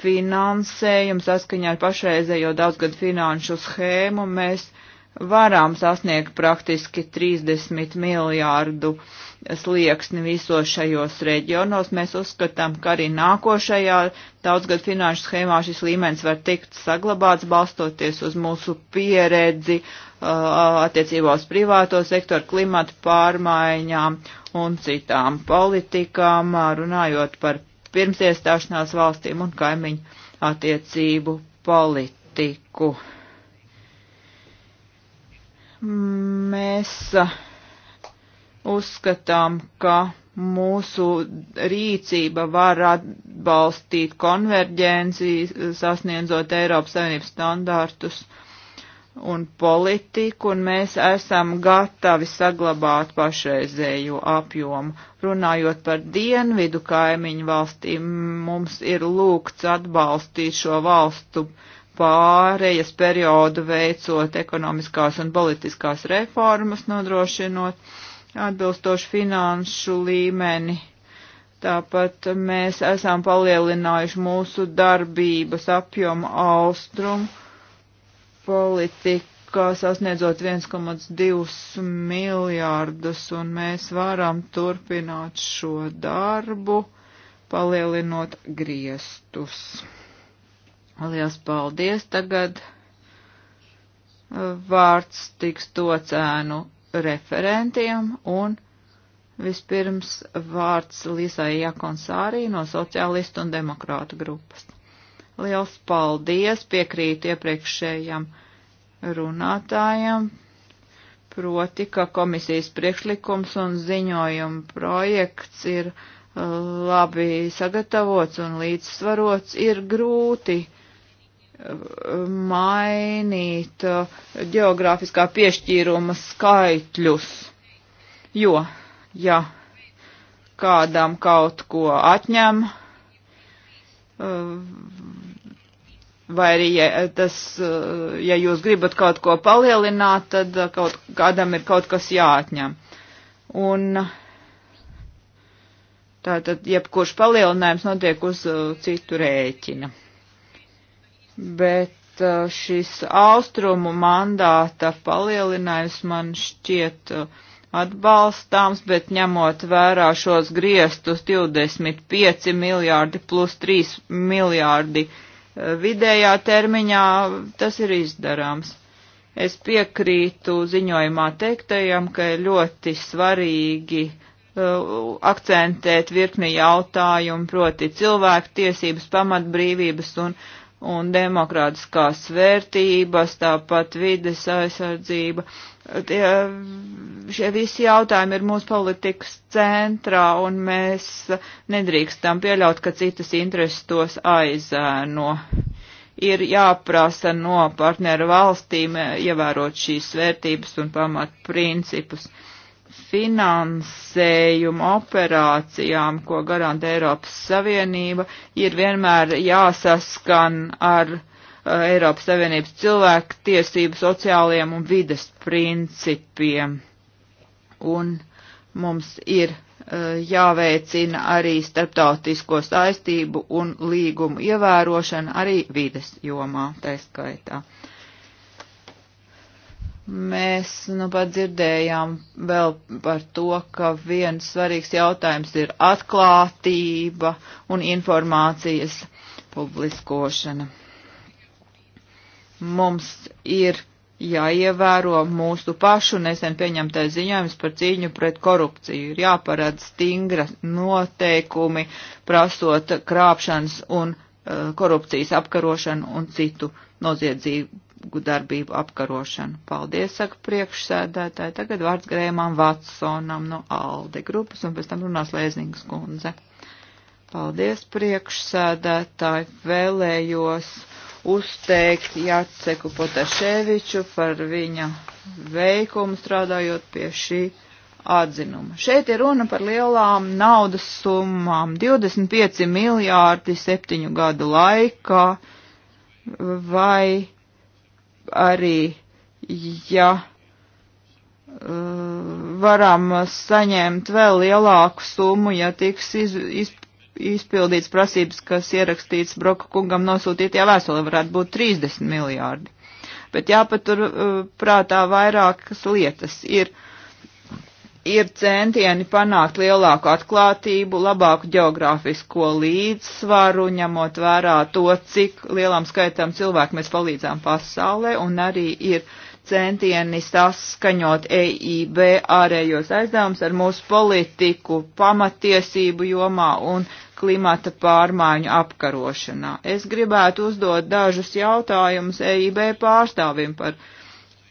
finansējumu saskaņā ar pašreizējo daudzgadu finanšu schēmu. Mēs varam sasniegt praktiski 30 miljārdu eiro slieksni visos šajos reģionos. Mēs uzskatām, ka arī nākošajā daudzgad finanšu schēmā šis līmenis var tikt saglabāts, balstoties uz mūsu pieredzi uh, attiecībā uz privāto sektoru, klimatu pārmaiņām un citām politikām, uh, runājot par pirmsiestāšanās valstīm un kaimiņu attiecību politiku. Mēs uh, Uzskatām, ka mūsu rīcība var atbalstīt konverģenci, sasniedzot Eiropas Savienības standārtus un politiku, un mēs esam gatavi saglabāt pašreizēju apjomu. Runājot par dienvidu kaimiņu valstīm, mums ir lūgts atbalstīt šo valstu pārējas periodu veicot ekonomiskās un politiskās reformas nodrošinot atbilstoši finanšu līmeni. Tāpat mēs esam palielinājuši mūsu darbības apjomu austrumu politikā sasniedzot 1,2 miljārdus, un mēs varam turpināt šo darbu, palielinot griestus. Lielas paldies! Tagad vārds tiks to cēnu referentiem un vispirms vārds Lisai Jakonsārī no sociālistu un demokrātu grupas. Liels paldies, piekrītu iepriekšējam runātājam, proti, ka komisijas priekšlikums un ziņojuma projekts ir uh, labi sagatavots un līdzsvarots, ir grūti mainīt uh, geogrāfiskā piešķīruma skaitļus, jo, ja kādam kaut ko atņem, uh, vai arī, ja, tas, uh, ja jūs gribat kaut ko palielināt, tad kaut kādam ir kaut kas jāatņem. Un tātad, jebkurš palielinājums notiek uz citu rēķina bet uh, šis austrumu mandāta palielinājums man šķiet uh, atbalstāms, bet ņemot vērā šos griestus 25 miljārdi plus 3 miljārdi uh, vidējā termiņā, tas ir izdarāms. Es piekrītu ziņojumā teiktajam, ka ir ļoti svarīgi uh, akcentēt virkni jautājumu, proti cilvēku tiesības, pamatbrīvības un uh, un demokrātiskās vērtības, tāpat vides aizsardzība. Tie, šie visi jautājumi ir mūsu politikas centrā, un mēs nedrīkstam pieļaut, ka citas intereses tos aizēno. Ir jāprasa no partneru valstīm ievērot šīs vērtības un pamatprincipus. principus finansējumu operācijām, ko garantē Eiropas Savienība, ir vienmēr jāsaskan ar uh, Eiropas Savienības cilvēku tiesību sociālajiem un vides principiem. Un mums ir uh, jāveicina arī starptautisko saistību un līgumu ievērošana arī vides jomā, tā skaitā. Mēs nu pat dzirdējām vēl par to, ka viens svarīgs jautājums ir atklātība un informācijas publiskošana. Mums ir jāievēro mūsu pašu nesen pieņemtais ziņojums par cīņu pret korupciju. Ir jāparāda stingra noteikumi, prasot krāpšanas un uh, korupcijas apkarošanu un citu noziedzību darbību apkarošanu. Paldies, saka priekšsēdētāji. Tagad vārds Grēmām Vatsonam no Alde grupas un pēc tam runās Lēzniņas kundze. Paldies, priekšsēdētāji. Vēlējos uzteikt Jaceku Potaševiču par viņa veikumu strādājot pie šī atzinuma. Šeit ir runa par lielām naudas summām - 25 miljārdi septiņu gadu laikā vai arī, ja uh, varam saņemt vēl lielāku summu, ja tiks iz, iz, izpildīts prasības, kas ierakstīts Broka kungam nosūtītajā vēstulē, varētu būt 30 miljārdi. Bet jāpatur uh, prātā vairākas lietas. Ir uh, ir centieni panākt lielāku atklātību, labāku geogrāfisko līdzsvaru, ņemot vērā to, cik lielam skaitam cilvēku mēs palīdzām pasaulē, un arī ir centieni saskaņot EIB ārējos aizdevumus ar mūsu politiku pamatiesību jomā un klimata pārmaiņu apkarošanā. Es gribētu uzdot dažus jautājumus EIB pārstāvim par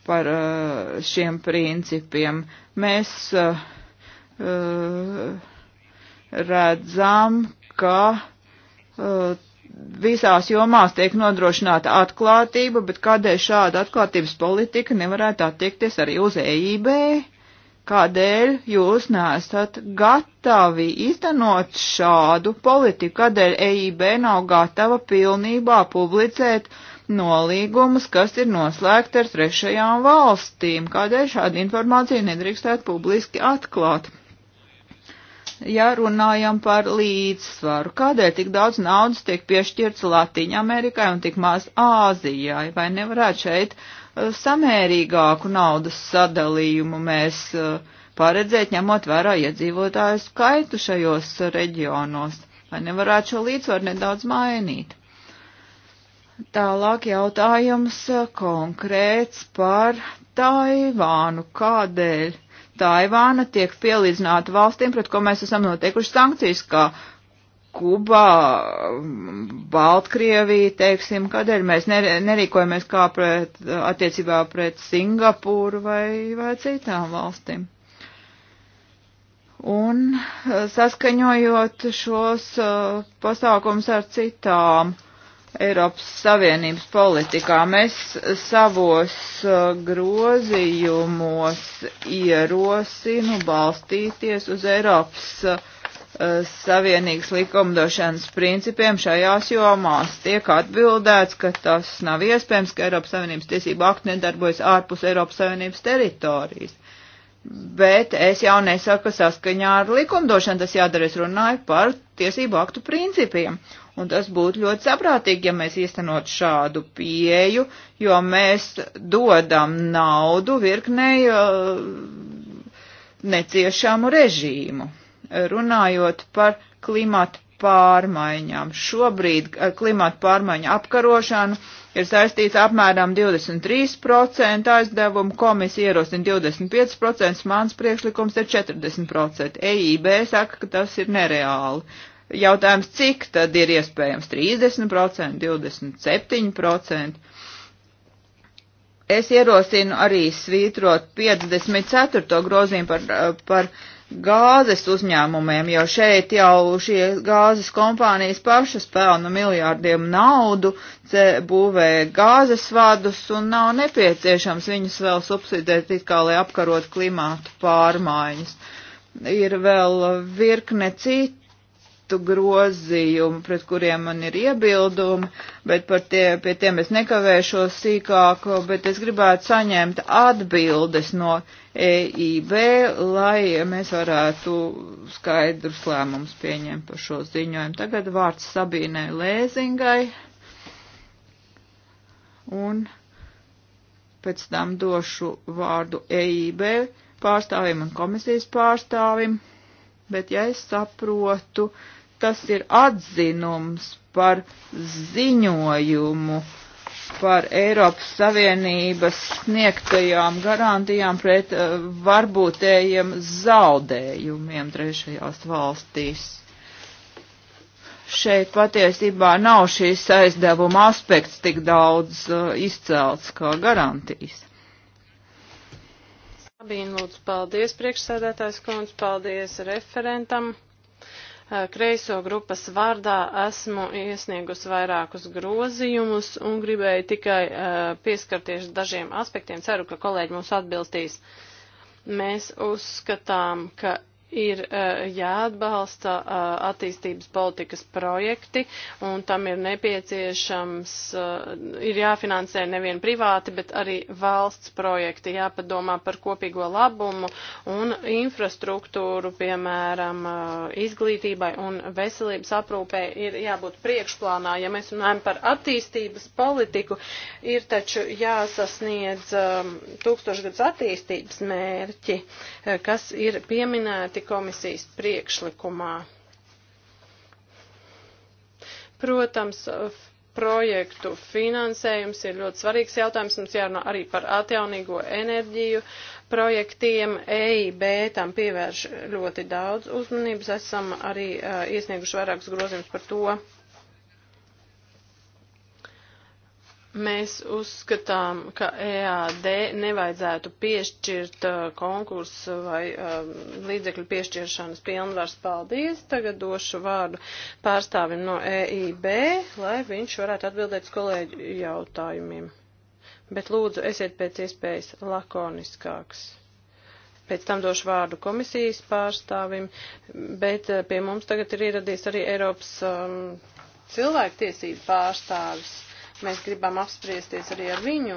par eh, šiem principiem. Mēs eh, redzam, ka eh, visās jomās tiek nodrošināta atklātība, bet kādēļ šāda atklātības politika nevarētu attiekties arī uz EIB? Kādēļ jūs nesat gatavi iztenot šādu politiku? Kādēļ EIB nav gatava pilnībā publicēt uh, nolīgumus, kas ir noslēgti ar trešajām valstīm. Kādēļ šāda informācija nedrīkstētu publiski atklāt? Ja runājam par līdzsvaru, kādēļ tik daudz naudas tiek piešķirts Latīņa Amerikai un tik maz Āzijai, vai nevarētu šeit uh, samērīgāku naudas sadalījumu mēs uh, paredzēt, ņemot vērā iedzīvotāju skaitu šajos uh, reģionos, vai nevarētu šo līdzsvaru nedaudz mainīt? Tālāk jautājums eh, konkrēts par Taivānu. Kādēļ Taivāna tiek pielīdzināta valstīm, pret ko mēs esam noteikuši sankcijas, kā Kubā, Baltkrievija, teiksim, kādēļ mēs nerīkojamies kā pret, attiecībā pret Singapūru vai, vai citām valstīm. Un eh, saskaņojot šos eh, pasākums ar citām Eiropas Savienības politikā. Mēs savos uh, grozījumos ierosinu balstīties uz Eiropas uh, Savienības likumdošanas principiem šajās jomās. Tiek atbildēts, ka tas nav iespējams, ka Eiropas Savienības tiesība akti nedarbojas ārpus Eiropas Savienības teritorijas. Bet es jau nesaku, ka saskaņā ar likumdošanu tas jādara. Es runāju par tiesību aktu principiem. Un tas būtu ļoti saprātīgi, ja mēs īstenot šādu pieju, jo mēs dodam naudu virknei uh, neciešāmu režīmu. Runājot par klimatu pārmaiņām. Šobrīd uh, klimatu pārmaiņu apkarošanu ir saistīts apmēram 23% aizdevumu, komisija ierosina 25%, mans priekšlikums ir 40%. EIB saka, ka tas ir nereāli. Jautājums, cik tad ir iespējams 30%, 27%? Es ierosinu arī svītrot 54. grozīmu par, par gāzes uzņēmumiem, jo šeit jau šie gāzes kompānijas pašas pelna miljārdiem naudu, būvē gāzes vadus un nav nepieciešams viņus vēl subsidēt it kā lai apkarot klimātu pārmaiņas. Ir vēl virkne citu grozījumu, pret kuriem man ir iebildumi, bet par tie, pie tiem es nekavēšos sīkāk, bet es gribētu saņemt atbildes no EIB, lai mēs varētu skaidrus lēmumus pieņemt par šo ziņojumu. Tagad vārds Sabīnai Lēzingai. Un pēc tam došu vārdu EIB pārstāvim un komisijas pārstāvim. Bet, ja es saprotu, uh, tas ir atzinums par ziņojumu par Eiropas Savienības sniegtajām garantijām pret eh, varbūtējiem zaudējumiem trešajās valstīs. Šeit patiesībā nav šīs aizdevuma aspekts tik daudz eh, izcelts kā garantijas. Labīn, lūdzu, paldies priekšsēdētājs kundz, paldies referentam. Eh, kreiso grupas vārdā esmu iesniegus vairākus grozījumus un gribēju tikai eh, pieskarties dažiem aspektiem. Ceru, ka kolēģi mums atbilstīs. Mēs uzskatām, ka ir uh, jāatbalsta uh, attīstības politikas projekti, un tam ir nepieciešams, uh, ir jāfinansē nevien privāti, bet arī valsts projekti, jāpadomā par kopīgo labumu un infrastruktūru, piemēram, uh, izglītībai un veselības aprūpē ir jābūt priekšplānā. Ja mēs runājam par attīstības politiku, ir taču jāsasniedz um, tūkstošgads attīstības mērķi, uh, kas ir pieminēti minēti komisijas priekšlikumā. Protams, projektu finansējums ir ļoti svarīgs jautājums. Mums jārunā arī par atjaunīgo enerģiju projektiem. EIB tam pievērš ļoti daudz uzmanības. Esam arī uh, iesnieguši vairākus grozījumus par to. Mēs uzskatām, ka EAD nevajadzētu piešķirt uh, konkursu vai um, līdzekļu piešķiršanas pilnvars. Paldies! Tagad došu vārdu pārstāvim no EIB, lai viņš varētu atbildēt uz kolēģu jautājumiem. Bet lūdzu, esiet pēc iespējas lakoniskāks. Pēc tam došu vārdu komisijas pārstāvim, bet uh, pie mums tagad ir ieradies arī Eiropas um, cilvēktiesību pārstāvis. Mēs gribam apspriesties arī ar viņu.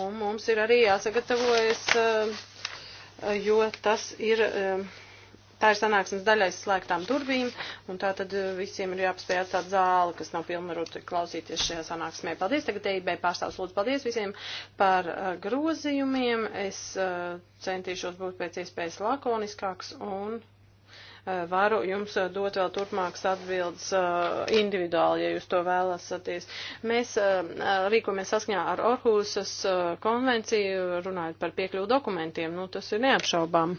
Un mums ir arī jāsagatavojas, eh, jo tas ir, eh, tā ir sanāksmes daļais slēgtām durvīm, un tā tad eh, visiem ir jāapspēj atstāt zāli, kas nav pilnvarot klausīties šajā sanāksmē. Paldies, tagad EIB pārstāvs lūdzu paldies visiem par grozījumiem. Es centīšos būt pēc iespējas lakoniskāks un Eh, varu jums eh, dot vēl turpmākas atbildes eh, individuāli, ja jūs to vēlasaties. Mēs rīkojamies saskaņā ar Orhusas konvenciju, runājot par piekļuvu dokumentiem, nu tas ir neapšaubām.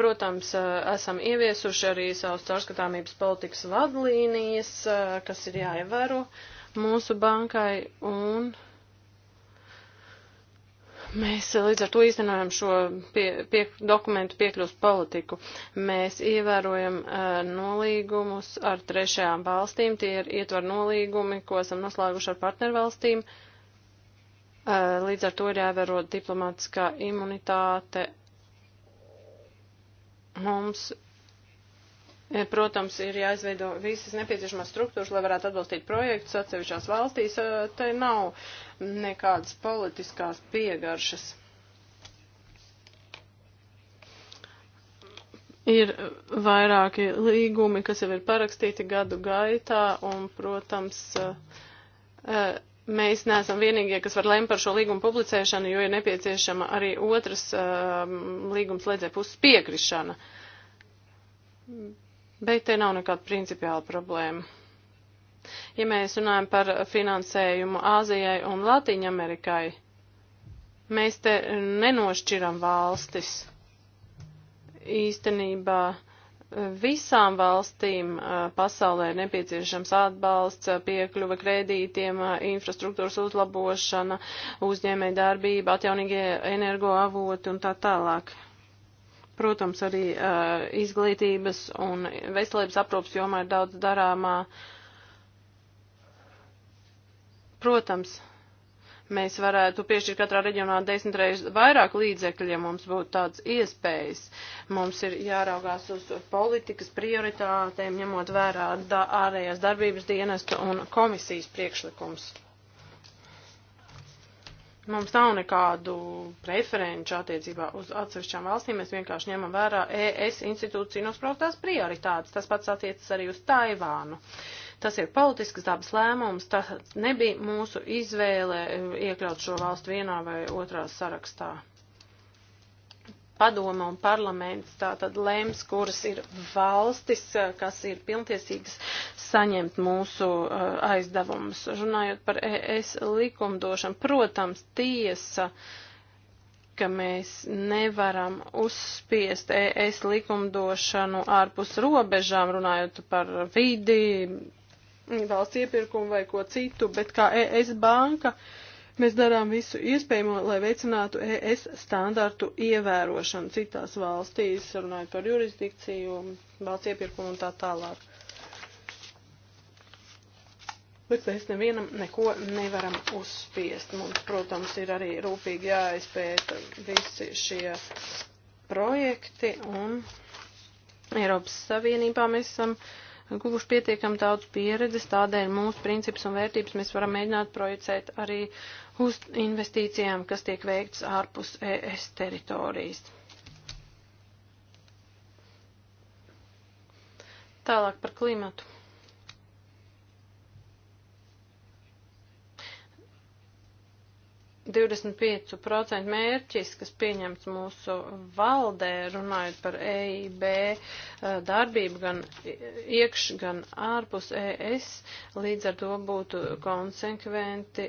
Protams, esam ieviesuši arī savus caurskatāmības politikas vadlīnijas, kas ir jāievēro mūsu bankai un. Ja Mēs eh, līdz ar to īstenojam šo pie, pie, dokumentu piekļūst politiku. Mēs ievērojam uh, nolīgumus ar trešajām valstīm, tie ir ietver nolīgumi, ko esam noslēguši ar partnervalstīm. Uh, līdz ar to ir jāievēro diplomātiskā imunitāte. Mums E, protams, ir jāizveido visas nepieciešamās struktūras, lai varētu atbalstīt projektus atsevišķās valstīs. E, te nav nekādas politiskās piegaršas. Ir vairāki līgumi, kas jau ir parakstīti gadu gaitā, un, protams, e, mēs neesam vienīgie, kas var lemt par šo līgumu publicēšanu, jo ir nepieciešama arī otras līgums slēdzē puses piekrišana Bet te nav nekāda principiāla problēma. Ja mēs runājam par finansējumu Āzijai un Latīņamerikai, mēs te nenošķiram valstis. Īstenībā eh, visām valstīm eh, pasaulē ir nepieciešams atbalsts, eh, piekļuva kredītiem, infrastruktūras uzlabošana, uzņēmē darbība, atjaunīgie energoavoti un tā tālāk. Protams, arī uh, izglītības un veselības aprūpas jomā ir daudz darāmā. Protams, mēs varētu piešķirt katrā reģionā desmitreiz vairāk līdzekļu, ja mums būtu tāds iespējas. Mums ir jāraugās uz politikas prioritātēm, ņemot vērā da ārējās darbības dienesta un komisijas priekšlikums. Mums nav nekādu preferenču attiecībā uz atsevišķām valstīm, mēs vienkārši ņemam vērā ES institūciju nospraustās prioritātes. Tas pats attiecas arī uz Taivānu. Tas ir politisks dabas lēmums, tas nebija mūsu izvēle eh, iekļaut šo valstu vienā vai otrā sarakstā padoma un parlaments tātad lems, kuras ir valstis, eh, kas ir pilntiesīgas saņemt mūsu eh, aizdevumus. Runājot par ES likumdošanu, protams, tiesa ka mēs nevaram uzspiest ES likumdošanu ārpus robežām, runājot par vidi, valsts iepirkumu vai ko citu, bet kā ES banka uh, Mēs darām visu iespējamo, lai veicinātu ES standartu ievērošanu citās valstīs, runājot par jurisdikciju, valsts iepirkumu un tā tālāk. Bet mēs nevienam neko nevaram uzspiest. Mums, protams, ir arī rūpīgi jāizpēta visi šie projekti un Eiropas Savienībā mēs esam. Uh, guvuši pietiekam daudz pieredzes, tādēļ mūsu princips un vērtības mēs varam mēģināt projicēt arī uz investīcijām, kas tiek veikts ārpus ES teritorijas. Tālāk par klimatu. 25% mērķis, kas pieņemts mūsu valdē, runājot par EIB eh, darbību gan iekš, gan ārpus ES, līdz ar to būtu konsekventi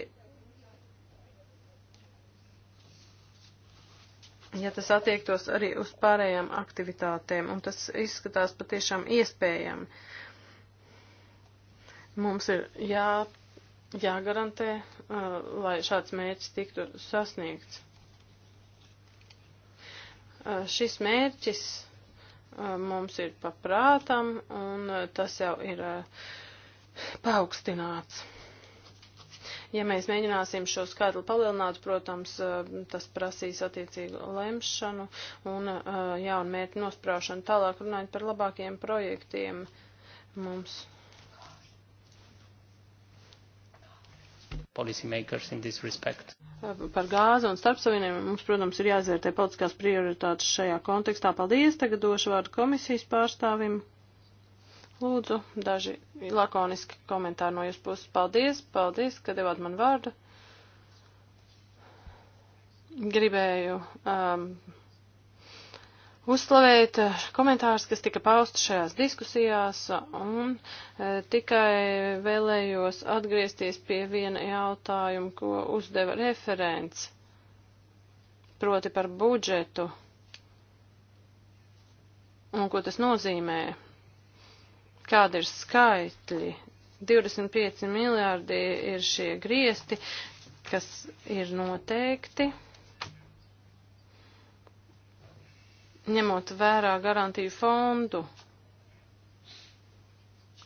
ja tas attiektos arī uz pārējām aktivitātēm, un tas izskatās patiešām iespējami. Mums ir jā, jāgarantē, Uh, lai šāds mērķis tiktu sasniegts. Uh, šis mērķis uh, mums ir paprātam un tas jau ir paaugstināts. Ja mēs mēģināsim šo skaitli palielināt, protams, tas prasīs attiecīgu lemšanu un jaunu mērķu nospraušanu. Tālāk runājot par labākiem projektiem, mums policymakers in this respect. Par gāzi un starpsavieniem mums, protams, ir jāizvērtē politiskās prioritātes šajā kontekstā. Paldies, tagad došu vārdu komisijas pārstāvim. Lūdzu, daži lakoniski komentāri no jūsu puses. Paldies, paldies, ka devāt man vārdu. Gribēju um, uzslavēt eh, komentārus, kas tika pausti šajās diskusijās, un e, tikai vēlējos atgriezties pie viena jautājuma, ko uzdeva referents, proti par budžetu, un ko tas nozīmē, kāda ir skaitļi. 25 miljārdi ir šie griesti, kas ir noteikti. ņemot vērā garantiju fondu,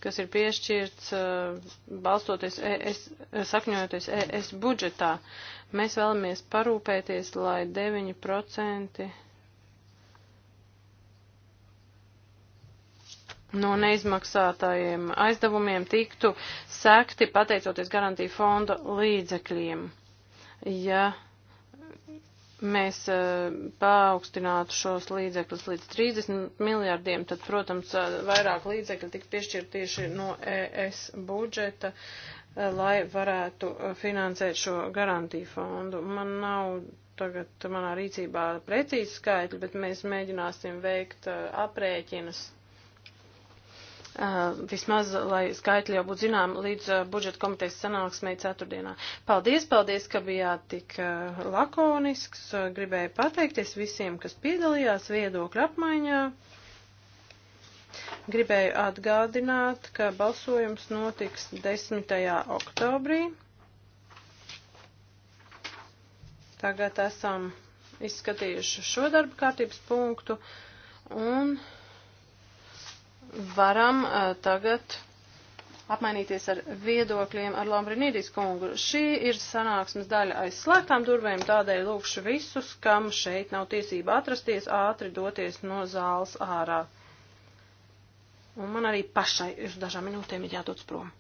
kas ir piešķirts eh, balstoties ES, sakņojoties ES budžetā. Mēs vēlamies parūpēties, lai 9% no neizmaksātajiem aizdevumiem tiktu sekti pateicoties garantiju fonda līdzekļiem. Ja mēs e, paaugstinātu šos līdzekļus līdz 30 miljardiem, tad, protams, e, vairāk līdzekļu tik piešķirt tieši no ES budžeta, e, lai varētu finansēt šo garantiju fondu. Man nav tagad manā rīcībā precīzi skaitļi, bet mēs mēģināsim veikt aprēķinas Uh, vismaz, lai skaitļi jau būtu zinām līdz uh, budžeta komitejas sanāksmei ceturtdienā. Paldies, paldies, ka bijāt tik uh, lakonisks. Gribēju pateikties visiem, kas piedalījās viedokļu apmaiņā. Gribēju atgādināt, ka balsojums notiks 10. oktobrī. Tagad esam izskatījuši šo darba kārtības punktu un varam uh, tagad apmainīties ar viedokļiem ar Lambrinīdis kungu. Šī ir sanāksmes daļa aiz slēgtām durvēm, tādēļ lūkšu visus, kam šeit nav tiesība atrasties, ātri doties no zāles ārā. Un man arī pašai uz dažām minūtēm ir jādodas prom.